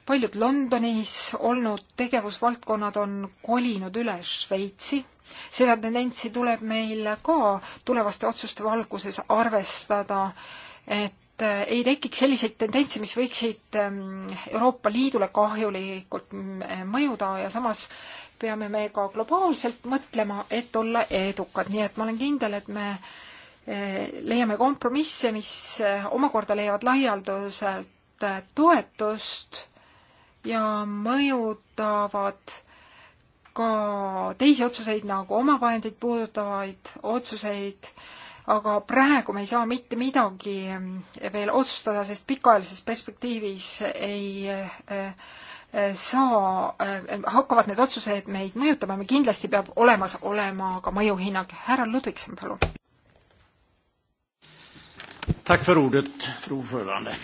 paljud Londonis olnud tegevusvaldkonnad on kolinud üle Šveitsi. seda tendentsi tuleb meil ka tulevaste otsuste valguses arvestada, et äh, ei tekiks selliseid tendentse, mis võiksid ähm, Euroopa Liidule kahjulikult äh, mõjuda ja samas peame me ka globaalselt mõtlema, et olla edukad, nii et ma olen kindel, et me leiame kompromisse, mis omakorda leiavad laialdaselt toetust ja mõjutavad ka teisi otsuseid nagu omavahendeid puudutavaid otsuseid, aga praegu me ei saa mitte midagi veel otsustada, sest pikaajalises perspektiivis ei eh, saa, eh, hakkavad need otsused meid mõjutama, me kindlasti peab olemas olema ka mõjuhinnang. härra Ludvigson, palun Tack för ordet, fru ordförande.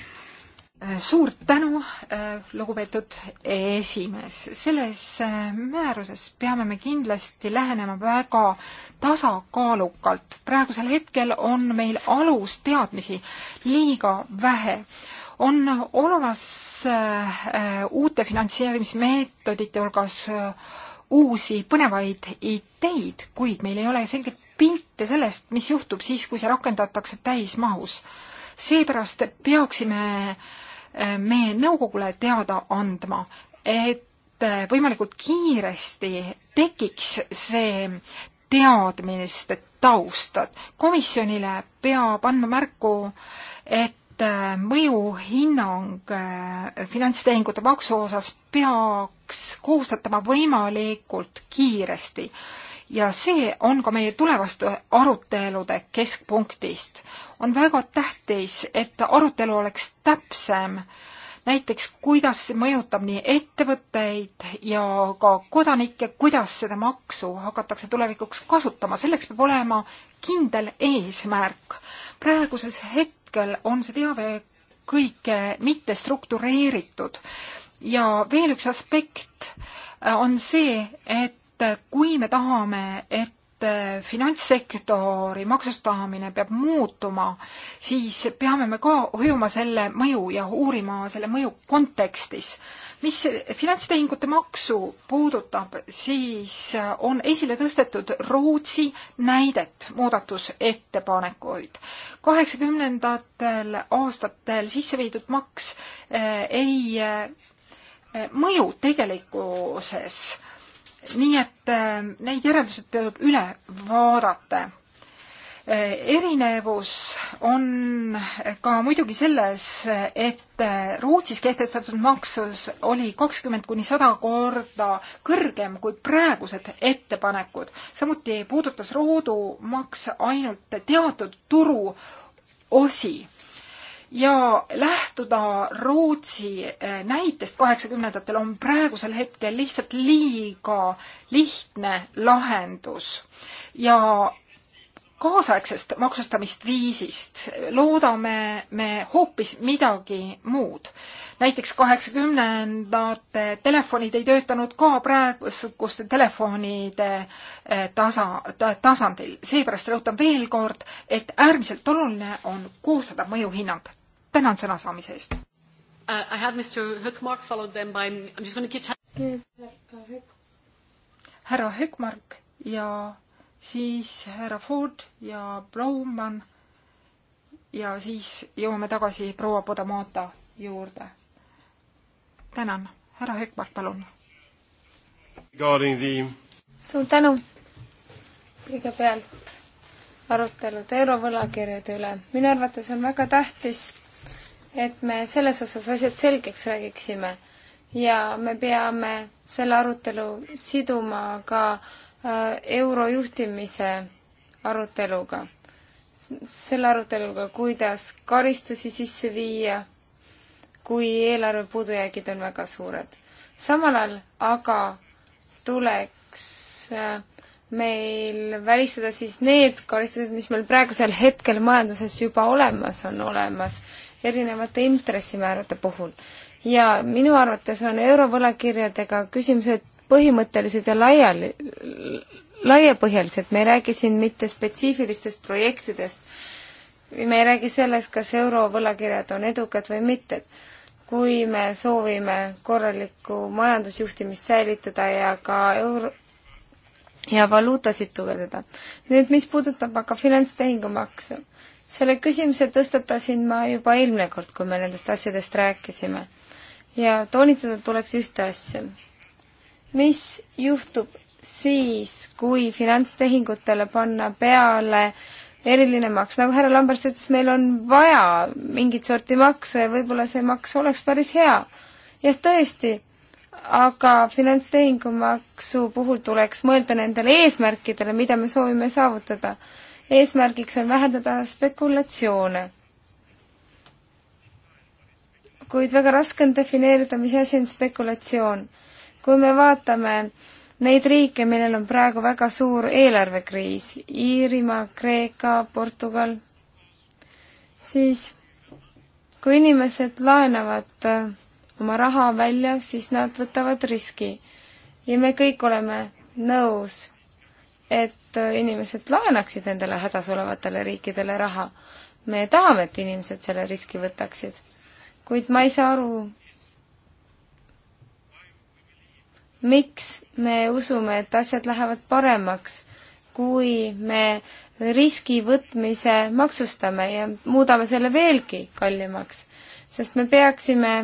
Eh, suur tänu, eh, lugupeetud esimees. selles eh, määruses peame me kindlasti lähenema väga tasakaalukalt. praegusel hetkel on meil alusteadmisi liiga vähe on olemas uute finantseerimismeetodite hulgas uusi põnevaid ideid, kuid meil ei ole selget pilte sellest, mis juhtub siis, kui see rakendatakse täismahus. seepärast peaksime eh, me nõukogule teada andma, et eh, võimalikult kiiresti tekiks see teadmiste taustad. komisjonile peab andma märku, et eh, mõjuhinnang finantstehingute maksu osas peaks koostatama võimalikult kiiresti ja see on ka meie tulevaste arutelude keskpunktist. on väga tähtis, et arutelu oleks täpsem, näiteks kuidas see mõjutab nii ettevõtteid ja ka kodanikke, kuidas seda maksu hakatakse tulevikuks kasutama, selleks peab olema kindel eesmärk. praeguses hetkel on see teave kõike mittestruktureeritud ja veel üks aspekt äh, on see, et et kui me tahame, et äh, finantssektori maksustamine peab muutuma, siis peame me ka hujuma selle mõju ja uurima selle mõju kontekstis. mis finantstehingute maksu puudutab, siis äh, on esile tõstetud Rootsi näidet muudatusettepanekuid. kaheksakümnendatel aastatel sisse viidud maks äh, ei mõju tegelikkuses äh, nii et äh, neid järeldused tuleb üle vaadata. Äh, erinevus on ka muidugi selles, et äh, Rootsis kehtestatud maksus oli kakskümmend kuni sada korda kõrgem kui praegused ettepanekud. samuti puudutas roodumaks ainult teatud turuosi ja lähtuda Rootsi eh, näitest kaheksakümnendatel on praegusel hetkel lihtsalt liiga lihtne lahendus ja kaasaegsest maksustamist viisist loodame me hoopis midagi muud. näiteks kaheksakümnendate telefonid ei töötanud ka praeguste telefonide eh, tasa ta,, tasandil. seepärast rõhutan veel kord, et äärmiselt oluline on koostada mõjuhinnang tänan sõna saamise eest uh,. I had Mr Hökmark followed them by, I am just going to get härra Hökmark ja siis härra Ford ja Blaumann ja siis jõuame tagasi proua Podamata juurde. tänan, härra Hökmark, palun. The... suur tänu. kõigepealt arutelud eurovõlakirjade üle. minu arvates on väga tähtis et me selles osas asjad selgeks räägiksime ja me peame selle arutelu siduma ka äh, euro juhtimise aruteluga. selle aruteluga, kuidas karistusi sisse viia, kui eelarve puudujäägid on väga suured. samal ajal aga tuleks äh, meil välistada siis need karistused, mis meil praegusel hetkel majanduses juba olemas on olemas erinevate intressimäärade puhul. ja minu arvates on eurovõlakirjadega küsimused põhimõttelised ja laiali, laiapõhjalised, me ei räägi siin mitte spetsiifilistest projektidest, me ei räägi sellest, kas eurovõlakirjad on edukad või mitte kui me soovime korralikku majandusjuhtimist säilitada ja ka euro- ja valuutasid tugevdada. nüüd, mis puudutab aga finantstehingumaksu, selle küsimuse tõstatasin ma juba eelmine kord, kui me nendest asjadest rääkisime. ja toonitada tuleks ühte asja. mis juhtub siis, kui finantstehingutele panna peale eriline maks, nagu härra Lambert ütles, meil on vaja mingit sorti maksu ja võib-olla see maks oleks päris hea. jah, tõesti, aga finantstehingumaksu puhul tuleks mõelda nendele eesmärkidele, mida me soovime saavutada eesmärgiks on vähendada spekulatsioone. kuid väga raske on defineerida, mis asi on spekulatsioon. kui me vaatame neid riike, millel on praegu väga suur eelarvekriis, Iirimaa, Kreeka, Portugal, siis kui inimesed laenavad äh, oma raha välja, siis nad võtavad riski. ja me kõik oleme nõus et äh, inimesed laenaksid nendele hädas olevatele riikidele raha. me tahame, et inimesed selle riski võtaksid. kuid ma ei saa aru, miks me usume, et asjad lähevad paremaks, kui me riski võtmise maksustame ja muudame selle veelgi kallimaks. sest me peaksime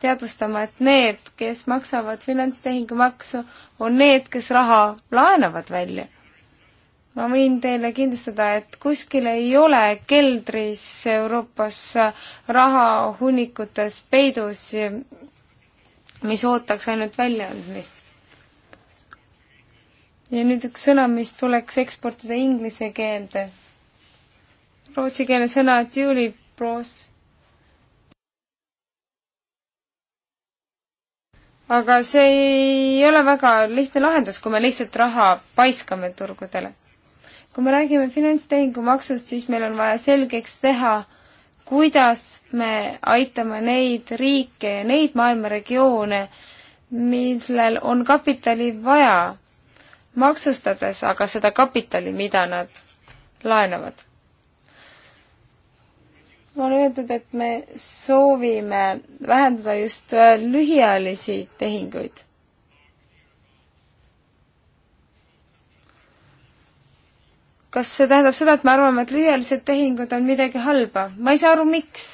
teadvustama, et need, kes maksavad finantstehingumaksu, on need, kes raha laenavad välja ma võin teile kindlustada, et kuskil ei ole keldris Euroopas raha hunnikutes peidus, mis ootaks ainult väljaandmist. ja nüüd üks sõna, mis tuleks eksportida inglise keelde. Rootsikeelne sõna tulipros. aga see ei ole väga lihtne lahendus, kui me lihtsalt raha paiskame turgudele kui me räägime finantstehingumaksust, siis meil on vaja selgeks teha, kuidas me aitame neid riike ja neid maailma regioone, millel on kapitali vaja, maksustades aga seda kapitali, mida nad laenavad. ma olen öeldud, et me soovime vähendada just lühiajalisi tehinguid. kas see tähendab seda, et me arvame, et lühiajalised tehingud on midagi halba? ma ei saa aru, miks.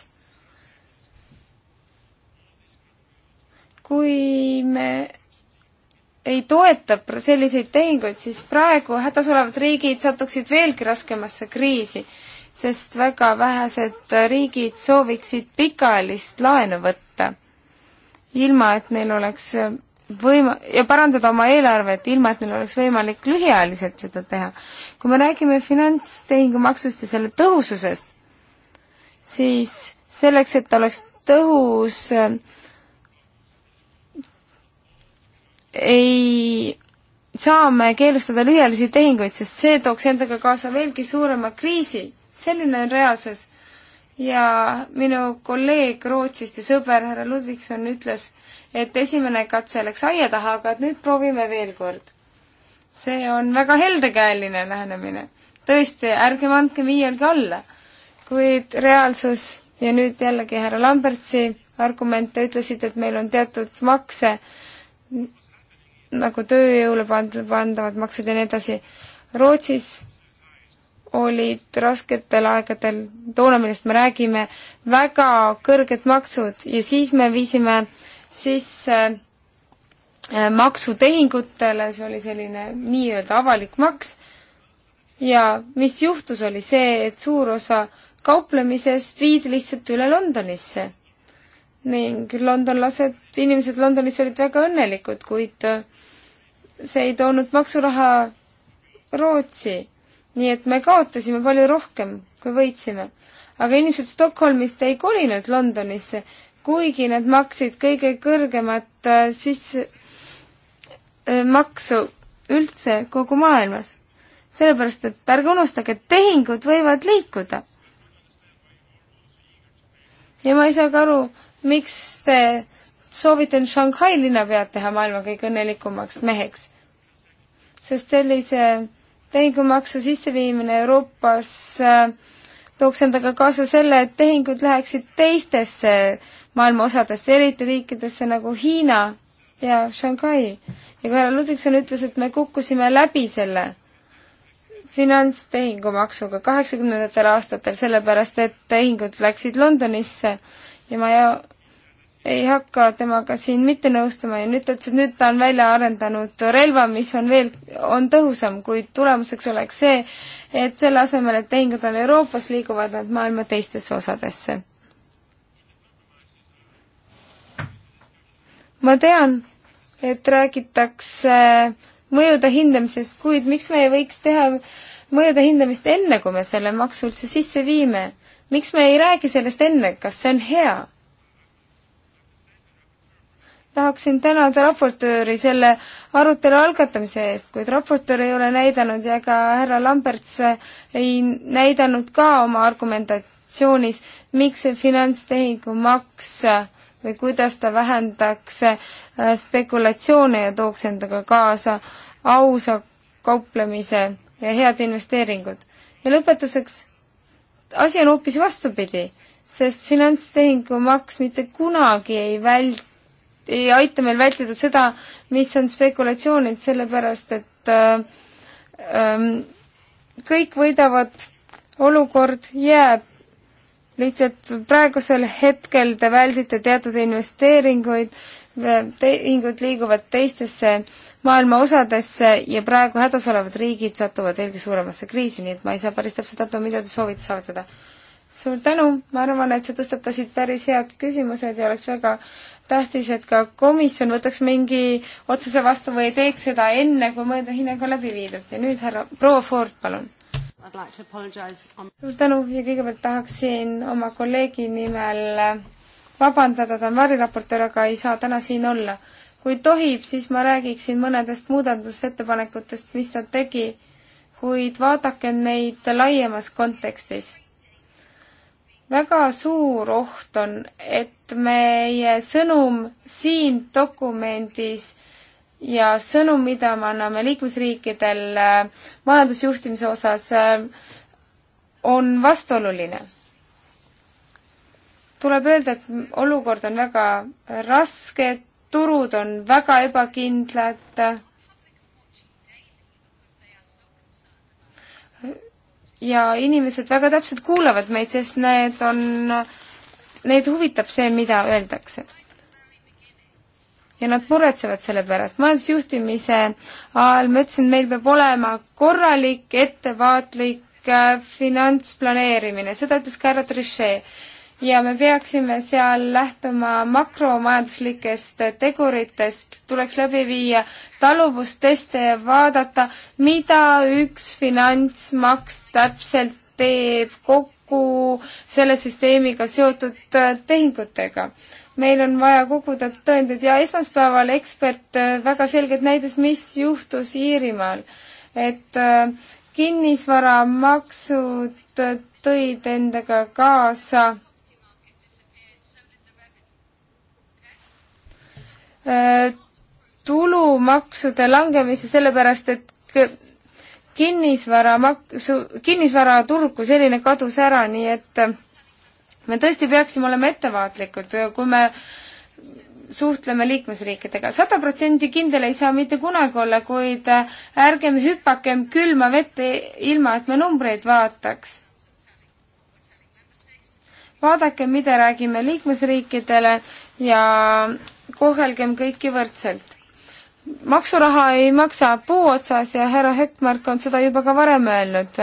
kui me ei toeta selliseid tehinguid, siis praegu hädas olevad riigid satuksid veelgi raskemasse kriisi, sest väga vähesed riigid sooviksid pikaajalist laenu võtta, ilma et neil oleks võima- ja parandada oma eelarvet, ilma et neil oleks võimalik lühiajaliselt seda teha. kui me räägime finantstehingumaksust ja selle tõhususest, siis selleks, et oleks tõhus, ei saa me keelustada lühiajalisi tehinguid, sest see tooks endaga kaasa veelgi suurema kriisi. selline on reaalsus ja minu kolleeg Rootsist ja sõber härra Ludvigson ütles, et esimene katse läks aia taha, aga et nüüd proovime veel kord. see on väga heldekäeline lähenemine. tõesti, ärgem andkem iialgi alla. kuid reaalsus ja nüüd jällegi härra Lambertsi argument, te ütlesite, et meil on teatud makse, nagu tööjõule pand-, pandavad maksud ja nii edasi. Rootsis olid rasketel aegadel, toona, millest me räägime, väga kõrged maksud ja siis me viisime äh, sisse äh, maksutehingutele, see oli selline nii-öelda avalik maks, ja mis juhtus, oli see, et suur osa kauplemisest viidi lihtsalt üle Londonisse. ning londonlased, inimesed Londonis olid väga õnnelikud, kuid äh, see ei toonud maksuraha Rootsi. nii et me kaotasime palju rohkem, kui võitsime. aga inimesed Stockholmist ei kolinud Londonisse, kuigi nad maksid kõige kõrgemat äh, sisse, äh, maksu üldse kogu maailmas. sellepärast, et ärge unustage, et tehingud võivad liikuda. ja ma ei saa ka aru, miks te soovitan Shanghai linnapead teha maailma kõige õnnelikumaks meheks. sest sellise tehingumaksu sisseviimine Euroopas äh, tooks endaga kaasa selle, et tehingud läheksid teistesse maailma osadesse, eriti riikidesse nagu Hiina ja Shanghai. ja kui härra Ludvigson ütles, et me kukkusime läbi selle finantstehingumaksuga kaheksakümnendatel aastatel, sellepärast et tehingud läksid Londonisse ja ma ei, ei hakka temaga siin mitte nõustuma ja nüüd ta ütles, et nüüd ta on välja arendanud relva, mis on veel, on tõhusam, kuid tulemuseks oleks see, et selle asemel, et tehingud on Euroopas, liiguvad nad maailma teistesse osadesse. ma tean, et räägitakse mõjude hindamisest, kuid miks me ei võiks teha mõjude hindamist enne, kui me selle maksu üldse sisse viime? miks me ei räägi sellest enne, kas see on hea? tahaksin tänada raportööri selle arutelu algatamise eest, kuid raportöör ei ole näidanud ja ka härra Lamberts ei näidanud ka oma argumentatsioonis, miks see finantstehingu maks äh, või kuidas ta vähendaks äh, spekulatsioone ja tooks endaga kaasa ausa kauplemise ja head investeeringud. ja lõpetuseks, asi on hoopis vastupidi, sest finantstehingu maks mitte kunagi ei vält-, ei aita meil vältida seda, mis on spekulatsioonid, sellepärast et äh, ähm, kõik võidavad, olukord jääb lihtsalt praegusel hetkel te väldite teatud investeeringuid, tehingud liiguvad teistesse maailma osadesse ja praegu hädas olevad riigid satuvad veelgi suuremasse kriisi, nii et ma ei saa päris täpselt aru, mida te soovite saavutada. suur tänu, ma arvan, et sa tõstatasid päris head küsimused ja oleks väga tähtis, et ka komisjon võtaks mingi otsuse vastu või teeks seda enne, kui mõõduhinnang on läbi viidud ja nüüd härra proua Ford, palun suur tänu ja kõigepealt tahaksin oma kolleegi nimel vabandada, ta on variraportöör, aga ei saa täna siin olla. kui tohib, siis ma räägiksin mõnedest muudatusettepanekutest, mis ta tegi, kuid vaadakem neid laiemas kontekstis. väga suur oht on, et meie sõnum siin dokumendis ja sõnum, mida me anname liikmesriikidel majandusjuhtimise osas, äh, on vastuoluline. tuleb öelda, et olukord on väga raske, turud on väga ebakindlad ja inimesed väga täpselt kuulavad meid, sest need on, neid huvitab see, mida öeldakse ja nad muretsevad selle pärast. majandusjuhtimise ajal ma ütlesin, meil peab olema korralik, ettevaatlik äh, finantsplaneerimine, seda ütles ka härra Trichet. ja me peaksime seal lähtuma makromajanduslikest teguritest, tuleks läbi viia taluvusteste ja vaadata, mida üks finantsmaks täpselt teeb kokku selle süsteemiga seotud äh, tehingutega meil on vaja koguda tõendeid ja esmaspäeval ekspert äh, väga selgelt näitas, mis juhtus Iirimaal. et äh, kinnisvaramaksud äh, tõid endaga kaasa tulumaksude langemise, sellepärast et kinnisvaramaksu, kinnisvaraturg kui selline kadus ära, nii et me tõesti peaksime olema ettevaatlikud, kui me suhtleme liikmesriikidega. sada protsenti kindel ei saa mitte kunagi olla, kuid ärgem hüpakem külma vette, ilma et me numbreid vaataks. vaadake, mida räägime liikmesriikidele ja kohelgem kõiki võrdselt. maksuraha ei maksa puu otsas ja härra Hettmark on seda juba ka varem öelnud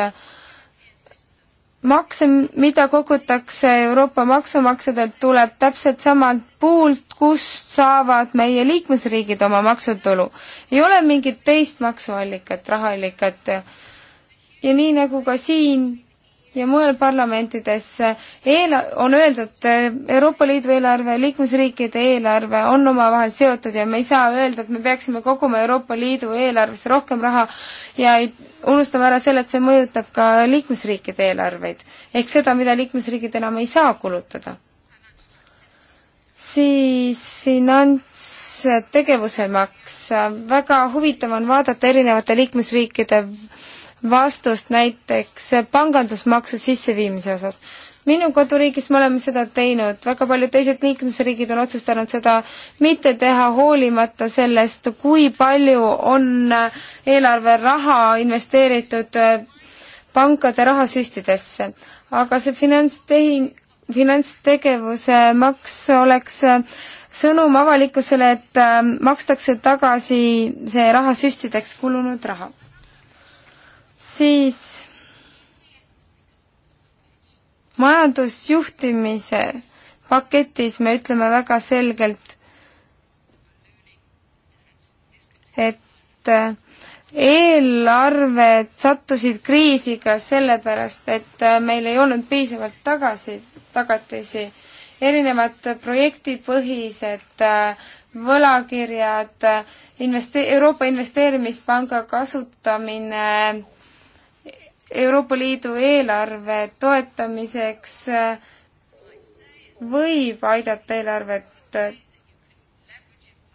makse, mida kogutakse Euroopa maksumaksjadelt, tuleb täpselt samalt puult, kust saavad meie liikmesriigid oma maksutulu. ei ole mingit teist maksuallikat, rahaallikat. ja nii nagu ka siin ja mujal parlamentides eel-, on öeldud, Euroopa Liidu eelarve, liikmesriikide eelarve on omavahel seotud ja me ei saa öelda, et me peaksime koguma Euroopa Liidu eelarvesse rohkem raha ja ei, unustame ära selle, et see mõjutab ka liikmesriikide eelarveid. ehk seda, mida liikmesriigid enam ei saa kulutada. siis finantstegevuse maks. väga huvitav on vaadata erinevate liikmesriikide vastust näiteks pangandusmaksu sisseviimise osas. minu koduriigis me oleme seda teinud, väga paljud teised liikmesriigid on otsustanud seda mitte teha, hoolimata sellest, kui palju on eelarve raha investeeritud äh, pankade rahasüstidesse. aga see finantstehing, finantstegevuse maks oleks äh, sõnum avalikkusele, et äh, makstakse tagasi see raha süstideks kulunud raha siis majandusjuhtimise paketis me ütleme väga selgelt, et äh, eelarved sattusid kriisi ka sellepärast, et äh, meil ei olnud piisavalt tagasi, tagatisi, erinevad projektipõhised äh, võlakirjad, investe-, Euroopa Investeerimispanga kasutamine Euroopa Liidu eelarve toetamiseks äh, võib aidata eelarvet äh,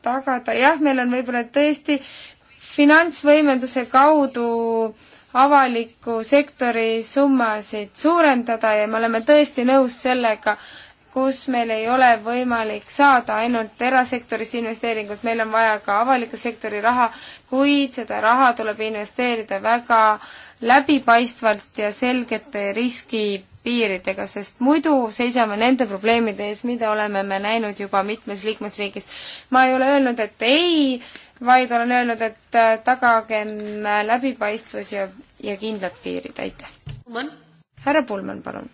tagada, jah, meil on võib-olla tõesti finantsvõimenduse kaudu avaliku sektori summasid suurendada ja me oleme tõesti nõus sellega, kus meil ei ole võimalik saada ainult erasektorist investeeringut, meil on vaja ka avaliku sektori raha, kuid seda raha tuleb investeerida väga läbipaistvalt ja selgete riskipiiridega, sest muidu seisame nende probleemide ees, mida oleme me näinud juba mitmes liikmesriigis. ma ei ole öelnud, et ei, vaid olen öelnud, et äh, tagagem äh, läbipaistvus ja, ja kindlad piirid, aitäh. härra Pullmann, palun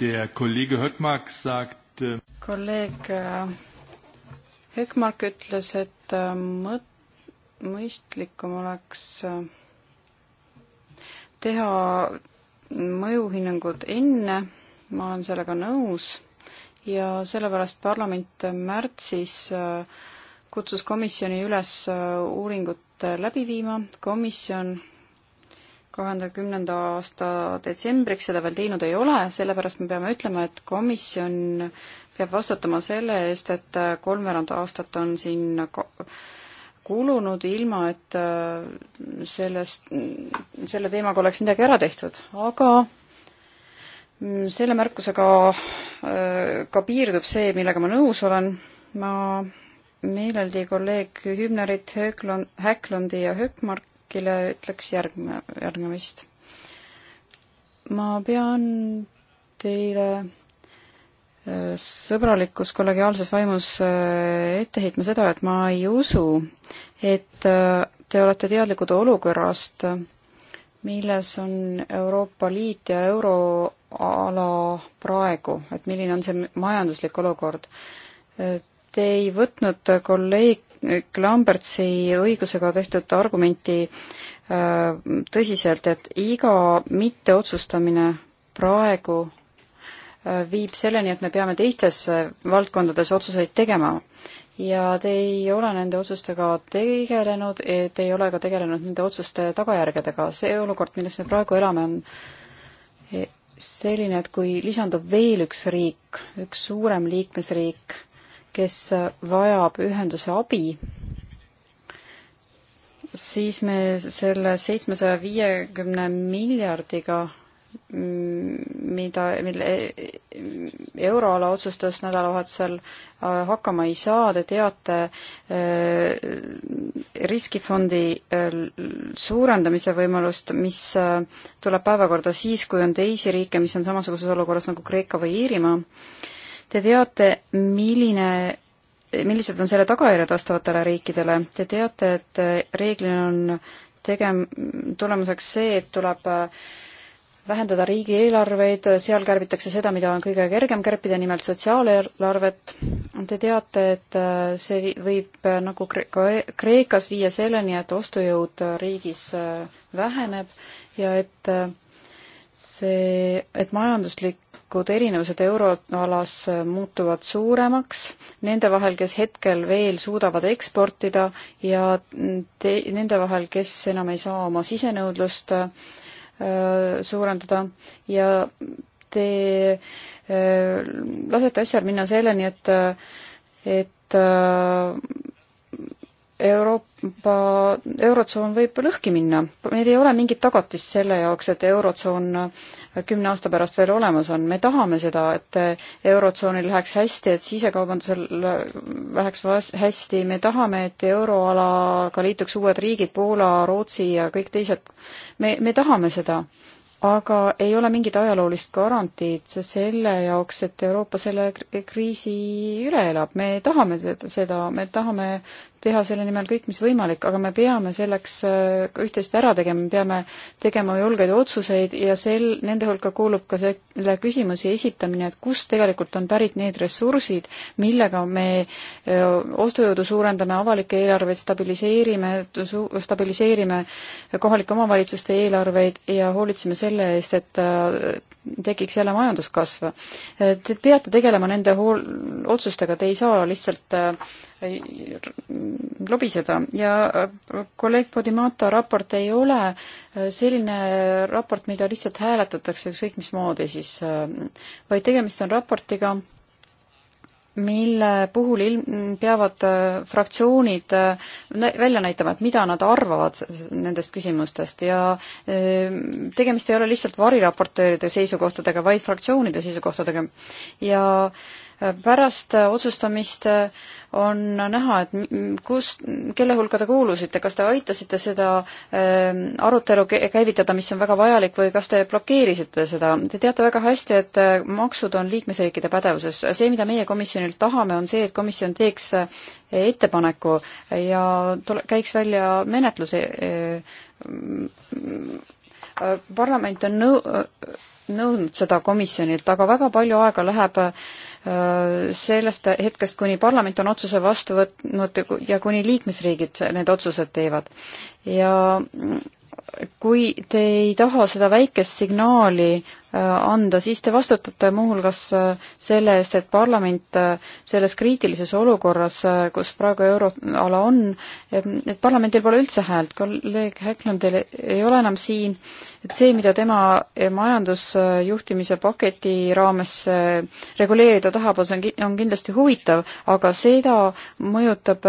Der Kollege Höckmark sagt äh, kolleeg äh, Höckmark ütles, et äh, mõt-, mõistlikum oleks teha mõjuhinnangud enne, ma olen sellega nõus, ja sellepärast parlament märtsis kutsus komisjoni üles uuringut läbi viima, komisjon kahe tuhande kümnenda aasta detsembriks seda veel teinud ei ole, sellepärast me peame ütlema, et komisjon peab vastutama selle eest, et kolmveerand aastat on siin kulunud, ilma et äh, sellest, selle teemaga oleks midagi ära tehtud, aga mm, selle märkusega äh, ka piirdub see, millega ma nõus olen, ma meeleldi kolleeg Hübnerit, Höklon-, Häklundi ja Hökmark Brockile ütleks järgne, järgnemist. ma pean teile äh, sõbralikus kollegiaalses vaimus äh, ette heitma seda, et ma ei usu, et äh, te olete teadlikud olukorrast, milles on Euroopa Liit ja euroala praegu, et milline on see majanduslik olukord. Te ei võtnud kolleeg, kolleeg Lambertsi õigusega tehtud argumenti äh, tõsiselt, et iga mitteotsustamine praegu äh, viib selleni, et me peame teistes äh, valdkondades otsuseid tegema. ja te ei ole nende otsustega tegelenud, e, te ei ole ka tegelenud nende otsuste tagajärgedega. see olukord, milles me praegu elame, on e, selline, et kui lisandub veel üks riik, üks suurem liikmesriik, kes vajab ühenduse abi, siis me selle seitsmesaja viiekümne miljardiga mm, mida, mille e-, euroala otsustas nädalavahetusel äh, hakkama ei saa, te teate äh, riskifondi äh, suurendamise võimalust, mis tuleb päevakorda siis, kui on teisi riike, mis on samasuguses olukorras nagu Kreeka või Iirimaa Te teate, milline, millised on selle tagajärjed vastavatele riikidele. Te teate, et reeglina on tegem-, tulemuseks see, et tuleb äh, vähendada riigieelarveid, seal kärbitakse seda, mida on kõige kergem kärpida, nimelt sotsiaaleelarvet. Te teate, et äh, see võib äh, nagu e-, Kreekas viia selleni, et ostujõud riigis väheneb ja et see, et majanduslik võimalikud erinevused euroalas muutuvad suuremaks nende vahel, kes hetkel veel suudavad eksportida ja te, nende vahel, kes enam ei saa oma sisenõudlust äh, suurendada ja te äh, lasete asjal minna selleni, et, et äh, Euroopa, Eurotsoon võib lõhki minna. meil ei ole mingit tagatist selle jaoks, et Eurotsoon äh, kümne aasta pärast veel olemas on. me tahame seda, et Eurotsoonil läheks hästi, et sisekaubandusel läheks hästi, me tahame, et euroalaga liituks uued riigid, Poola, Rootsi ja kõik teised. me, me tahame seda, aga ei ole mingit ajaloolist garantiid selle jaoks, et Euroopa selle kriisi üle elab. me tahame seda, me tahame teha selle nimel kõik, mis võimalik, aga me peame selleks ka äh, üht-teist ära tegema, me peame tegema julgeid otsuseid ja sel, nende hulka kuulub ka selle küsimuse esitamine, et kust tegelikult on pärit need ressursid, millega me äh, ostujõudu suurendame, avalikke eelarveid stabiliseerime, stabiliseerime kohalike omavalitsuste eelarveid ja hoolitseme selle eest, et äh, tekiks jälle majanduskasv. Te peate tegelema nende hool-, otsustega, te ei saa lihtsalt Äh, lobiseda ja äh, kolleeg Podimata raport ei ole äh, selline raport, mida lihtsalt hääletatakse ükskõik mismoodi siis, vaid tegemist on raportiga, mille puhul ilm-, peavad fraktsioonid välja näitama, et mida nad arvavad nendest küsimustest ja tegemist ei ole lihtsalt variraportööride seisukohtadega, vaid fraktsioonide seisukohtadega. ja äh, pärast otsustamist on näha, et kus, kelle hulka te kuulusite, kas te aitasite seda ähm, arutelu käivitada, mis on väga vajalik, või kas te blokeerisite seda? Te teate väga hästi, et äh, maksud on liikmesriikide pädevuses. see, mida meie komisjonilt tahame, on see, et komisjon teeks äh, ettepaneku ja tule, käiks välja menetluse äh, parlament on nõu-, nõudnud seda komisjonilt, aga väga palju aega läheb äh, sellest hetkest, kuni parlament on otsuse vastu võtnud ja kuni liikmesriigid need otsused teevad. ja kui te ei taha seda väikest signaali äh, anda, siis te vastutate muuhulgas äh, selle eest, et parlament äh, selles kriitilises olukorras, kus praegu euroala on, et parlamendil pole üldse häält, kolleeg Häklandil ei ole enam siin, et see, mida tema majandusjuhtimise paketi raames reguleerida tahab, on, on kindlasti huvitav, aga seda mõjutab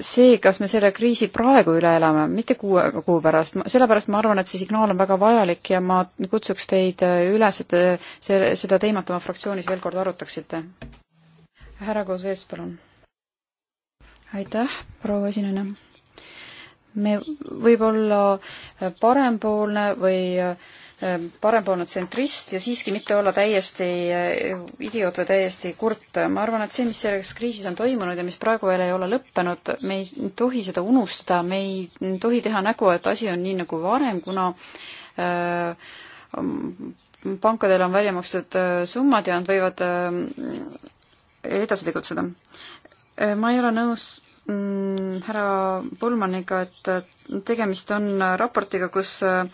see, kas me selle kriisi praegu üle elame, mitte kuue kuu pärast, sellepärast ma arvan, et see signaal on väga vajalik ja ma kutsuks teid üles, et see, seda teemat oma fraktsioonis veel kord arutaksite. härra Kozees, palun. aitäh, proua esineja. me võib olla parempoolne või äh, Ähm, parempoolne tsentrist ja siiski mitte olla täiesti äh, idioot või täiesti kurt. ma arvan, et see, mis selles kriisis on toimunud ja mis praegu veel ei ole lõppenud, me ei tohi seda unustada, me ei tohi teha nägu, et asi on nii nagu varem, kuna äh, pankadele on välja makstud äh, summad ja nad võivad äh, edasi tegutseda. Äh, ma ei ole nõus mm, härra Polmaniga, et äh, tegemist on raportiga, kus äh,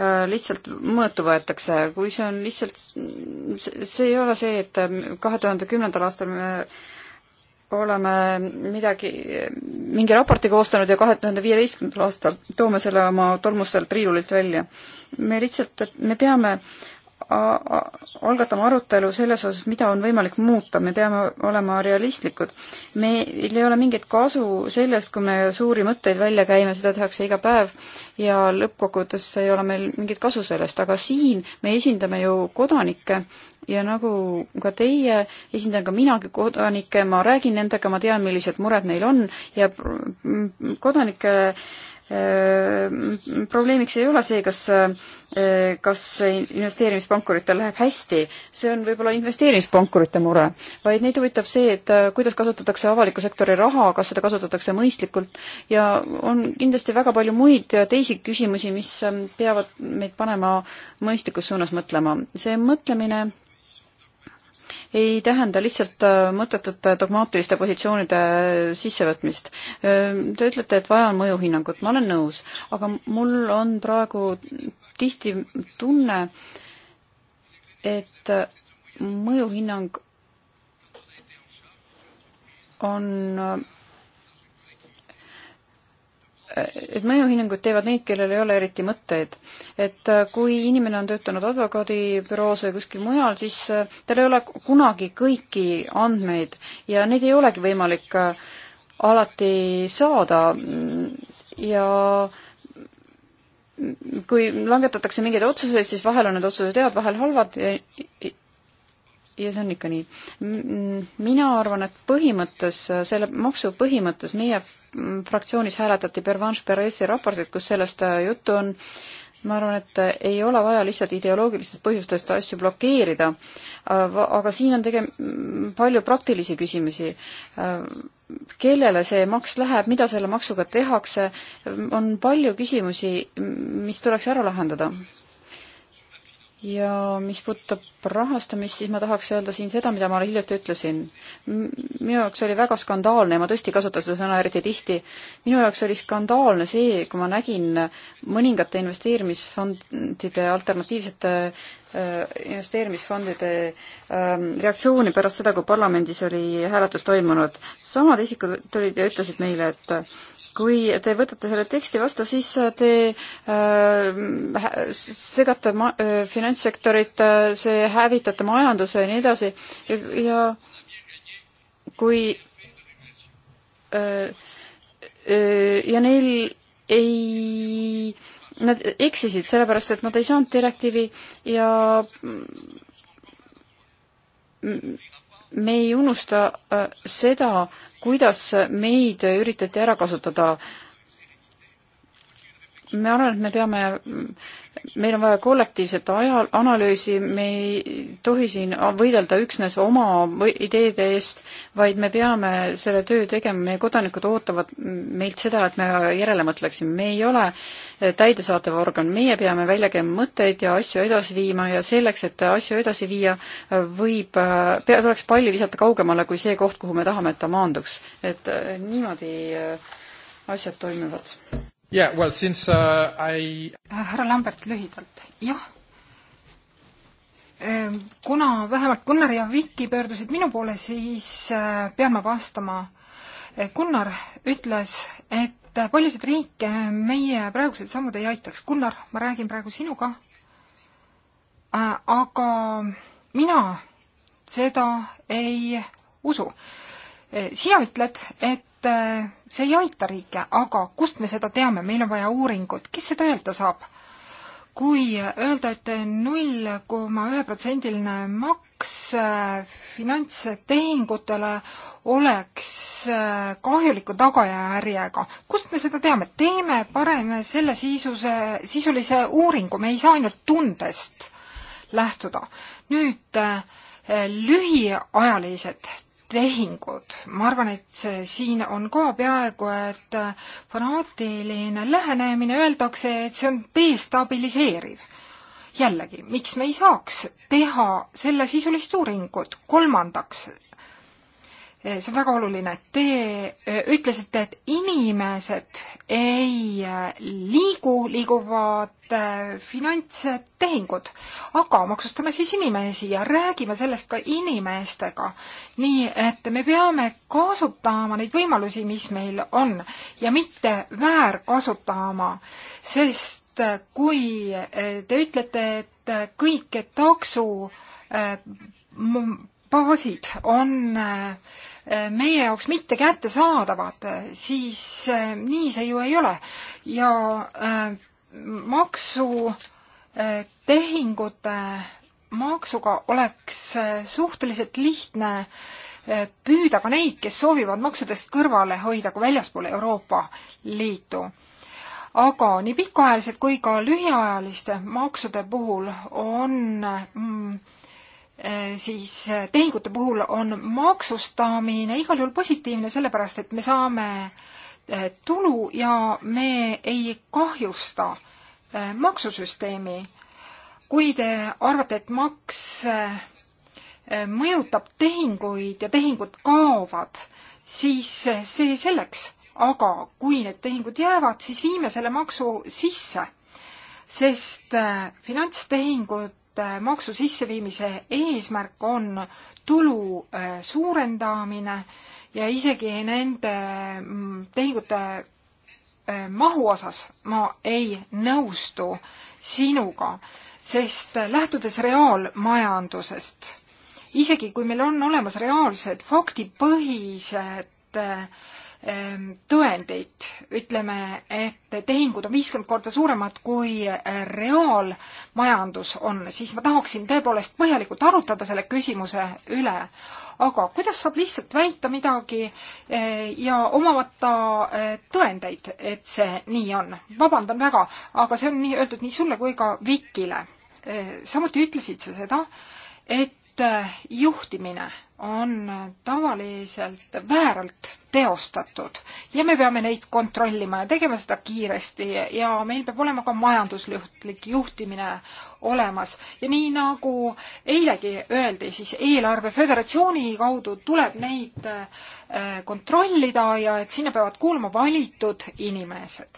Äh, lihtsalt mõõtu võetakse, kui see on lihtsalt, see ei ole see, et äh, kahe tuhande kümnendal aastal me oleme midagi, mingi raporti koostanud ja kahe tuhande viieteistkümnendal aastal toome selle oma tolmustelt riiulilt välja. me lihtsalt, me peame algatama arutelu selles osas, mida on võimalik muuta, me peame olema realistlikud. meil ei ole mingit kasu sellest, kui me suuri mõtteid välja käime, seda tehakse iga päev ja lõppkokkuvõttes ei ole meil mingit kasu sellest, aga siin me esindame ju kodanikke ja nagu ka teie, esindan ka minagi kodanikke, ma räägin nendega, ma tean, millised mured neil on ja kodanike Ehm, probleemiks ei ole see, kas, eh, kas investeerimispankuritel läheb hästi, see on võib-olla investeerimispankurite mure, vaid neid huvitab see, et eh, kuidas kasutatakse avaliku sektori raha, kas seda kasutatakse mõistlikult ja on kindlasti väga palju muid teisi küsimusi, mis ehm, peavad meid panema mõistlikus suunas mõtlema. see mõtlemine ei tähenda lihtsalt äh, mõttetute äh, dogmaatiliste positsioonide äh, sissevõtmist. Te ütlete, et vaja on mõjuhinnangut, ma olen nõus, aga mul on praegu tihti tunne, et mõjuhinnang on et mõjuhinnanguid teevad need, kellel ei ole eriti mõtteid. et äh, kui inimene on töötanud advokaadibüroos või kuskil mujal, siis äh, tal ei ole kunagi kõiki andmeid ja neid ei olegi võimalik äh, alati saada ja kui langetatakse mingeid otsuseid, siis vahel on need otsused head, vahel halvad ja, ja see on ikka nii. mina arvan, et põhimõttes, selle maksu põhimõttes meie fraktsioonis hääletati Pervanche Perezi raportit, kus sellest äh, juttu on. ma arvan, et äh, ei ole vaja lihtsalt ideoloogilistest põhjustest asju blokeerida, äh, aga siin on tege-, palju praktilisi küsimusi kellele see maks läheb, mida selle maksuga tehakse, on palju küsimusi, mis tuleks ära lahendada ja mis puudutab rahastamist, siis ma tahaks öelda siin seda, mida ma hiljuti ütlesin. minu jaoks oli väga skandaalne ja ma tõesti ei kasuta seda sõna eriti tihti, minu jaoks oli skandaalne see, kui ma nägin mõningate investeerimisfondide, alternatiivsete äh, investeerimisfondide ähm, reaktsiooni pärast seda, kui parlamendis oli hääletus toimunud. samad isikud tulid ja ütlesid meile, et kui te võtate selle teksti vastu, siis äh, te äh, segate ma- äh,, finantssektorit äh,, see hävitate majanduse ja nii edasi ja, ja kui äh, äh ja neil ei, nad eksisid sellepärast, et nad ei saanud direktiivi ja mm, me ei unusta äh, seda, kuidas meid üritati ära kasutada. ma arvan, et me peame meil on vaja kollektiivset ajal-, analüüsi, me ei tohi siin võidelda üksnes oma ideede eest, vaid me peame selle töö tegema, meie kodanikud ootavad meilt seda, et me järele mõtleksime, me ei ole täidesaatev organ, meie peame välja käima mõtteid ja asju edasi viima ja selleks, et asju edasi viia, võib, pea-, tuleks palli visata kaugemale kui see koht, kuhu me tahame, et ta maanduks. et niimoodi asjad toimivad. Yeah, well, since uh, I äh, härra Lambert lühidalt, jah. Ehm, kuna vähemalt Gunnar ja Viki pöördusid minu poole, siis äh, pean ma vastama. Äh, Gunnar ütles, et paljusid riike meie praegused sammud ei aitaks. Gunnar, ma räägin praegu sinuga, aga mina seda ei usu. sina ütled, et et äh, see ei aita riike, aga kust me seda teame, meil on vaja uuringut, kes seda öelda saab? kui öelda et, et null koma ühe protsendiline maks äh, finantstehingutele oleks äh, kahjuliku tagajärjega, kust me seda teame? teeme parem selle sisuse, sisulise uuringu, me ei saa ainult tundest lähtuda. nüüd lühiajalised tehingud. ma arvan, et siin on ka peaaegu et äh, fanaatiline lähenemine, öeldakse, et see on destabiliseeriv. jällegi, miks me ei saaks teha sellesisulist uuringut? kolmandaks, Eh, see on väga oluline. Te eh, ütlesite, et inimesed ei eh, liigu, liiguvad finantstehingud, aga maksustame siis inimesi ja räägime sellest ka inimestega. nii et me peame kasutama neid võimalusi, mis meil on ja mitte väärkasutama, sest kui te ütlete, et kõik takso baasid on äh, meie jaoks mitte kättesaadavad, äh, siis äh, nii see ju ei ole. ja maksutehingute maksuga oleks suhteliselt lihtne püüda ka neid, kes soovivad maksudest kõrvale hoida ka väljaspool Euroopa Liitu aga nii pikaajalised kui ka lühiajaliste maksude puhul on mm, Äh, siis äh, tehingute puhul on maksustamine igal juhul positiivne, sellepärast et me saame äh, tulu ja me ei kahjusta maksusüsteemi. kui te arvate, et maks mõjutab tehinguid ja tehingud kaovad, siis see selleks, aga kui need tehingud jäävad, siis viime selle maksu sisse, sest finantstehingud Äh, maksu sisseviimise eesmärk on tulu äh, suurendamine ja isegi nende mm, tehingute äh, mahu osas ma ei nõustu sinuga, sest lähtudes reaalmajandusest, isegi kui meil on olemas reaalsed faktipõhised Ehm, tõendeid, ütleme, et tehingud on viiskümmend korda suuremad, kui eh, reaalmajandus on, siis ma tahaksin tõepoolest põhjalikult arutada selle küsimuse üle. aga kuidas saab lihtsalt väita midagi eh, ja omamata eh, tõendeid, et see nii on? vabandan väga, aga see on nii öeldud nii sulle kui ka Vikile. samuti ütlesid sa seda, et juhtimine on tavaliselt vääralt teostatud ja me peame neid kontrollima ja tegema seda kiiresti ja meil peab olema ka majanduslik juhtimine olemas. ja nii nagu eilegi öeldi, siis eelarve föderatsiooni kaudu tuleb neid äh, kontrollida ja et sinna peavad kuuluma valitud inimesed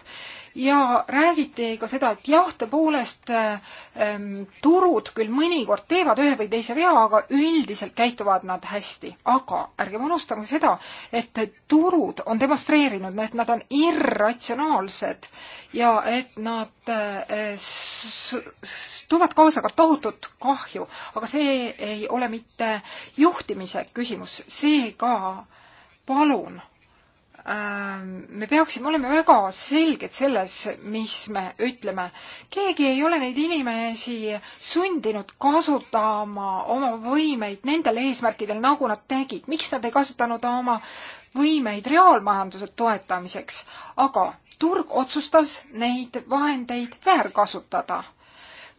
ja räägiti ka seda, et jah, tõepoolest ähm, turud küll mõnikord teevad ühe või teise vea, aga üldiselt käituvad nad hästi. aga ärgem unustagem seda, et turud on demonstreerinud, et nad on irratsionaalsed ja et nad äh, toovad kaasa ka tohutut kahju, aga see ei ole mitte juhtimise küsimus, seega palun Ähm, me peaksime olema väga selged selles, mis me ütleme. keegi ei ole neid inimesi sundinud kasutama oma võimeid nendel eesmärkidel, nagu nad tegid. miks nad ei kasutanud oma võimeid reaalmajanduse toetamiseks, aga turg otsustas neid vahendeid väärkasutada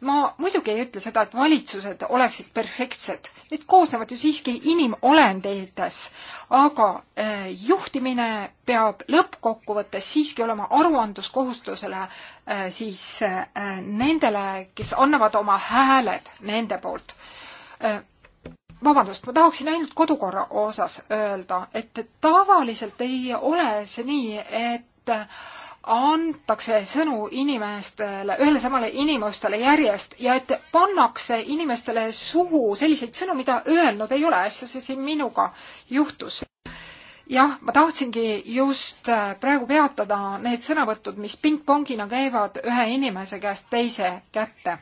ma muidugi ei ütle seda, et valitsused oleksid perfektsed, need koosnevad ju siiski inimolendites, aga eh, juhtimine peab lõppkokkuvõttes siiski olema aruandluskohustusele eh, siis eh, nendele, kes annavad oma hääled nende poolt vabandust, ma tahaksin ainult kodukorra osas öelda, et tavaliselt ei ole see nii, et antakse sõnu inimestele, ühele samale inimustele järjest ja et pannakse inimestele suhu selliseid sõnu, mida öelnud ei ole, asja see siin minuga juhtus. jah, ma tahtsingi just äh, praegu peatada need sõnavõtud, mis pingpongina käivad ühe inimese käest teise kätte.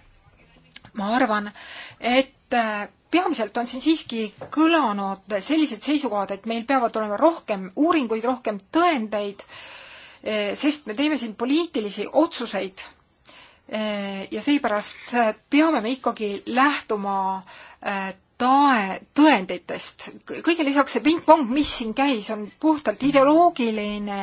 ma arvan, et äh, peamiselt on siin siiski kõlanud sellised seisukohad, et meil peavad olema rohkem uuringuid, rohkem tõendeid äh, Eh, sest me teeme siin poliitilisi otsuseid eh, ja seepärast eh, peame me ikkagi lähtuma tae, tõenditest. kõige lisaks see pingpong, mis siin käis, on puhtalt ideoloogiline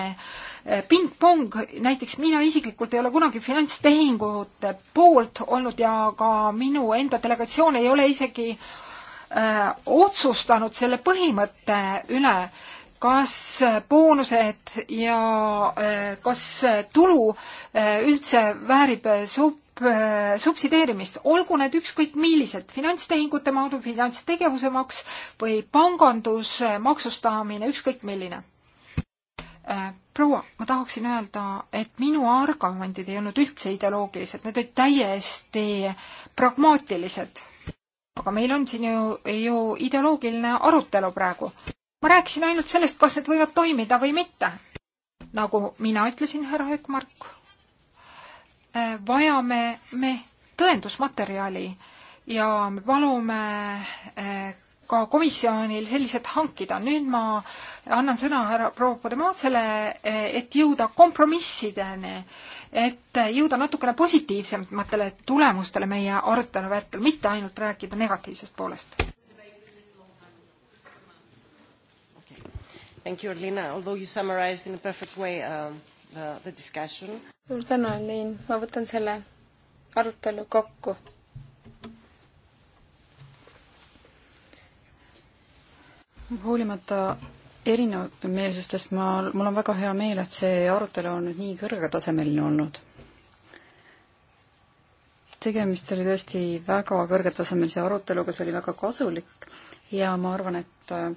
pingpong. näiteks mina isiklikult ei ole kunagi finantstehingute poolt olnud ja ka minu enda delegatsioon ei ole isegi öö, otsustanud selle põhimõtte üle kas boonused ja äh, kas tulu äh, üldse väärib äh, sub-, subsideerimist, olgu need ükskõik millised, finantstehingute maksu, finantstegevuse maks või panganduse maksustamine, ükskõik milline. proua, ma tahaksin öelda, et minu argumendid ei olnud üldse ideoloogilised, need olid täiesti pragmaatilised. aga meil on siin ju, ju ideoloogiline arutelu praegu ma rääkisin ainult sellest, kas need võivad toimida või mitte. nagu mina ütlesin, härra Höökmark, eh, vajame me tõendusmaterjali ja me palume eh, ka komisjonil sellised hankida. nüüd ma annan sõna härra proua Podemaatsele, eh, et jõuda kompromissideni, et jõuda natukene positiivsematele tulemustele meie arutelu vältel, mitte ainult rääkida negatiivsest poolest. Thank you, Alina, although you summarized in a perfect way um, the, the discussion. suur tänu, Alin, ma võtan selle arutelu kokku. hoolimata erinevameelsustest ma, mul on väga hea meel, et see arutelu on nüüd nii kõrgetasemeline olnud. tegemist oli tõesti väga kõrgetasemelise aruteluga, see oli väga kasulik ja ma arvan, et äh,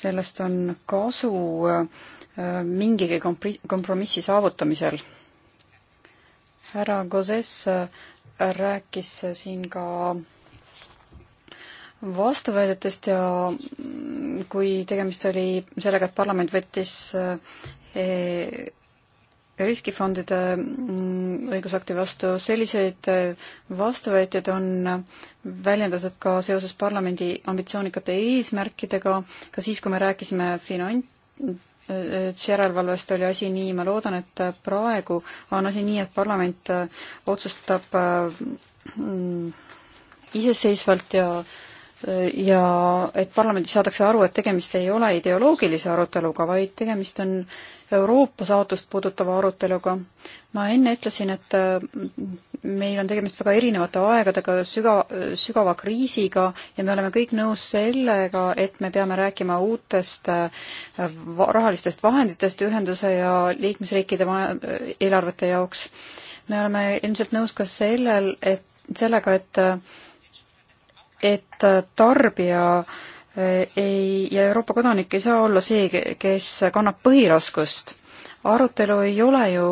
sellest on kasu äh, mingigi kompromissi saavutamisel. härra Gozes äh, rääkis siin ka vastuväidetest ja mm, kui tegemist oli sellega, et parlament võttis äh, riskifondide mm, õigusakti vastu, selliseid äh, vastuvõtjaid on äh, väljendatud ka seoses parlamendi ambitsioonikate eesmärkidega, ka siis, kui me rääkisime finantsjärelevalvest, äh, oli asi nii, ma loodan, et praegu on asi nii, et parlament otsustab mm, iseseisvalt ja ja et parlamendis saadakse aru, et tegemist ei ole ideoloogilise aruteluga, vaid tegemist on äh, Euroopa saatust puudutava aruteluga. ma enne ütlesin, et äh, meil on tegemist väga erinevate aegadega, süga-, sügava kriisiga ja me oleme kõik nõus sellega, et me peame rääkima uutest äh, rahalistest vahenditest ühenduse ja liikmesriikide eelarvete jaoks. me oleme ilmselt nõus ka sellel, et sellega, et äh, et tarbija äh, Äh, ei, ja Euroopa kodanik ei saa olla see, kes kannab põhiraskust. arutelu ei ole ju,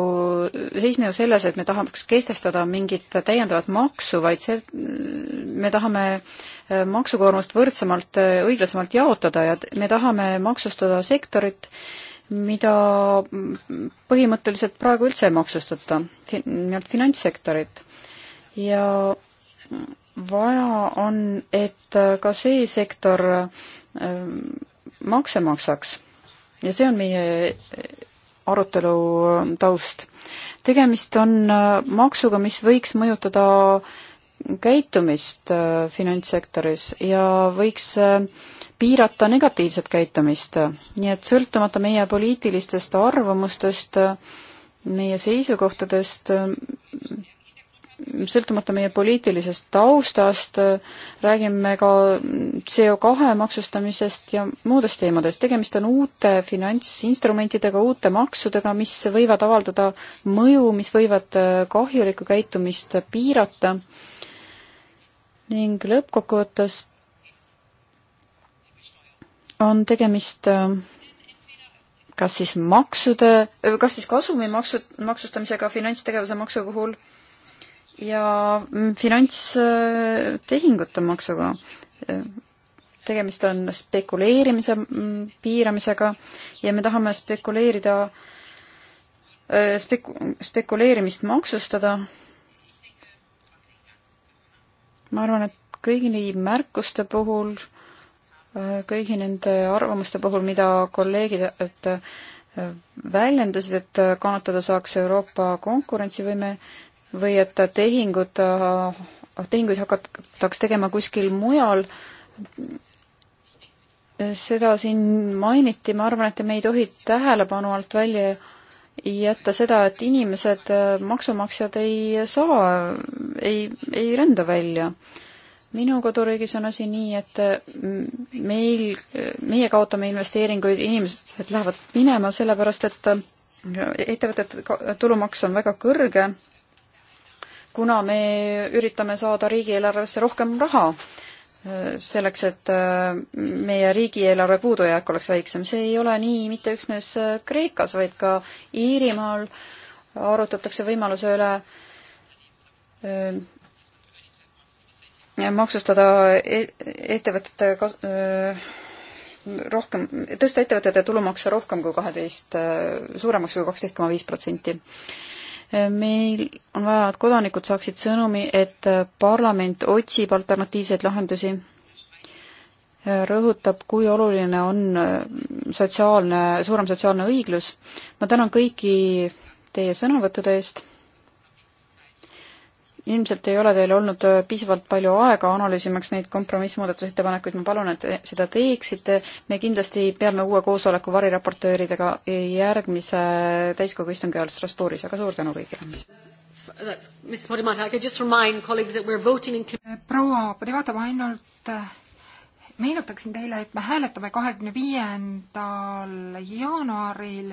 seisne ju selles, et me tahaks kehtestada mingit täiendavat maksu, vaid see, me tahame äh, maksukoormust võrdsemalt, äh, õiglasemalt jaotada ja me tahame maksustada sektorit, mida põhimõtteliselt praegu üldse ei maksustata, nimelt finantssektorit. ja vaja on, et ka see sektor ähm, makse maksaks ja see on meie arutelu ähm, taust. tegemist on äh, maksuga, mis võiks mõjutada käitumist äh, finantssektoris ja võiks äh, piirata negatiivset käitumist. nii et sõltumata meie poliitilistest arvamustest, meie seisukohtadest, sõltumata meie poliitilisest taustast, räägime ka CO2 maksustamisest ja muudest teemadest. tegemist on uute finantsinstrumentidega, uute maksudega, mis võivad avaldada mõju, mis võivad äh, kahjulikku käitumist piirata ning lõppkokkuvõttes on tegemist äh, kas siis maksude, kas siis kasumi maksu, maksustamisega finantstegevuse maksu puhul ja mm, finantstehingute maksuga. tegemist on spekuleerimise mm, piiramisega ja me tahame spekuleerida, äh, speku-, spekuleerimist maksustada. ma arvan, et kõigi märkuste puhul, äh, kõigi nende arvamuste puhul, mida kolleegid, et äh, väljendasid, et kannatada saaks Euroopa konkurentsivõime, või et tehingud, tehinguid hakataks tegema kuskil mujal. seda siin mainiti, ma arvan, et me ei tohi tähelepanu alt välja jätta seda, et inimesed, maksumaksjad ei saa, ei, ei rända välja. minu koduriigis on asi nii, et meil, meie kaotame investeeringuid, inimesed lähevad minema, sellepärast et ettevõtete tulumaks on väga kõrge kuna me üritame saada riigieelarvesse rohkem raha, äh, selleks, et äh, meie riigieelarve puudujääk oleks väiksem. see ei ole nii mitte üksnes äh, Kreekas, vaid ka Iirimaal arutatakse võimaluse üle maksustada e-, ettevõtete kas-, rohkem, tõsta ettevõtete tulumakse rohkem kui kaheteist, suuremaks kui kaksteist koma viis protsenti meil on vaja, et kodanikud saaksid sõnumi, et parlament otsib alternatiivseid lahendusi, rõhutab, kui oluline on sotsiaalne, suurem sotsiaalne õiglus. ma tänan kõiki teie sõnavõttude eest ilmselt ei ole teil olnud äh, piisavalt palju aega analüüsimaks neid kompromissmuudatusettepanekuid, ma palun, et äh, seda teeksite. me kindlasti peame uue koosoleku variraportööridega äh, järgmise täiskogu istungi ajal Strasbourgis, aga suur tänu kõigile! proua Podivata, ma ainult meenutaksin teile, et me hääletame kahekümne viiendal jaanuaril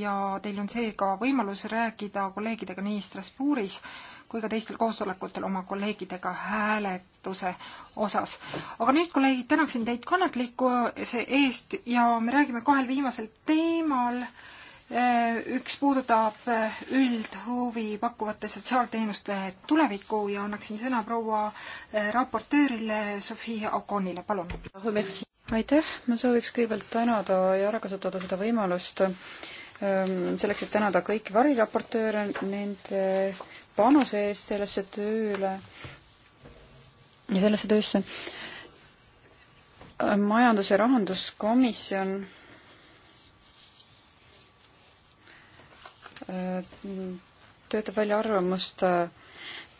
ja teil on seega võimalus rääkida kolleegidega nii Strasbourgis kui ka teistel koosolekutel oma kolleegidega hääletuse osas. aga nüüd, kolleegid, tänaksin teid kannatlikkuse eest ja me räägime kahel viimasel teemal. Eh, üks puudutab eh, üldhuvi pakkuvate sotsiaalteenuste tulevikku ja annaksin sõna proua eh, raportöörile Sofia Okonile, palun. aitäh, ma sooviks kõigepealt tänada ja ära kasutada seda võimalust ehm, selleks, et tänada kõiki variraportööre nende panuse eest sellesse tööle ja sellesse töösse. majandus- ja rahanduskomisjon äh, töötab välja arvamust äh,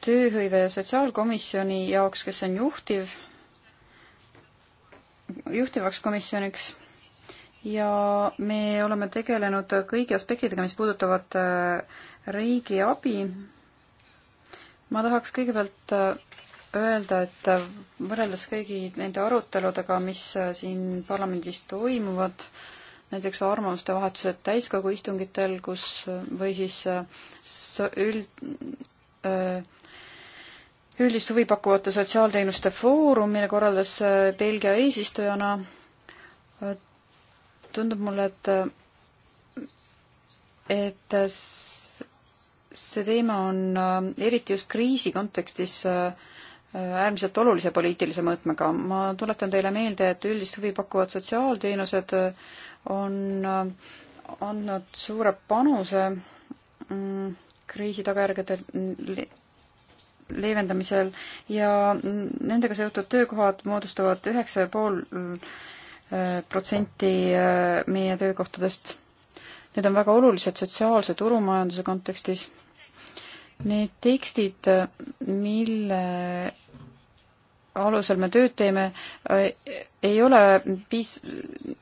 tööhõive ja sotsiaalkomisjoni jaoks, kes on juhtiv, juhtivaks komisjoniks ja me oleme tegelenud kõigi aspektidega, mis puudutavad äh, riigiabi ma tahaks kõigepealt äh, öelda, et äh, võrreldes kõigi nende aruteludega, mis äh, siin parlamendis toimuvad, näiteks arvamuste vahetused täiskogu istungitel, kus või siis üld, üldist huvi pakkuvate sotsiaalteenuste foorum, mille korraldas Belgia eesistujana, tundub mulle, et et see teema on äh, eriti just kriisi kontekstis äh, äärmiselt olulise poliitilise mõõtmega. ma tuletan teile meelde, et üldist huvi pakuvad sotsiaalteenused äh, on andnud suure panuse mm, kriisi tagajärgede leevendamisel ja mm, nendega seotud töökohad moodustavad üheksa ja pool protsenti meie töökohtadest. Need on väga olulised sotsiaalse turumajanduse kontekstis Need tekstid, mille alusel me tööd teeme, ei ole piis-,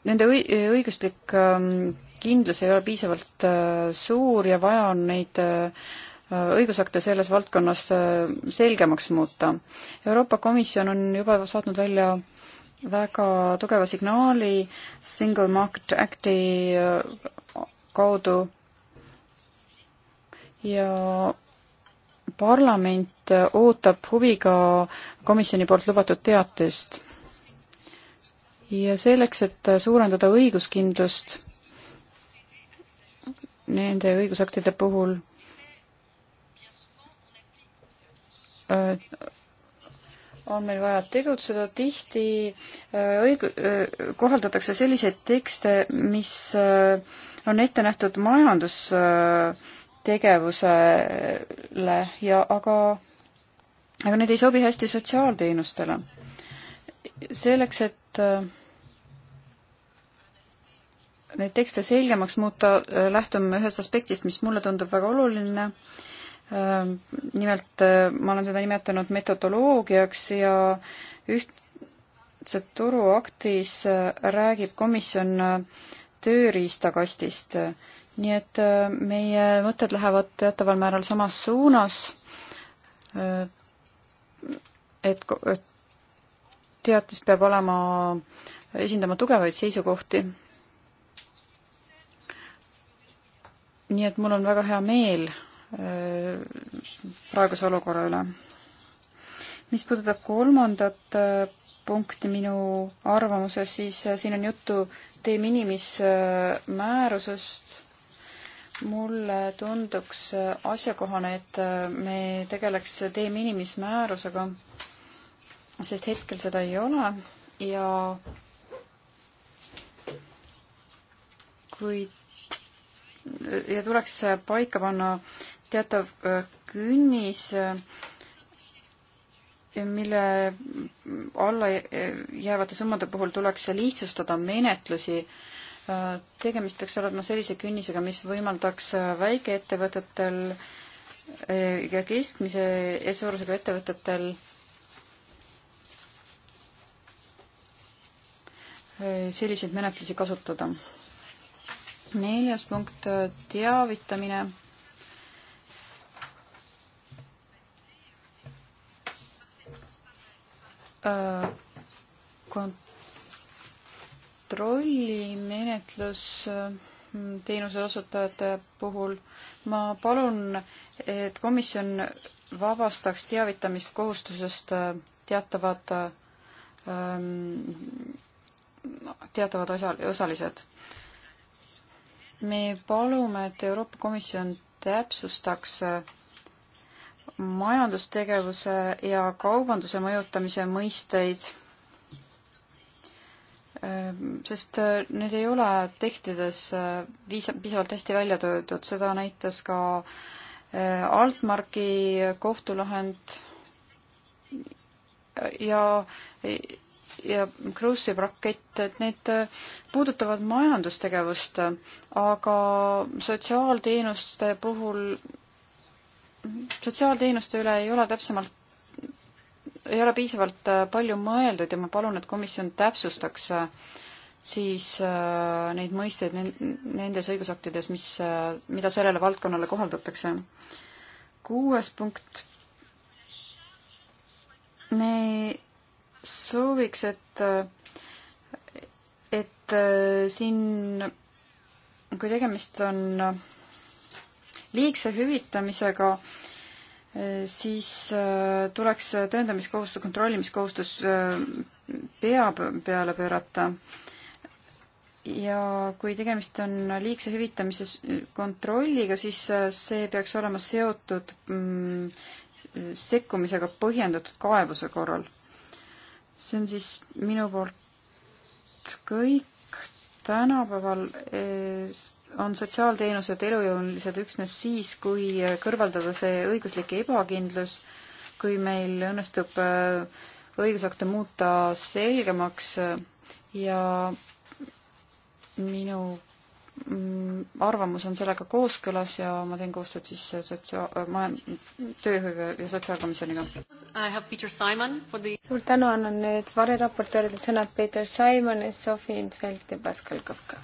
nende õiguslik ähm, kindlus ei ole piisavalt äh, suur ja vaja on neid äh, õigusakte selles valdkonnas äh, selgemaks muuta. Euroopa Komisjon on juba saatnud välja väga tugeva signaali Single Market Acti kaudu ja parlament ootab huviga komisjoni poolt lubatud teatist. ja selleks, et suurendada õiguskindlust nende õigusaktide puhul, äh, on meil vaja tegutseda, tihti äh, õig-, äh, kohaldatakse selliseid tekste, mis on ette nähtud majandus äh, tegevusele ja aga, aga need ei sobi hästi sotsiaalteenustele. selleks, et äh, neid tekste selgemaks muuta, äh, lähtume ühest aspektist, mis mulle tundub väga oluline. Äh, nimelt ma olen seda nimetanud metodoloogiaks ja üht-, see turuaktis räägib komisjon tööriistakastist äh, nii et äh, meie mõtted lähevad teataval määral samas suunas, äh, et teatis peab olema, esindama tugevaid seisukohti. nii et mul on väga hea meel äh, praeguse olukorra üle. mis puudutab kolmandat punkti minu arvamuses, siis siin on juttu de minimis määrusest mulle tunduks asjakohane, et me tegeleks de minimis määrusega, sest hetkel seda ei ole ja kui ja tuleks paika panna teatav äh, künnis, äh, mille alla jäävate summade puhul tuleks lihtsustada menetlusi äh, Äh, tegemist peaks olema sellise künnisega, mis võimaldaks äh, väikeettevõtetel äh, ja keskmise suurusega ettevõtetel selliseid menetlusi kasutada. neljas punkt, teavitamine. kont-, kontrollimenetlus mm, teenuse osutajate puhul. ma palun, et komisjon vabastaks teavitamist kohustusest äh, teatavad ähm, teatavad osa, osalised. me palume, et Euroopa Komisjon täpsustaks äh, majandustegevuse ja kaubanduse mõjutamise mõisteid Ehm, sest äh, need ei ole tekstides äh, viisa-, piisavalt hästi välja töötud, seda näitas ka äh, Altmarki kohtulahend ja ja Krussi rakett, et need puudutavad majandustegevust, aga sotsiaalteenuste puhul, sotsiaalteenuste üle ei ole täpsemalt ei ole piisavalt äh, palju mõeldud ja ma palun, et komisjon täpsustaks äh, siis äh, neid mõisteid nendes õigusaktides, mis, mida sellele valdkonnale kohaldatakse. kuues punkt. me sooviks, et, et siin, kui tegemist on liigse hüvitamisega, siis äh, tuleks tõendamiskohustus, kontrollimiskohustus äh, pea peale pöörata. ja kui tegemist on liigse hüvitamise kontrolliga, siis äh, see peaks olema seotud mm, sekkumisega põhjendatud kaebuse korral. see on siis minu poolt kõik tänapäeval eest on sotsiaalteenused elujõulised üksnes siis, kui kõrvaldada see õiguslik ebakindlus, kui meil õnnestub äh, õigusakte muuta selgemaks äh, ja minu mm, arvamus on sellega kooskõlas ja ma teen koostööd siis äh, sotsiaal, ma olen tööhõive ja sotsiaalkomisjoniga. The... suur tänu, annan nüüd variraportööridele sõnad Peeter Simon, Sofi Infeld ja Pascal Kõvka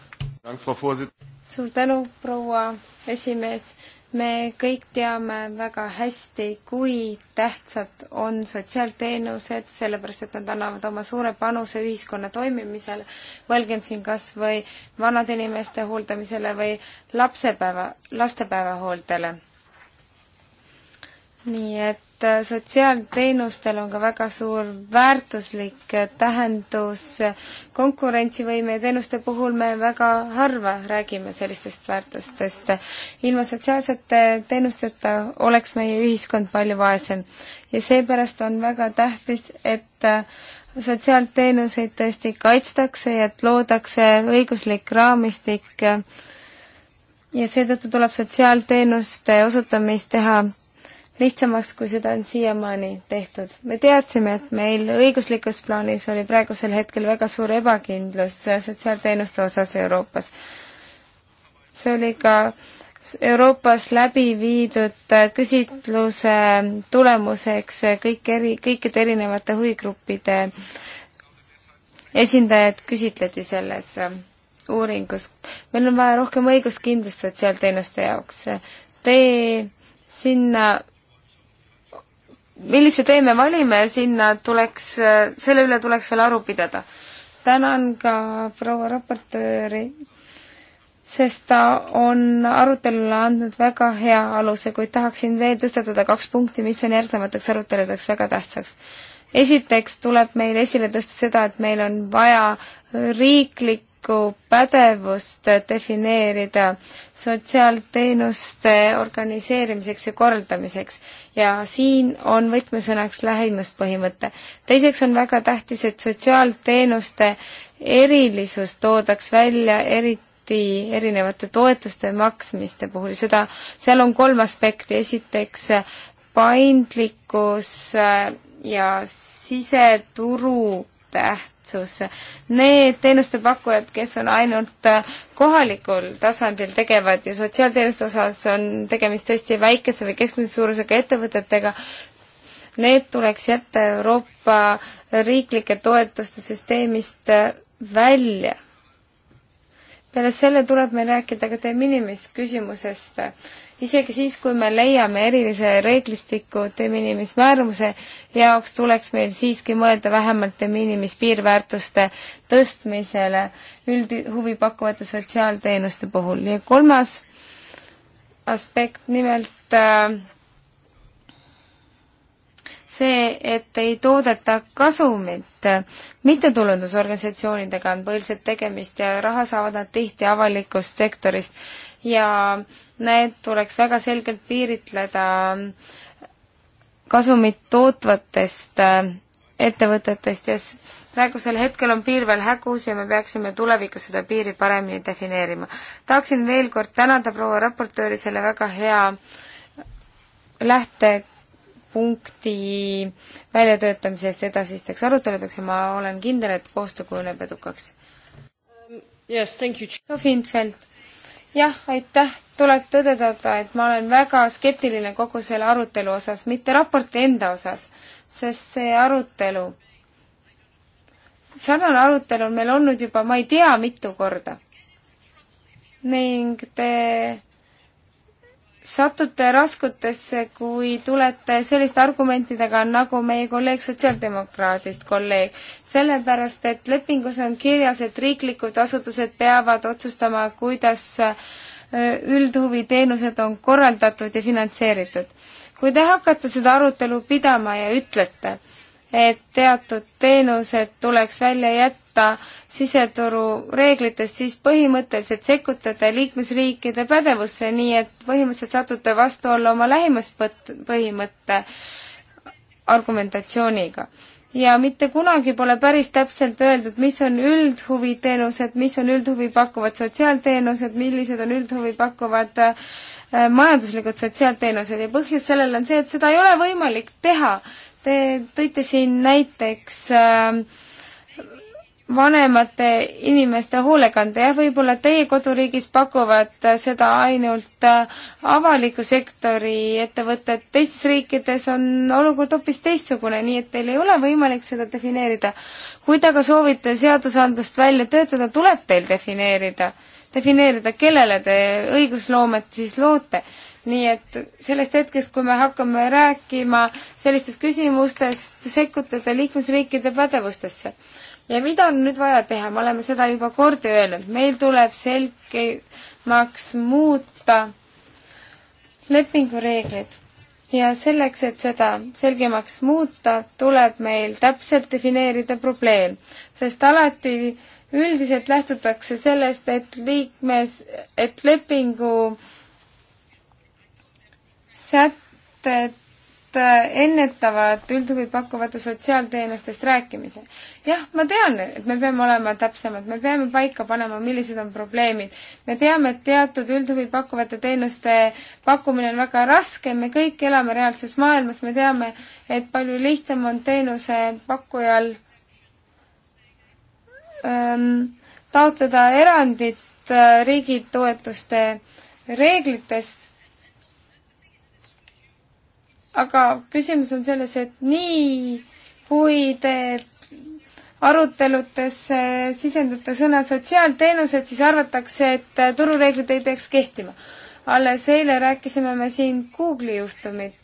suur tänu, proua esimees. me kõik teame väga hästi, kui tähtsad on sotsiaalteenused, sellepärast et nad annavad oma suure panuse ühiskonna toimimisele. mõelgem siin kas või vanade inimeste hooldamisele või lapsepäeva, lastepäeva hooldele. nii et et äh, sotsiaalteenustel on ka väga suur väärtuslik äh, tähendus konkurentsivõime ja teenuste puhul me väga harva räägime sellistest väärtustest. ilma sotsiaalsete teenusteta oleks meie ühiskond palju vaesem ja seepärast on väga tähtis, et äh, sotsiaalteenuseid tõesti kaitstakse ja et loodakse õiguslik raamistik ja seetõttu tuleb sotsiaalteenuste osutamist teha lihtsamaks, kui seda on siiamaani tehtud. me teadsime, et meil õiguslikus plaanis oli praegusel hetkel väga suur ebakindlus sotsiaalteenuste osas Euroopas. see oli ka Euroopas läbi viidud küsitluse tulemuseks kõik eri, kõikide erinevate huvigruppide esindajad küsitleti selles uuringus. meil on vaja rohkem õiguskindlust sotsiaalteenuste jaoks. Tee sinna millise tee me valime, sinna tuleks, selle üle tuleks veel aru pidada. tänan ka proua raportööri, sest ta on arutelule andnud väga hea aluse, kuid tahaksin veel tõstatada kaks punkti, mis on järgnevateks aruteludeks väga tähtsaks. esiteks tuleb meil esile tõsta seda, et meil on vaja riiklikku pädevust defineerida sotsiaalteenuste organiseerimiseks ja korraldamiseks ja siin on võtmesõnaks lähimuspõhimõte. teiseks on väga tähtis, et sotsiaalteenuste erilisus toodaks välja eriti erinevate toetuste maksmiste puhul, seda, seal on kolm aspekti, esiteks paindlikkus äh, ja siseturu tähtsus. Need teenustepakkujad, kes on ainult äh, kohalikul tasandil tegevad ja sotsiaalteenuste osas on tegemist tõesti väikese või keskmise suurusega ettevõtetega, need tuleks jätta Euroopa riiklike toetuste süsteemist äh, välja. peale selle tuleb meil rääkida ka de minimis küsimusest isegi siis, kui me leiame erilise reeglistiku de minimis määruse jaoks, tuleks meil siiski mõelda vähemalt de minimis piirväärtuste tõstmisele üld-, huvipakkuvate sotsiaalteenuste puhul ja kolmas aspekt, nimelt äh, see, et ei toodeta kasumit. mittetulundusorganisatsioonidega on põhiliselt tegemist ja raha saavad nad tihti avalikust sektorist ja need tuleks väga selgelt piiritleda kasumit tootvatest äh, ettevõtetest ja praegusel hetkel on piir veel hägus ja me peaksime tulevikus seda piiri paremini defineerima. tahaksin veel kord tänada proua raportööri selle väga hea lähtepunkti väljatöötamise eest edasisteks aruteludeks ja ma olen kindel, et koostöö kujuneb edukaks. Yes, thank you. Sofi Infeld jah, aitäh, tuleb tõdeda, et ma olen väga skeptiline kogu selle arutelu osas, mitte raporti enda osas, sest see arutelu, sarnane arutelu on meil olnud juba ma ei tea mitu korda. ning te satute raskutesse, kui tulete selliste argumentidega, nagu meie kolleeg sotsiaaldemokraadist kolleeg. sellepärast, et lepingus on kirjas, et riiklikud asutused peavad otsustama, kuidas üldhuviteenused on korraldatud ja finantseeritud. kui te hakkate seda arutelu pidama ja ütlete, et teatud teenused tuleks välja jätta, siseturu reeglitest, siis põhimõtteliselt sekkutate liikmesriikide pädevusse, nii et põhimõtteliselt satute vastuollu oma lähimuspõhimõtte argumentatsiooniga. ja mitte kunagi pole päris täpselt öeldud, mis on üldhuviteenused, mis on üldhuvi pakkuvad sotsiaalteenused, millised on üldhuvi pakkuvad äh, majanduslikud sotsiaalteenused ja põhjus sellele on see, et seda ei ole võimalik teha. Te tõite siin näiteks äh, vanemate inimeste hoolekande, jah, võib-olla teie koduriigis pakuvad seda ainult avaliku sektori ettevõtted, teistes riikides on olukord hoopis teistsugune, nii et teil ei ole võimalik seda defineerida. kui te aga soovite seadusandlust välja töötada, tuleb teil defineerida, defineerida, kellele te õigusloomet siis loote nii et sellest hetkest, kui me hakkame rääkima sellistest küsimustest, sekkute te liikmesriikide pädevustesse ja mida on nüüd vaja teha, me oleme seda juba kordi öelnud, meil tuleb selgemaks muuta lepingureeglid ja selleks, et seda selgemaks muuta, tuleb meil täpselt defineerida probleem, sest alati üldiselt lähtutakse sellest, et liikmes, et lepingu sätted Äh, ennetavat üldhuvi pakkuvate sotsiaalteenustest rääkimise. jah, ma tean, et me peame olema täpsemad, me peame paika panema, millised on probleemid. me teame, et teatud üldhuvi pakkuvate teenuste pakkumine on väga raske, me kõik elame reaalses maailmas, me teame, et palju lihtsam on teenusepakkujal ähm, taotleda erandit äh, riigi toetuste reeglitest aga küsimus on selles, et nii kui te arutelutesse sisendate sõna sotsiaalteenused, siis arvatakse, et turureeglid ei peaks kehtima alles eile rääkisime me siin Google'i juhtumit.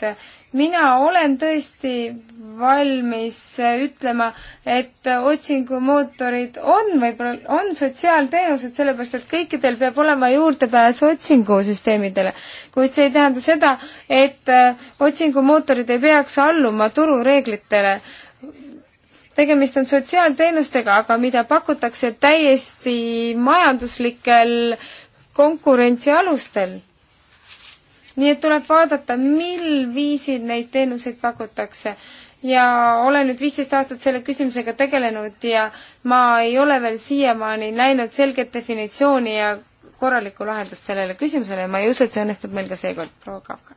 mina olen tõesti valmis äh, ütlema, et otsingumootorid on võib-olla, on sotsiaalteenused, sellepärast et kõikidel peab olema juurdepääs otsingusüsteemidele. kuid see ei tähenda seda, et äh, otsingumootorid ei peaks alluma turureeglitele tegemist on sotsiaalteenustega, aga mida pakutakse täiesti majanduslikel konkurentsialustel nii et tuleb vaadata, mil viisil neid teenuseid pakutakse. ja olen nüüd viisteist aastat selle küsimusega tegelenud ja ma ei ole veel siiamaani näinud selget definitsiooni ja korralikku lahendust sellele küsimusele ja ma ei usu, et see õnnestub meil ka seekord, proua Kavka.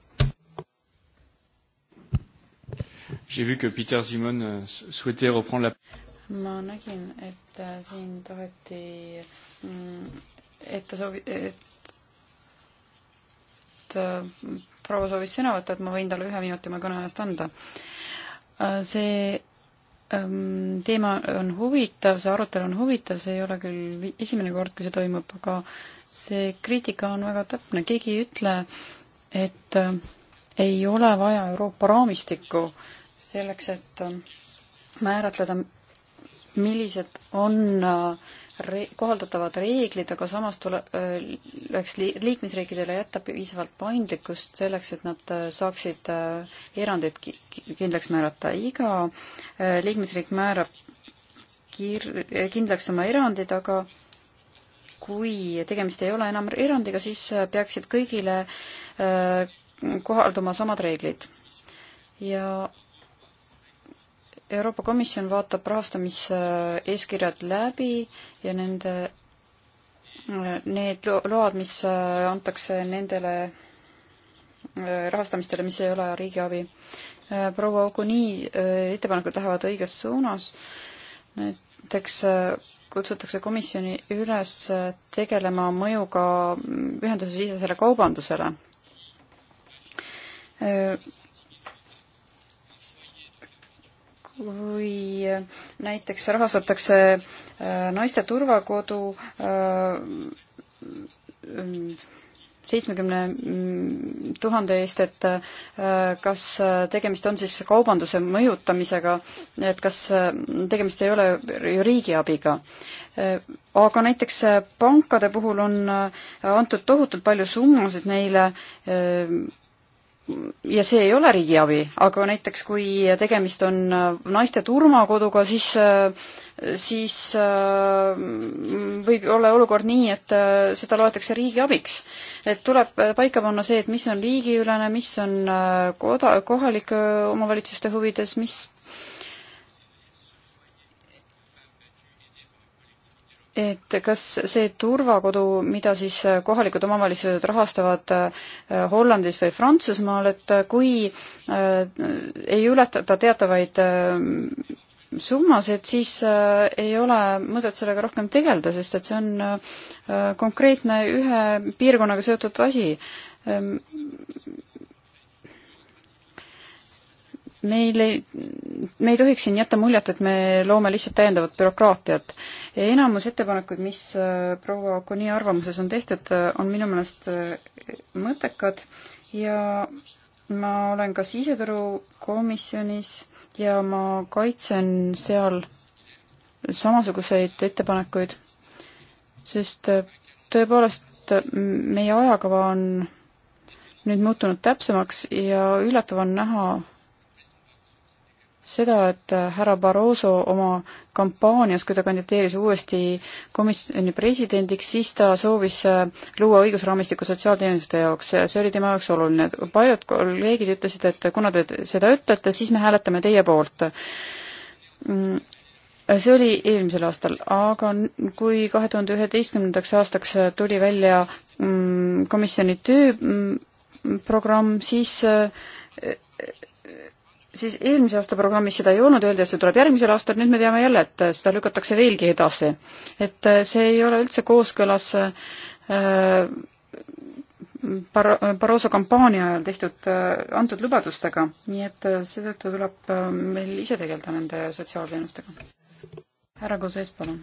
J'ai vu que Peter Simon euh, souhaitait reprendre la ma nägin, et äh, siin taheti, mm, et ta soovi-, et et äh, proua soovis sõna võtta, et ma võin talle ühe minuti oma kõneajast anda. Äh, see ähm, teema on huvitav, see arutelu on huvitav, see ei ole küll esimene kord, kui see toimub, aga see kriitika on väga täpne, keegi ei ütle, et äh, ei ole vaja Euroopa raamistikku selleks, et määratleda, millised on äh, re kohaldatavad reeglid, aga samas tuleks li liikmesriikidele jätta piisavalt paindlikkust selleks, et nad saaksid erandeid ki kindlaks määrata. iga liikmesriik määrab kiir-, kindlaks oma erandid, aga kui tegemist ei ole enam erandiga, siis peaksid kõigile kohalduma samad reeglid. ja Euroopa Komisjon vaatab rahastamiseeskirjad läbi ja nende, need load, mis äh, antakse nendele äh, rahastamistele, mis ei ole riigiabi. Äh, proua Okuni ettepanekud lähevad õiges suunas, näiteks kutsutakse komisjoni üles tegelema mõjuga ühendusesisesele kaubandusele või näiteks rahastatakse äh, naiste turvakodu äh, seitsmekümne mm, tuhande eest, et äh, kas tegemist on siis kaubanduse mõjutamisega, et kas tegemist ei ole ju riigiabiga aga näiteks pankade puhul on antud tohutult palju summasid neile ja see ei ole riigiabi, aga näiteks kui tegemist on äh, naiste turmakoduga, siis äh, siis äh, võib olla olukord nii, et seda loetakse riigiabiks. et tuleb paika panna see, et mis on riigiülene, mis on koda, kohalike omavalitsuste huvides, mis et kas see turvakodu, mida siis kohalikud omavalitsused rahastavad äh, Hollandis või Prantsusmaal, et kui äh, ei ületata teatavaid äh, summasid, siis ei ole mõtet sellega rohkem tegeleda, sest et see on konkreetne ühe piirkonnaga seotud asi ehm, meil ei, me ei tohiks siin jätta muljet, et me loome lihtsalt täiendavat bürokraatiat. enamus ettepanekuid, mis äh, proua Okuni arvamuses on tehtud, äh, on minu meelest äh, mõttekad ja ma olen ka siseturukomisjonis ja ma kaitsen seal samasuguseid ettepanekuid, sest tõepoolest meie ajakava on nüüd muutunud täpsemaks ja üllatav on näha, seda, et äh, härra Barroso oma kampaanias, kui ta kandideeris uuesti komisjoni presidendiks, siis ta soovis äh, luua õigusraamistiku sotsiaalteenuste jaoks, see oli tema jaoks oluline. paljud kolleegid ütlesid, et kuna te seda ütlete, siis me hääletame teie poolt mm, see oli eelmisel aastal, aga kui kahe tuhande üheteistkümnendaks aastaks tuli välja mm, komisjoni tööprogramm, siis äh, siis eelmise aasta programmis seda ei olnud, öeldi, et see tuleb järgmisel aastal, nüüd me teame jälle, et seda lükatakse veelgi edasi. et äh, see ei ole üldse kooskõlas äh, Bar-, Barroso kampaania ajal tehtud, äh, antud lubadustega, nii et seetõttu tuleb meil ise tegeleda nende sotsiaalteenustega. härra Koses, palun.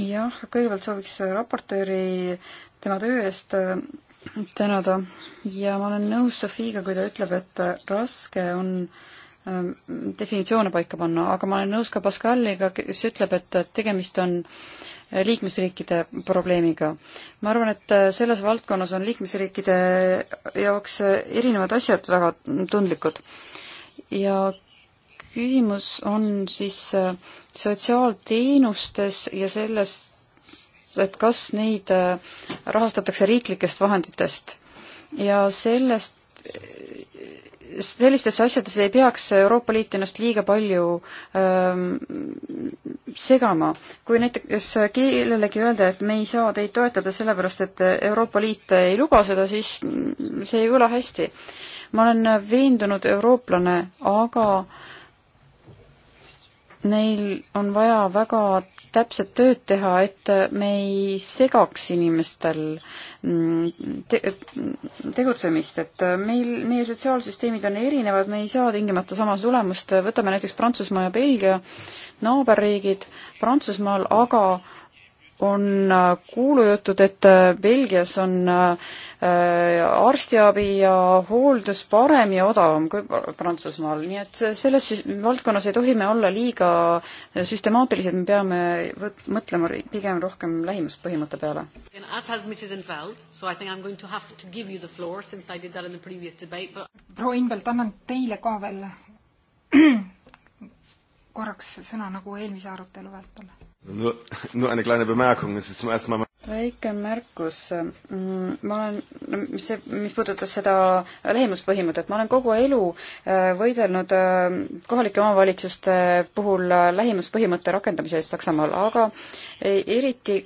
jah, kõigepealt sooviks raportööri tema töö eest tänada ja ma olen nõus Sofiiga, kui ta ütleb, et raske on ähm, definitsioone paika panna, aga ma olen nõus ka Pascaliga, kes ütleb, et tegemist on äh, liikmesriikide probleemiga. ma arvan, et äh, selles valdkonnas on liikmesriikide jaoks äh, erinevad asjad väga tundlikud. ja küsimus on siis sotsiaalteenustes ja selles et kas neid äh, rahastatakse riiklikest vahenditest ja sellest, sellistes asjades ei peaks Euroopa Liit ennast liiga palju ähm, segama. kui näiteks kellelegi öelda, et me ei saa teid toetada sellepärast, et Euroopa Liit ei luba seda, siis see ei kõla hästi. ma olen veendunud eurooplane, aga neil on vaja väga täpset tööd teha, et me ei segaks inimestel mm, te tegutsemist, et meil, meie sotsiaalsüsteemid on erinevad, me ei saa tingimata sama tulemust, võtame näiteks Prantsusmaa ja Belgia naaberriigid, Prantsusmaal aga on kuulujutud, et Belgias on äh, Äh, arstiabi ja hooldus parem ja odavam kui Prantsusmaal, nii et selles valdkonnas ei tohi me olla liiga süstemaatilised, me peame võt-, mõtlema pigem rohkem lähimuspõhimõtte peale. proua Inbelt, annan teile ka veel korraks sõna nagu eelmise arutelu vältel. Nur, nur eine kleine Bemerkung. Es ist zum ersten Mal väike märkus, mm, ma olen, see, mis puudutas seda lähimuspõhimõtet, ma olen kogu elu äh, võidelnud äh, kohalike omavalitsuste puhul lähimuspõhimõtte rakendamise eest Saksamaal, aga äh, eriti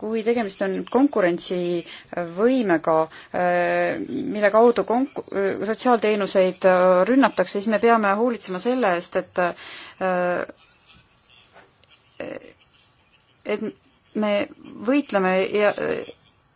kui tegemist on konkurentsivõimega, mille kaudu konku-, sotsiaalteenuseid rünnatakse, siis me peame hoolitsema selle eest, et et me võitleme ja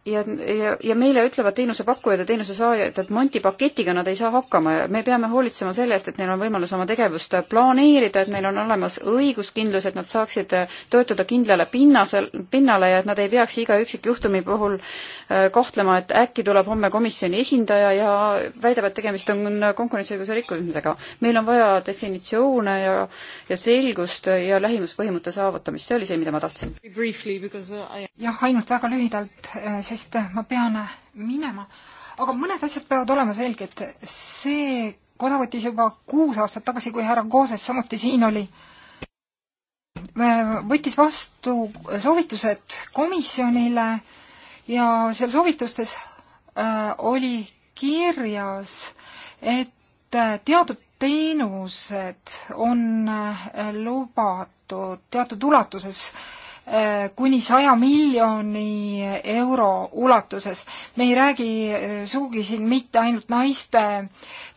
ja, ja, ja meile ütlevad teenusepakkujad ja teenusesaajad, et Monti paketiga nad ei saa hakkama ja me peame hoolitsema selle eest, et neil on võimalus oma tegevust äh, planeerida, et neil on olemas õiguskindlus, et nad saaksid äh, töötada kindlale pinnasel, pinnale ja et nad ei peaks iga üksikjuhtumi puhul äh, kahtlema, et äkki tuleb homme komisjoni esindaja ja väidab, et tegemist on konkurentsiõiguse rikkumisega. meil on vaja definitsioone ja, ja selgust ja lähimuspõhimõtte saavutamist, see oli see, mida ma tahtsin. Uh, jah, ainult väga lühidalt sest ma pean minema. aga mõned asjad peavad olema selged. see koda võttis juba kuus aastat tagasi, kui härra Kooses samuti siin oli, võttis vastu soovitused komisjonile ja seal soovitustes äh, oli kirjas, et äh, teatud teenused on äh, lubatud teatud ulatuses äh, Äh, kuni saja miljoni euro ulatuses. me ei räägi äh, sugugi siin mitte ainult naiste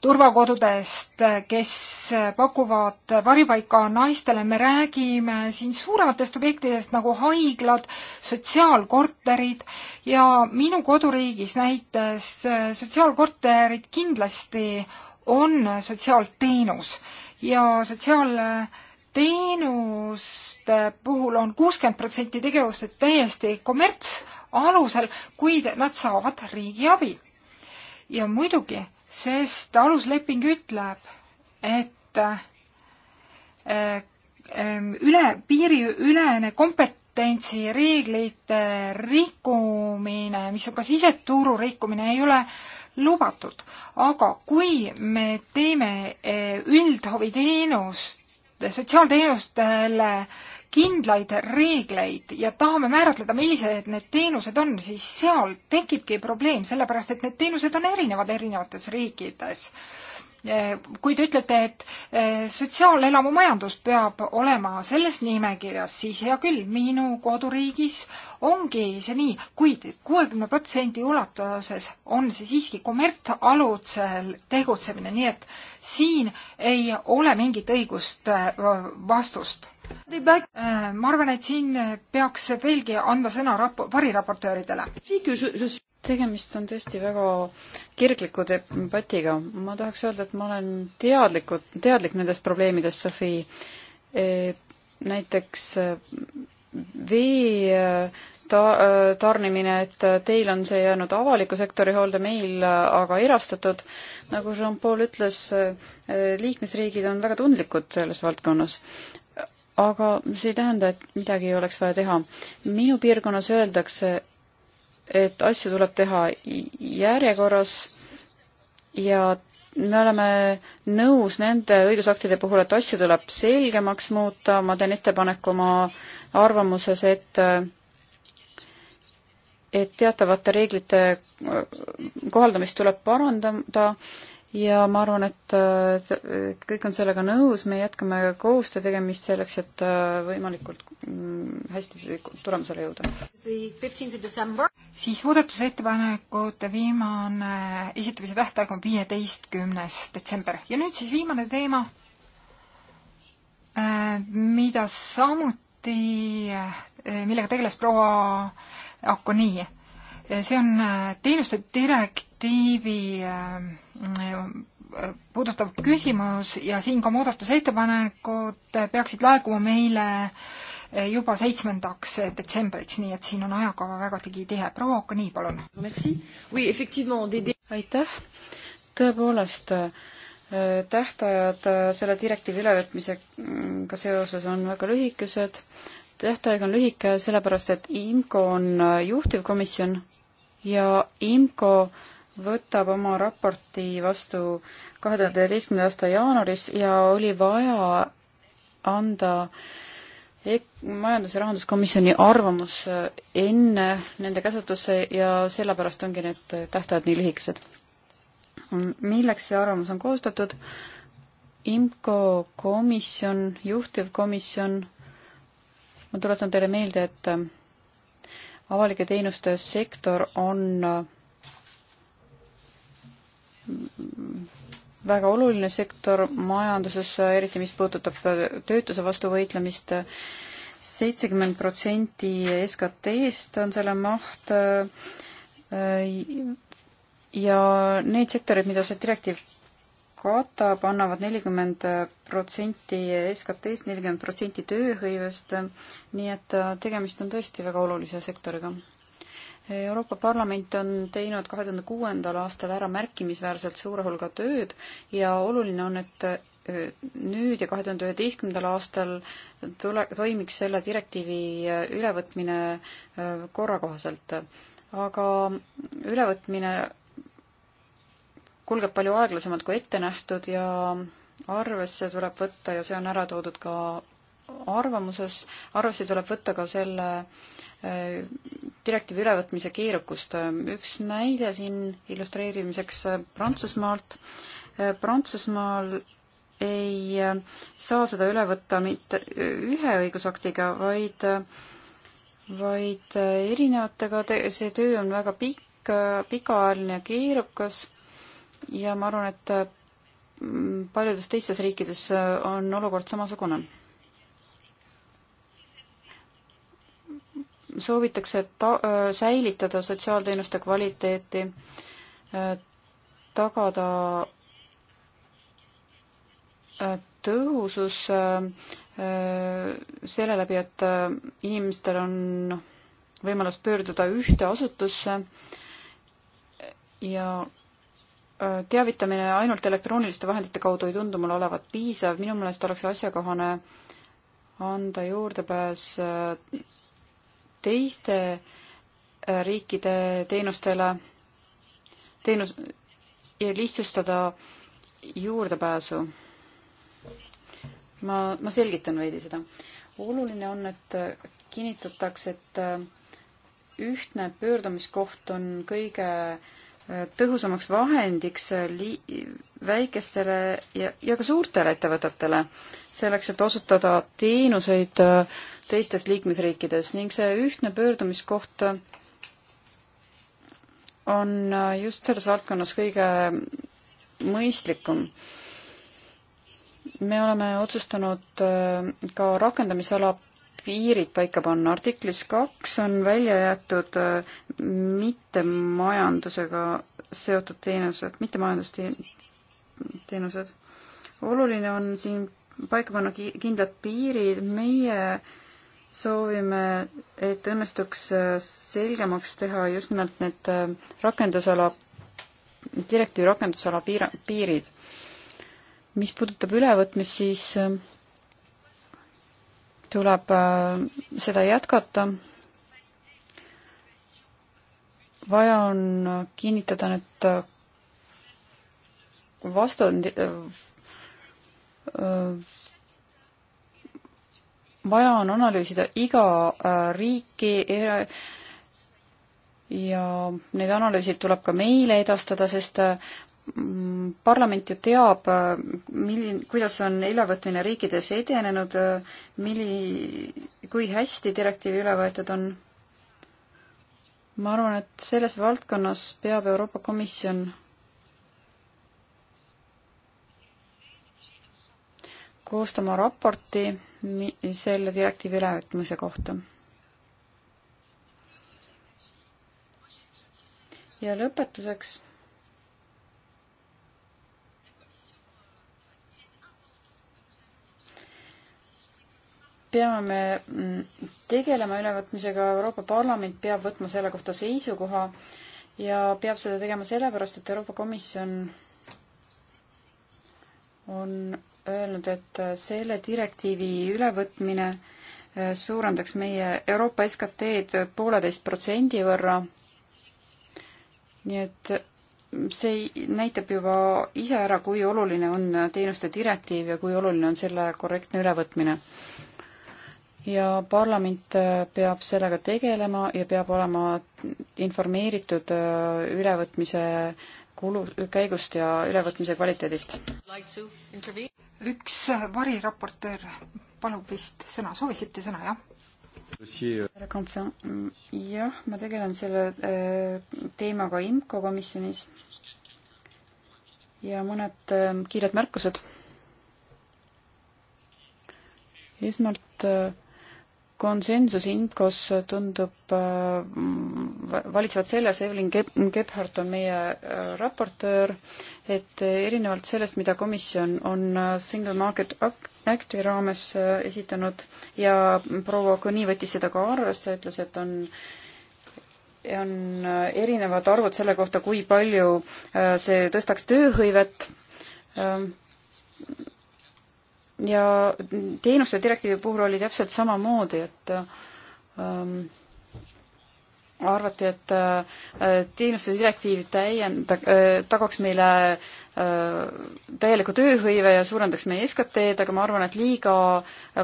turvakodudest, äh, kes pakuvad varjupaika naistele, me räägime siin suurematest objektidest nagu haiglad, sotsiaalkorterid ja minu koduriigis näiteks sotsiaalkorterid kindlasti on sotsiaalteenus ja sotsiaal teenuste puhul on kuuskümmend protsenti tegevused täiesti kommertsalusel, kuid nad saavad riigi abi. ja muidugi, sest alusleping ütleb, et äh, ähm, üle, piiriülene kompetentsi reeglite rikkumine, mis on ka siseturu rikkumine, ei ole lubatud. aga kui me teeme äh, üldhuviteenust sotsiaalteenustele kindlaid reegleid ja tahame määratleda, millised need teenused on, siis seal tekibki probleem, sellepärast et need teenused on erinevad erinevates riikides. Eh, kui te ütlete, et eh, sotsiaalelamu majandus peab olema selles nimekirjas, siis hea küll, minu koduriigis ongi see nii kuid, kuid kuuekümne protsendi ulatuses on see siiski kommertsalusel tegutsemine, nii et siin ei ole mingit õigust eh, vastust. ma arvan, et siin peaks veelgi andma sõna rap-, variraportööridele tegemist on tõesti väga kirgliku debatiga. ma tahaks öelda, et ma olen teadlikud, teadlik nendest probleemidest, Sofi. E, näiteks e, vee e, ta-, tarnimine, et teil on see jäänud avaliku sektori hoolde, meil aga erastatud. nagu Jean-Paul ütles, liikmesriigid on väga tundlikud selles valdkonnas. aga see ei tähenda, et midagi ei oleks vaja teha. minu piirkonnas öeldakse, et asju tuleb teha järjekorras ja me oleme nõus nende õigusaktide puhul, et asju tuleb selgemaks muuta, ma teen ettepaneku oma arvamuses, et et teatavate reeglite kohaldamist tuleb parandada ja ma arvan, et, et kõik on sellega nõus, me jätkame koostöö tegemist selleks, et äh, võimalikult mm, hästi tulemusele jõuda. siis muudatusettepanekute viimane esitamise tähtaeg on viieteistkümnes detsember ja nüüd siis viimane teema, äh, mida samuti, äh, millega tegeles proua Akoni see on äh, teenuste direktiivi äh, puudutav küsimus ja siin ka muudatusettepanekud peaksid laekuma meile äh, juba seitsmendaks detsembriks, nii et siin on ajakava vägatigi tihe. proua Okani, palun. aitäh, tõepoolest tähtajad selle direktiivi ülevõtmisega seoses on väga lühikesed. tähtaeg on lühike sellepärast, et IMCO on juhtivkomisjon ja IMCO võtab oma raporti vastu kahe tuhande üheteistkümnenda aasta jaanuaris ja oli vaja anda majandus- ja rahanduskomisjoni arvamus äh, enne nende käsutusse ja sellepärast ongi need tähtajad nii lühikesed. Mm, milleks see arvamus on koostatud? IMCO komisjon, juhtivkomisjon, ma tuletan teile meelde, et äh, avalike teenuste sektor on mm, väga oluline sektor majanduses, eriti mis puudutab töötuse vastu võitlemist. seitsekümmend protsenti SKT-st on selle maht ja need sektorid, mida see direktiiv katab, annavad nelikümmend protsenti SKT-st, nelikümmend protsenti tööhõivest, nii et äh, tegemist on tõesti väga olulise sektoriga. Euroopa Parlament on teinud kahe tuhande kuuendal aastal ära märkimisväärselt suure hulga tööd ja oluline on, et äh, nüüd ja kahe tuhande üheteistkümnendal aastal tule, toimiks selle direktiivi äh, ülevõtmine korrakohaselt. aga ülevõtmine kulgeb palju aeglasemalt kui ette nähtud ja arvesse tuleb võtta ja see on ära toodud ka arvamuses, arvesse tuleb võtta ka selle eh, direktiivi ülevõtmise keerukust. üks näide siin illustreerimiseks eh, Prantsusmaalt. Eh, Prantsusmaal ei saa seda üle võtta mitte ühe õigusaktiga, vaid, vaid erinevatega, see töö on väga pikk, pikaajaline ja keerukas ja ma arvan, et mm, paljudes teistes riikides äh, on olukord samasugune. soovitakse ta-, äh, säilitada sotsiaalteenuste kvaliteeti, äh, tagada tõhusus selle läbi, et inimestel on võimalus pöörduda ühte asutusse ja teavitamine ainult elektrooniliste vahendite kaudu ei tundu mulle olevat piisav, minu meelest oleks asjakohane anda juurdepääs äh, teiste äh, riikide teenustele, teenus, ja lihtsustada juurdepääsu. ma, ma selgitan veidi seda. oluline on, et äh, kinnitatakse, et ühtne pöördumiskoht on kõige äh, tõhusamaks vahendiks li-, väikestele ja, ja ka suurtele ettevõtetele, selleks et osutada teenuseid äh, teistes liikmesriikides ning see ühtne pöördumiskoht on äh, just selles valdkonnas kõige mõistlikum. me oleme otsustanud äh, ka rakendamisala piirid paika panna. artiklis kaks on välja jäetud äh, mittemajandusega seotud teenused, mittemajandusteenused. oluline on siin paika panna kindlad piirid, meie soovime, et õnnestuks äh, selgemaks teha just nimelt need äh, rakendusala, direktiivi rakendusala piira, piirid. mis puudutab ülevõtmist, siis tuleb äh, seda jätkata. vaja on kinnitada need äh, vastand-, äh, vaja on analüüsida iga riiki ja need analüüsid tuleb ka meile edastada, sest Mm, parlament ju teab, äh, milline, kuidas on ülevõtmine riikides edenenud, äh, milli-, kui hästi direktiivi üle võetud on. ma arvan, et selles valdkonnas peab Euroopa Komisjon koostama raporti mi-, selle direktiivi ülevõtmise kohta. ja lõpetuseks peame mm, tegelema ülevõtmisega, Euroopa Parlament peab võtma selle kohta seisukoha ja peab seda tegema sellepärast, et Euroopa Komisjon on öelnud, et selle direktiivi ülevõtmine eh, suurendaks meie Euroopa SKT-d pooleteist protsendi võrra. nii et see näitab juba ise ära, kui oluline on teenuste direktiiv ja kui oluline on selle korrektne ülevõtmine ja parlament äh, peab sellega tegelema ja peab olema informeeritud äh, ülevõtmise kulu, käigust ja ülevõtmise kvaliteedist. üks äh, variraportöör palub vist sõna, soovisite sõna, jah? Mm, jah, ma tegelen selle teemaga IMCO komisjonis ja mõned kiired märkused. esmalt konsensus IMCO-s tundub äh, valitsevat selles, Evelyn Gebhardt on meie äh, raportöör, et erinevalt sellest, mida komisjon on äh, Single Market Acti raames esitanud ja proua Koni võttis seda ka arvesse, ütles, et on on erinevad arvud selle kohta, kui palju see tõstaks tööhõivet ja teenuste direktiivi puhul oli täpselt samamoodi, et ähm, arvati, et äh, teenuste direktiiv täienda- äh,, tagaks meile äh, täieliku tööhõive ja suurendaks meie SKT-d, aga ma arvan, et liiga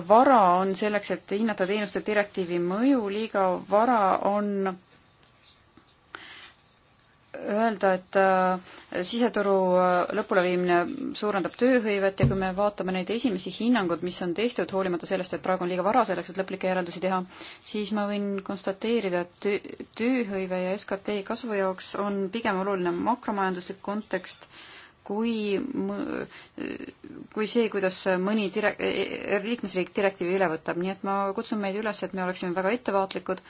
vara on selleks, et hinnata teenuste direktiivi mõju, liiga vara on äh, öelda, et äh, siseturu äh, lõpuleviimine suurendab tööhõivet ja kui me vaatame neid esimesi hinnanguid, mis on tehtud, hoolimata sellest, et praegu on liiga vara selleks, et lõplikke järeldusi teha, siis ma võin konstateerida, et tööhõive ja SKT kasvu jaoks on pigem oluline makromajanduslik kontekst kui, kui see, kuidas mõni dire-, e, e, liikmesriik direktiivi üle võtab, nii et ma kutsun meid üles, et me oleksime väga ettevaatlikud,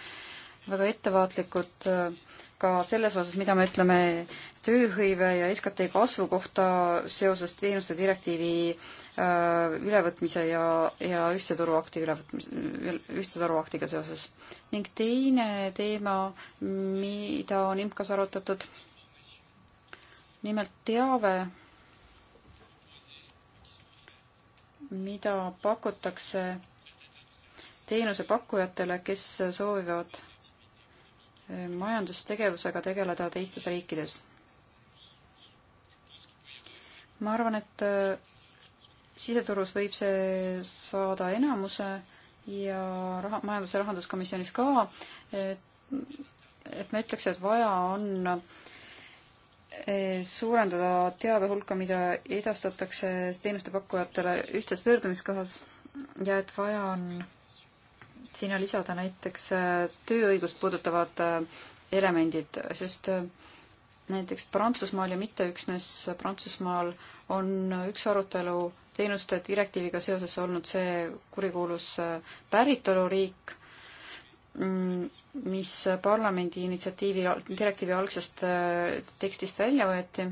väga ettevaatlikud äh, ka selles osas, mida me ütleme tööhõive ja SKT kasvu kohta seoses teenuste direktiivi äh, ülevõtmise ja, ja ühtse turuakti ülevõtmise, ühtse turuaktiga seoses. ning teine teema, mida on IMKAS arutatud, nimelt teave, mida pakutakse teenusepakkujatele, kes soovivad majandustegevusega tegeleda teistes riikides. ma arvan, et äh, siseturus võib see saada enamuse ja raha, majandus- ja rahanduskomisjonis ka, et, et ma ütleks, et vaja on äh, suurendada teabe hulka, mida edastatakse teenustepakkujatele ühtses pöördumiskohas ja et vaja on sinna lisada näiteks äh, tööõigust puudutavad äh, elemendid, sest äh, näiteks Prantsusmaal ja mitte üksnes Prantsusmaal on üks arutelu teenuste direktiiviga seoses olnud see kurikuulus päritoluriik, mm, mis parlamendi initsiatiivi, direktiivi algsest tekstist välja võeti,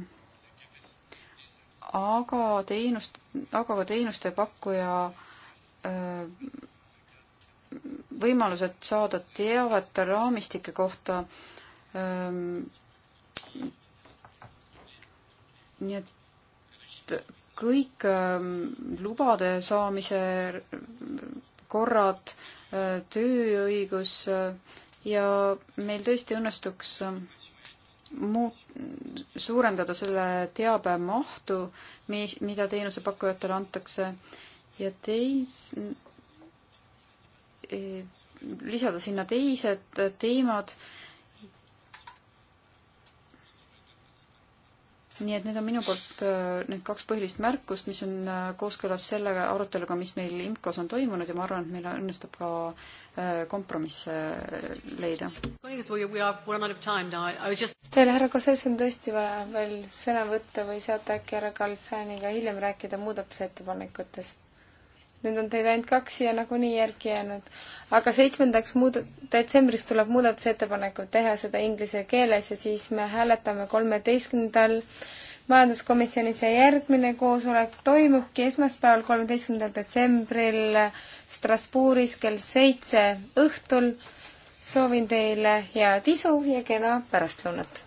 aga teenust, aga ka teenuste pakkuja võimalused saada teavet raamistike kohta. Ähm, nii et kõik ähm, lubade saamise korrad, äh, tööõigus äh, ja meil tõesti õnnestuks ähm, muut-, suurendada selle teabe mahtu, mis, mida teenusepakkujatele antakse ja teis-, Eh, lisada sinna teised teemad. nii et need on minu poolt eh, need kaks põhilist märkust, mis on eh, kooskõlas selle aruteluga, mis meil IMCO-s on toimunud ja ma arvan, et meil õnnestub ka kompromisse leida. Teil, härra Koses, on tõesti vaja veel sõna võtta või saate äkki härra Kalfaniga hiljem rääkida muudatusettepanekutest? nüüd on teil ainult kaks siia nagunii järgi jäänud. aga seitsmendaks muud-, detsembriks tuleb muudatusettepanekud teha seda inglise keeles ja siis me hääletame kolmeteistkümnendal majanduskomisjonis ja järgmine koosolek toimubki esmaspäeval, kolmeteistkümnendal detsembril Strasbourgis kell seitse õhtul. soovin teile head isu ja kena pärastlõunat!